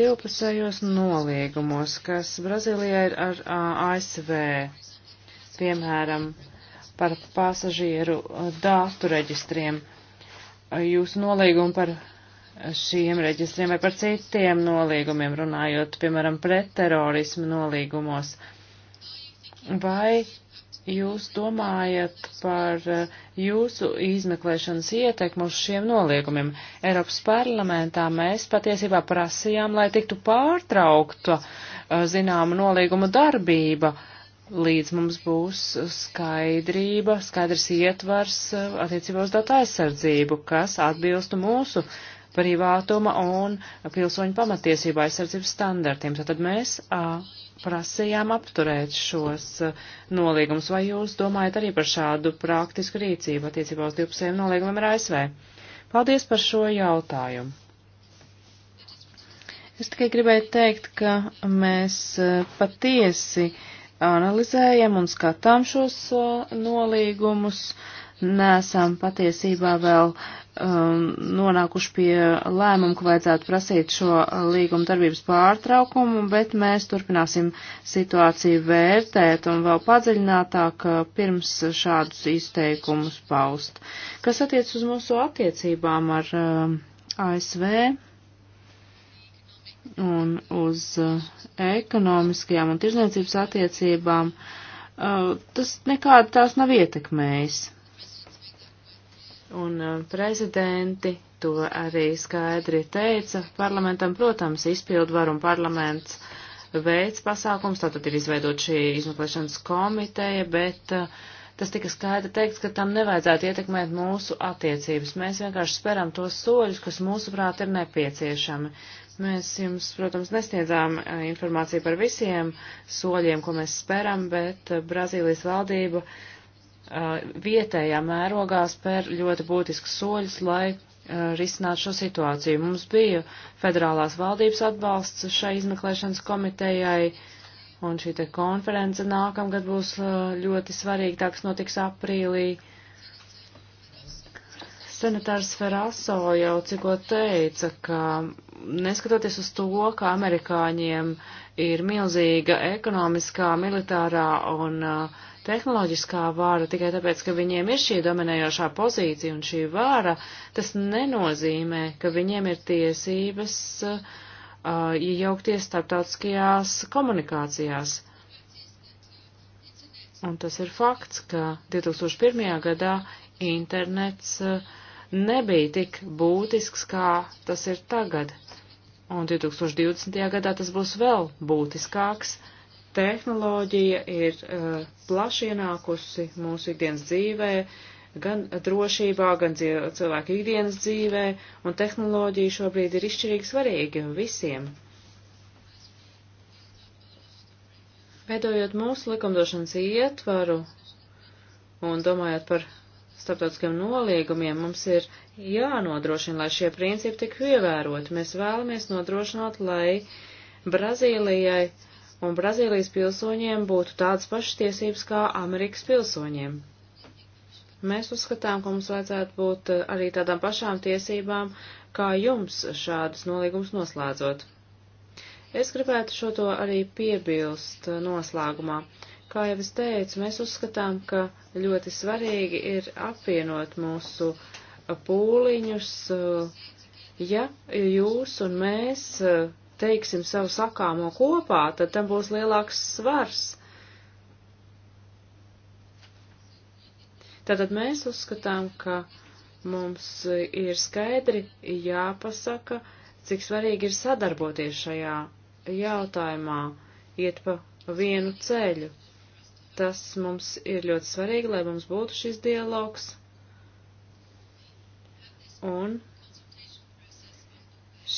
C: Divpusējos noliegumos, kas Brazīlijai ir ar ASV, piemēram, par pasažieru datu reģistriem, jūsu noliegumu par šiem reģistriem vai par citiem nolīgumiem, runājot, piemēram, pret terorismu nolīgumos. Vai jūs domājat par uh, jūsu izmeklēšanas ietekmu uz šiem nolīgumiem? Eiropas parlamentā mēs patiesībā prasījām, lai tiktu pārtraukta uh, zināma nolīguma darbība, līdz mums būs skaidrība, skaidrs ietvars uh, attiecībā uz datu aizsardzību, kas atbilstu mūsu privātuma un pilsoņu pamatiesību aizsardzības standartiem. Tātad mēs a, prasījām apturēt šos a, nolīgumus. Vai jūs domājat arī par šādu praktisku rīcību attiecībā uz 12 nolīgumiem ar ASV? Paldies par šo jautājumu. Es tikai gribēju teikt, ka mēs a, patiesi analizējam un skatām šos nolīgumus nesam patiesībā vēl um, nonākuši pie lēmumu, ka vajadzētu prasīt šo līguma darbības pārtraukumu, bet mēs turpināsim situāciju vērtēt un vēl padziļinātāk uh, pirms šādus izteikumus paust. Kas attiec uz mūsu attiecībām ar um, ASV un uz uh, ekonomiskajām un tirzniecības attiecībām, uh, tas nekādi tās nav ietekmējis Un uh, prezidenti to arī skaidri teica. Parlamentam, protams, izpildu varu un parlaments veids pasākums, tātad ir izveidot šī izmeklēšanas komiteja, bet uh, tas tika skaidri teikts, ka tam nevajadzētu ietekmēt mūsu attiecības. Mēs vienkārši speram tos soļus, kas mūsuprāt ir nepieciešami. Mēs jums, protams, nesniedzām uh, informāciju par visiem soļiem, ko mēs speram, bet uh, Brazīlijas valdība uh, Uh, vietējā mērogā spēr ļoti būtisks soļus, lai uh, risināt šo situāciju. Mums bija federālās valdības atbalsts šai izmeklēšanas komitejai, un šī te konference nākamgad būs uh, ļoti svarīga, tā kas notiks aprīlī. Senators Feraso jau cikko teica, ka neskatoties uz to, ka amerikāņiem ir milzīga ekonomiskā, militārā un uh, tehnoloģiskā vāra tikai tāpēc, ka viņiem ir šī dominējošā pozīcija un šī vāra, tas nenozīmē, ka viņiem ir tiesības uh, iejaukties starptautiskajās komunikācijās. Un tas ir fakts, ka 2001. gadā internets uh, nebija tik būtisks, kā tas ir tagad. Un 2020. gadā tas būs vēl būtiskāks, uh, tehnoloģija ir uh, eh, plaši ienākusi mūsu ikdienas dzīvē, gan drošībā, gan dzīv, cilvēku ikdienas dzīvē, un tehnoloģija šobrīd ir izšķirīgi svarīga visiem. Veidojot mūsu likumdošanas ietvaru un domājot par starptautiskiem noliegumiem, mums ir jānodrošina, lai šie principi tik ievēroti. Mēs vēlamies nodrošināt, lai Brazīlijai uh, un Brazīlijas pilsoņiem būtu tādas pašas tiesības kā Amerikas pilsoņiem. Mēs uzskatām, ka mums vajadzētu būt eh, arī tādām pašām tiesībām, kā jums šādas nolīgums noslēdzot. Es gribētu šo to arī piebilst eh, noslēgumā. Kā jau es teicu, mēs uzskatām, ka ļoti svarīgi ir apvienot mūsu eh, pūliņus, ja jūs un mēs teiksim, savu sakāmo kopā, tad tam būs lielāks svars. Tātad mēs uzskatām, ka mums ir skaidri jāpasaka, cik svarīgi ir sadarboties šajā jautājumā, iet pa vienu ceļu. Tas mums ir ļoti svarīgi, lai mums būtu šis dialogs. Un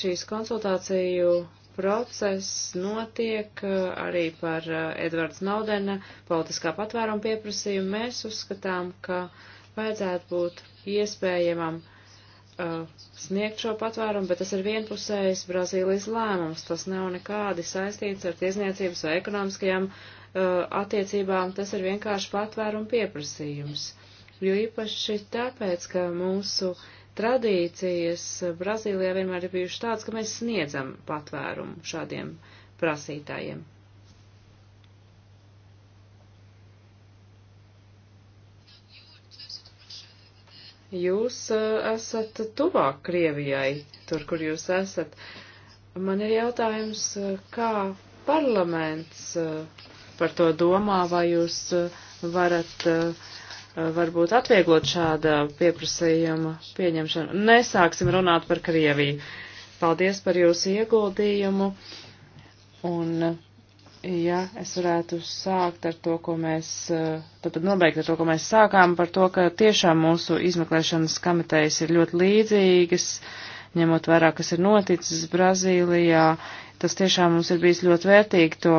C: šīs konsultāciju process notiek eh, arī par eh, Edvards Naudena politiskā patvēruma pieprasījumu. Mēs uzskatām, ka vajadzētu būt iespējamam uh, sniegt šo patvērumu, bet tas ir vienpusējs Brazīlijas lēmums. Tas nav nekādi saistīts ar tiesniecības vai ekonomiskajām uh, attiecībām. Tas ir vienkārši patvērumu pieprasījums. Jo īpaši tāpēc, ka mūsu uh, Tradīcijas Brazīlijā vienmēr ir bijušas tādas, ka mēs sniedzam patvērumu šādiem prasītājiem. Jūs uh, esat tuvāk Krievijai, tur, kur jūs esat. Man ir jautājums, uh, kā parlaments uh, par to domā, vai jūs varat uh, Eh, varbūt atvieglot šāda pieprasījuma pieņemšanu. Nesāksim runāt par Krieviju. Paldies par jūsu ieguldījumu. Un, ja es varētu sākt ar to, ko mēs, eh, tad nobeigt ar to, ko mēs sākām, par to, ka tiešām mūsu izmeklēšanas komitejas ir ļoti līdzīgas, ņemot vērā, kas ir noticis Brazīlijā. Tas tiešām mums ir bijis ļoti vērtīgi to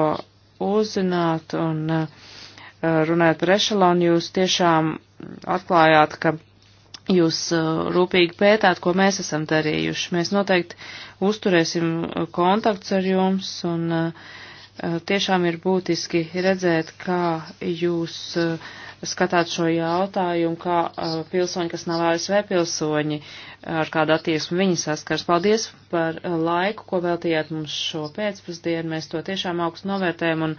C: uzzināt. Un, uh, runājot par ešalonu, jūs tiešām atklājāt, ka jūs uh, rūpīgi pētāt, ko mēs esam darījuši. Mēs noteikti uzturēsim uh, kontakts ar jums un uh, tiešām ir būtiski redzēt, kā jūs skatāt šo jautājumu, kā pilsoņi, kas nav ASV pilsoņi, ar kādu attieksmi viņi saskars. Paldies par laiku, ko veltījāt mums šo pēcpusdienu. Mēs to tiešām augstu novērtējam un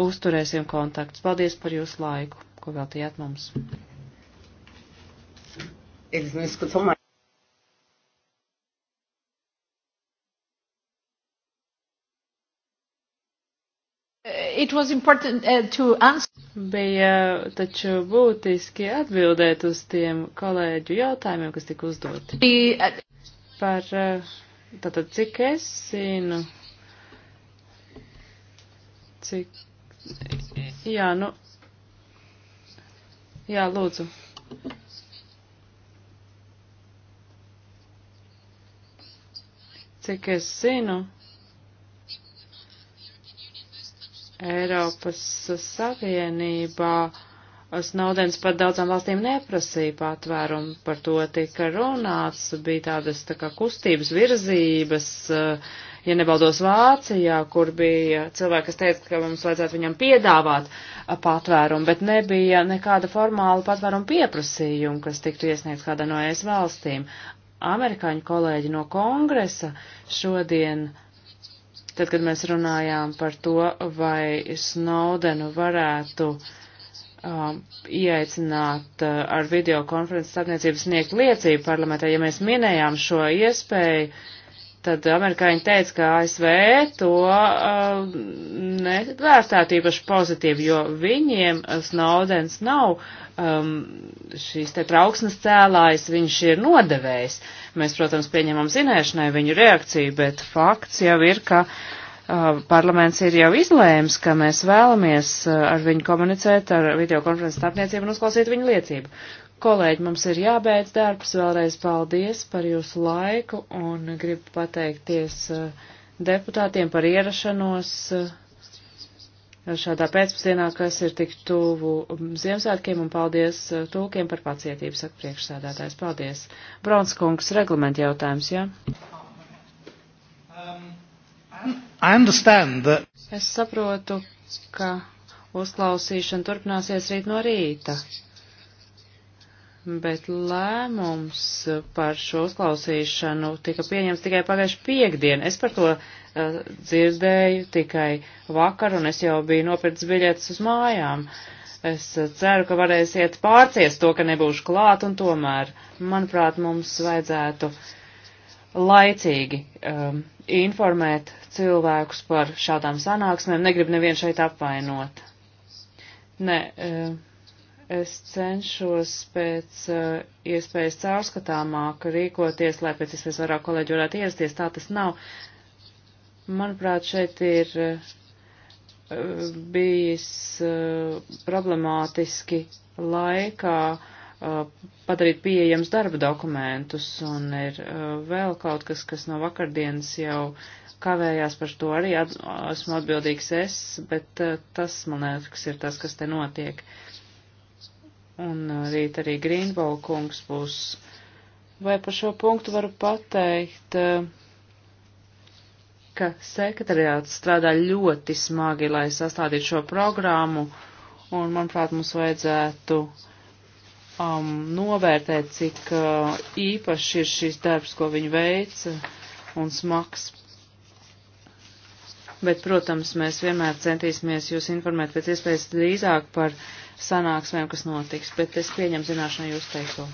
C: uzturēsim kontaktus. Paldies par jūsu laiku, ko veltījāt mums. Eles não escutam mais.
A: It was important
C: uh, to answer. Bija taču būtiski atbildēt uz tiem kolēģu jautājumiem, kas tika uzdoti. Uh, par, uh, tātad, cik es zinu, cik Jā, nu. Jā, lūdzu. Cik es zinu, Eiropas Savienībā Snowdens par daudzām valstīm neprasīja patvērumu, par to tika runāts, bija tādas tā kā kustības virzības, uh, ja nebaldos Vācijā, kur bija cilvēki, kas teica, ka mums vajadzētu viņam piedāvāt patvērumu, bet nebija nekāda formāla patvērumu pieprasījuma, kas tiktu iesniegts kādā no ES valstīm. Amerikāņu kolēģi no kongresa šodien, tad, kad mēs runājām par to, vai Snowdenu varētu um, ieaicināt uh, ar videokonferences starpniecības sniegt liecību parlamentā, ja mēs minējām šo iespēju, uh, tad amerikāņi teica, ka ASV to uh, nevērtētu īpaši pozitīvi, jo viņiem Snowdens nav um, šīs te trauksmes cēlājs, viņš ir nodevējs. Mēs, protams, pieņemam zināšanai viņu reakciju, bet fakts jau ir, ka uh, parlaments ir jau izlēms, ka mēs vēlamies uh, ar viņu komunicēt ar videokonferences starpniecību un uzklausīt viņu liecību. Kolēģi, mums ir jābeidz darbs. Vēlreiz paldies par jūsu laiku un gribu pateikties eh, deputātiem par ierašanos eh, šādā pēcpusdienā, kas ir tik tuvu mm, Ziemassvētkiem, un paldies eh, tūkiem par pacietību, saka priekšsēdētājs. Paldies. Bronskungs, reglamenta jautājums, jā? Ja?
A: Um,
C: es saprotu, ka uzklausīšana turpināsies rīt no rīta bet lēmums par šo uzklausīšanu tika pieņems tikai pagājuši piekdien. Es par to uh, dzirdēju tikai vakar, un es jau biju nopircis biļetes uz mājām. Es uh, ceru, ka varēsiet pārciest to, ka nebūšu klāt, un tomēr, manuprāt, mums vajadzētu laicīgi um, informēt cilvēkus par šādām sanāksmēm. Negribu nevienu šeit apvainot. Nē, uh, Es cenšos pēc uh, iespējas caurskatāmāk rīkoties, lai pēc iespējas vairāk kolēģi varētu ierasties. Tā tas nav. Manuprāt, šeit ir uh, bijis uh, problemātiski laikā padarīt pieejams darba dokumentus, un ir vēl kaut kas, kas no vakardienas jau kavējās par to arī at esmu atbildīgs es, bet tas, man liekas, ir tas, kas te notiek. Uh, un rīt arī Grīnbola kungs būs. Vai par šo punktu varu pateikt, ka sekretariāts strādā ļoti smagi, lai sastādītu šo programmu, un, manuprāt, mums vajadzētu um, novērtēt, cik uh, īpaši ir šis darbs, ko viņi veica, un smags. Bet, protams, mēs vienmēr centīsimies jūs informēt pēc iespējas drīzāk par uh, sanāksmēm, kas notiks, bet es pieņemu zināšanai jūs teikto.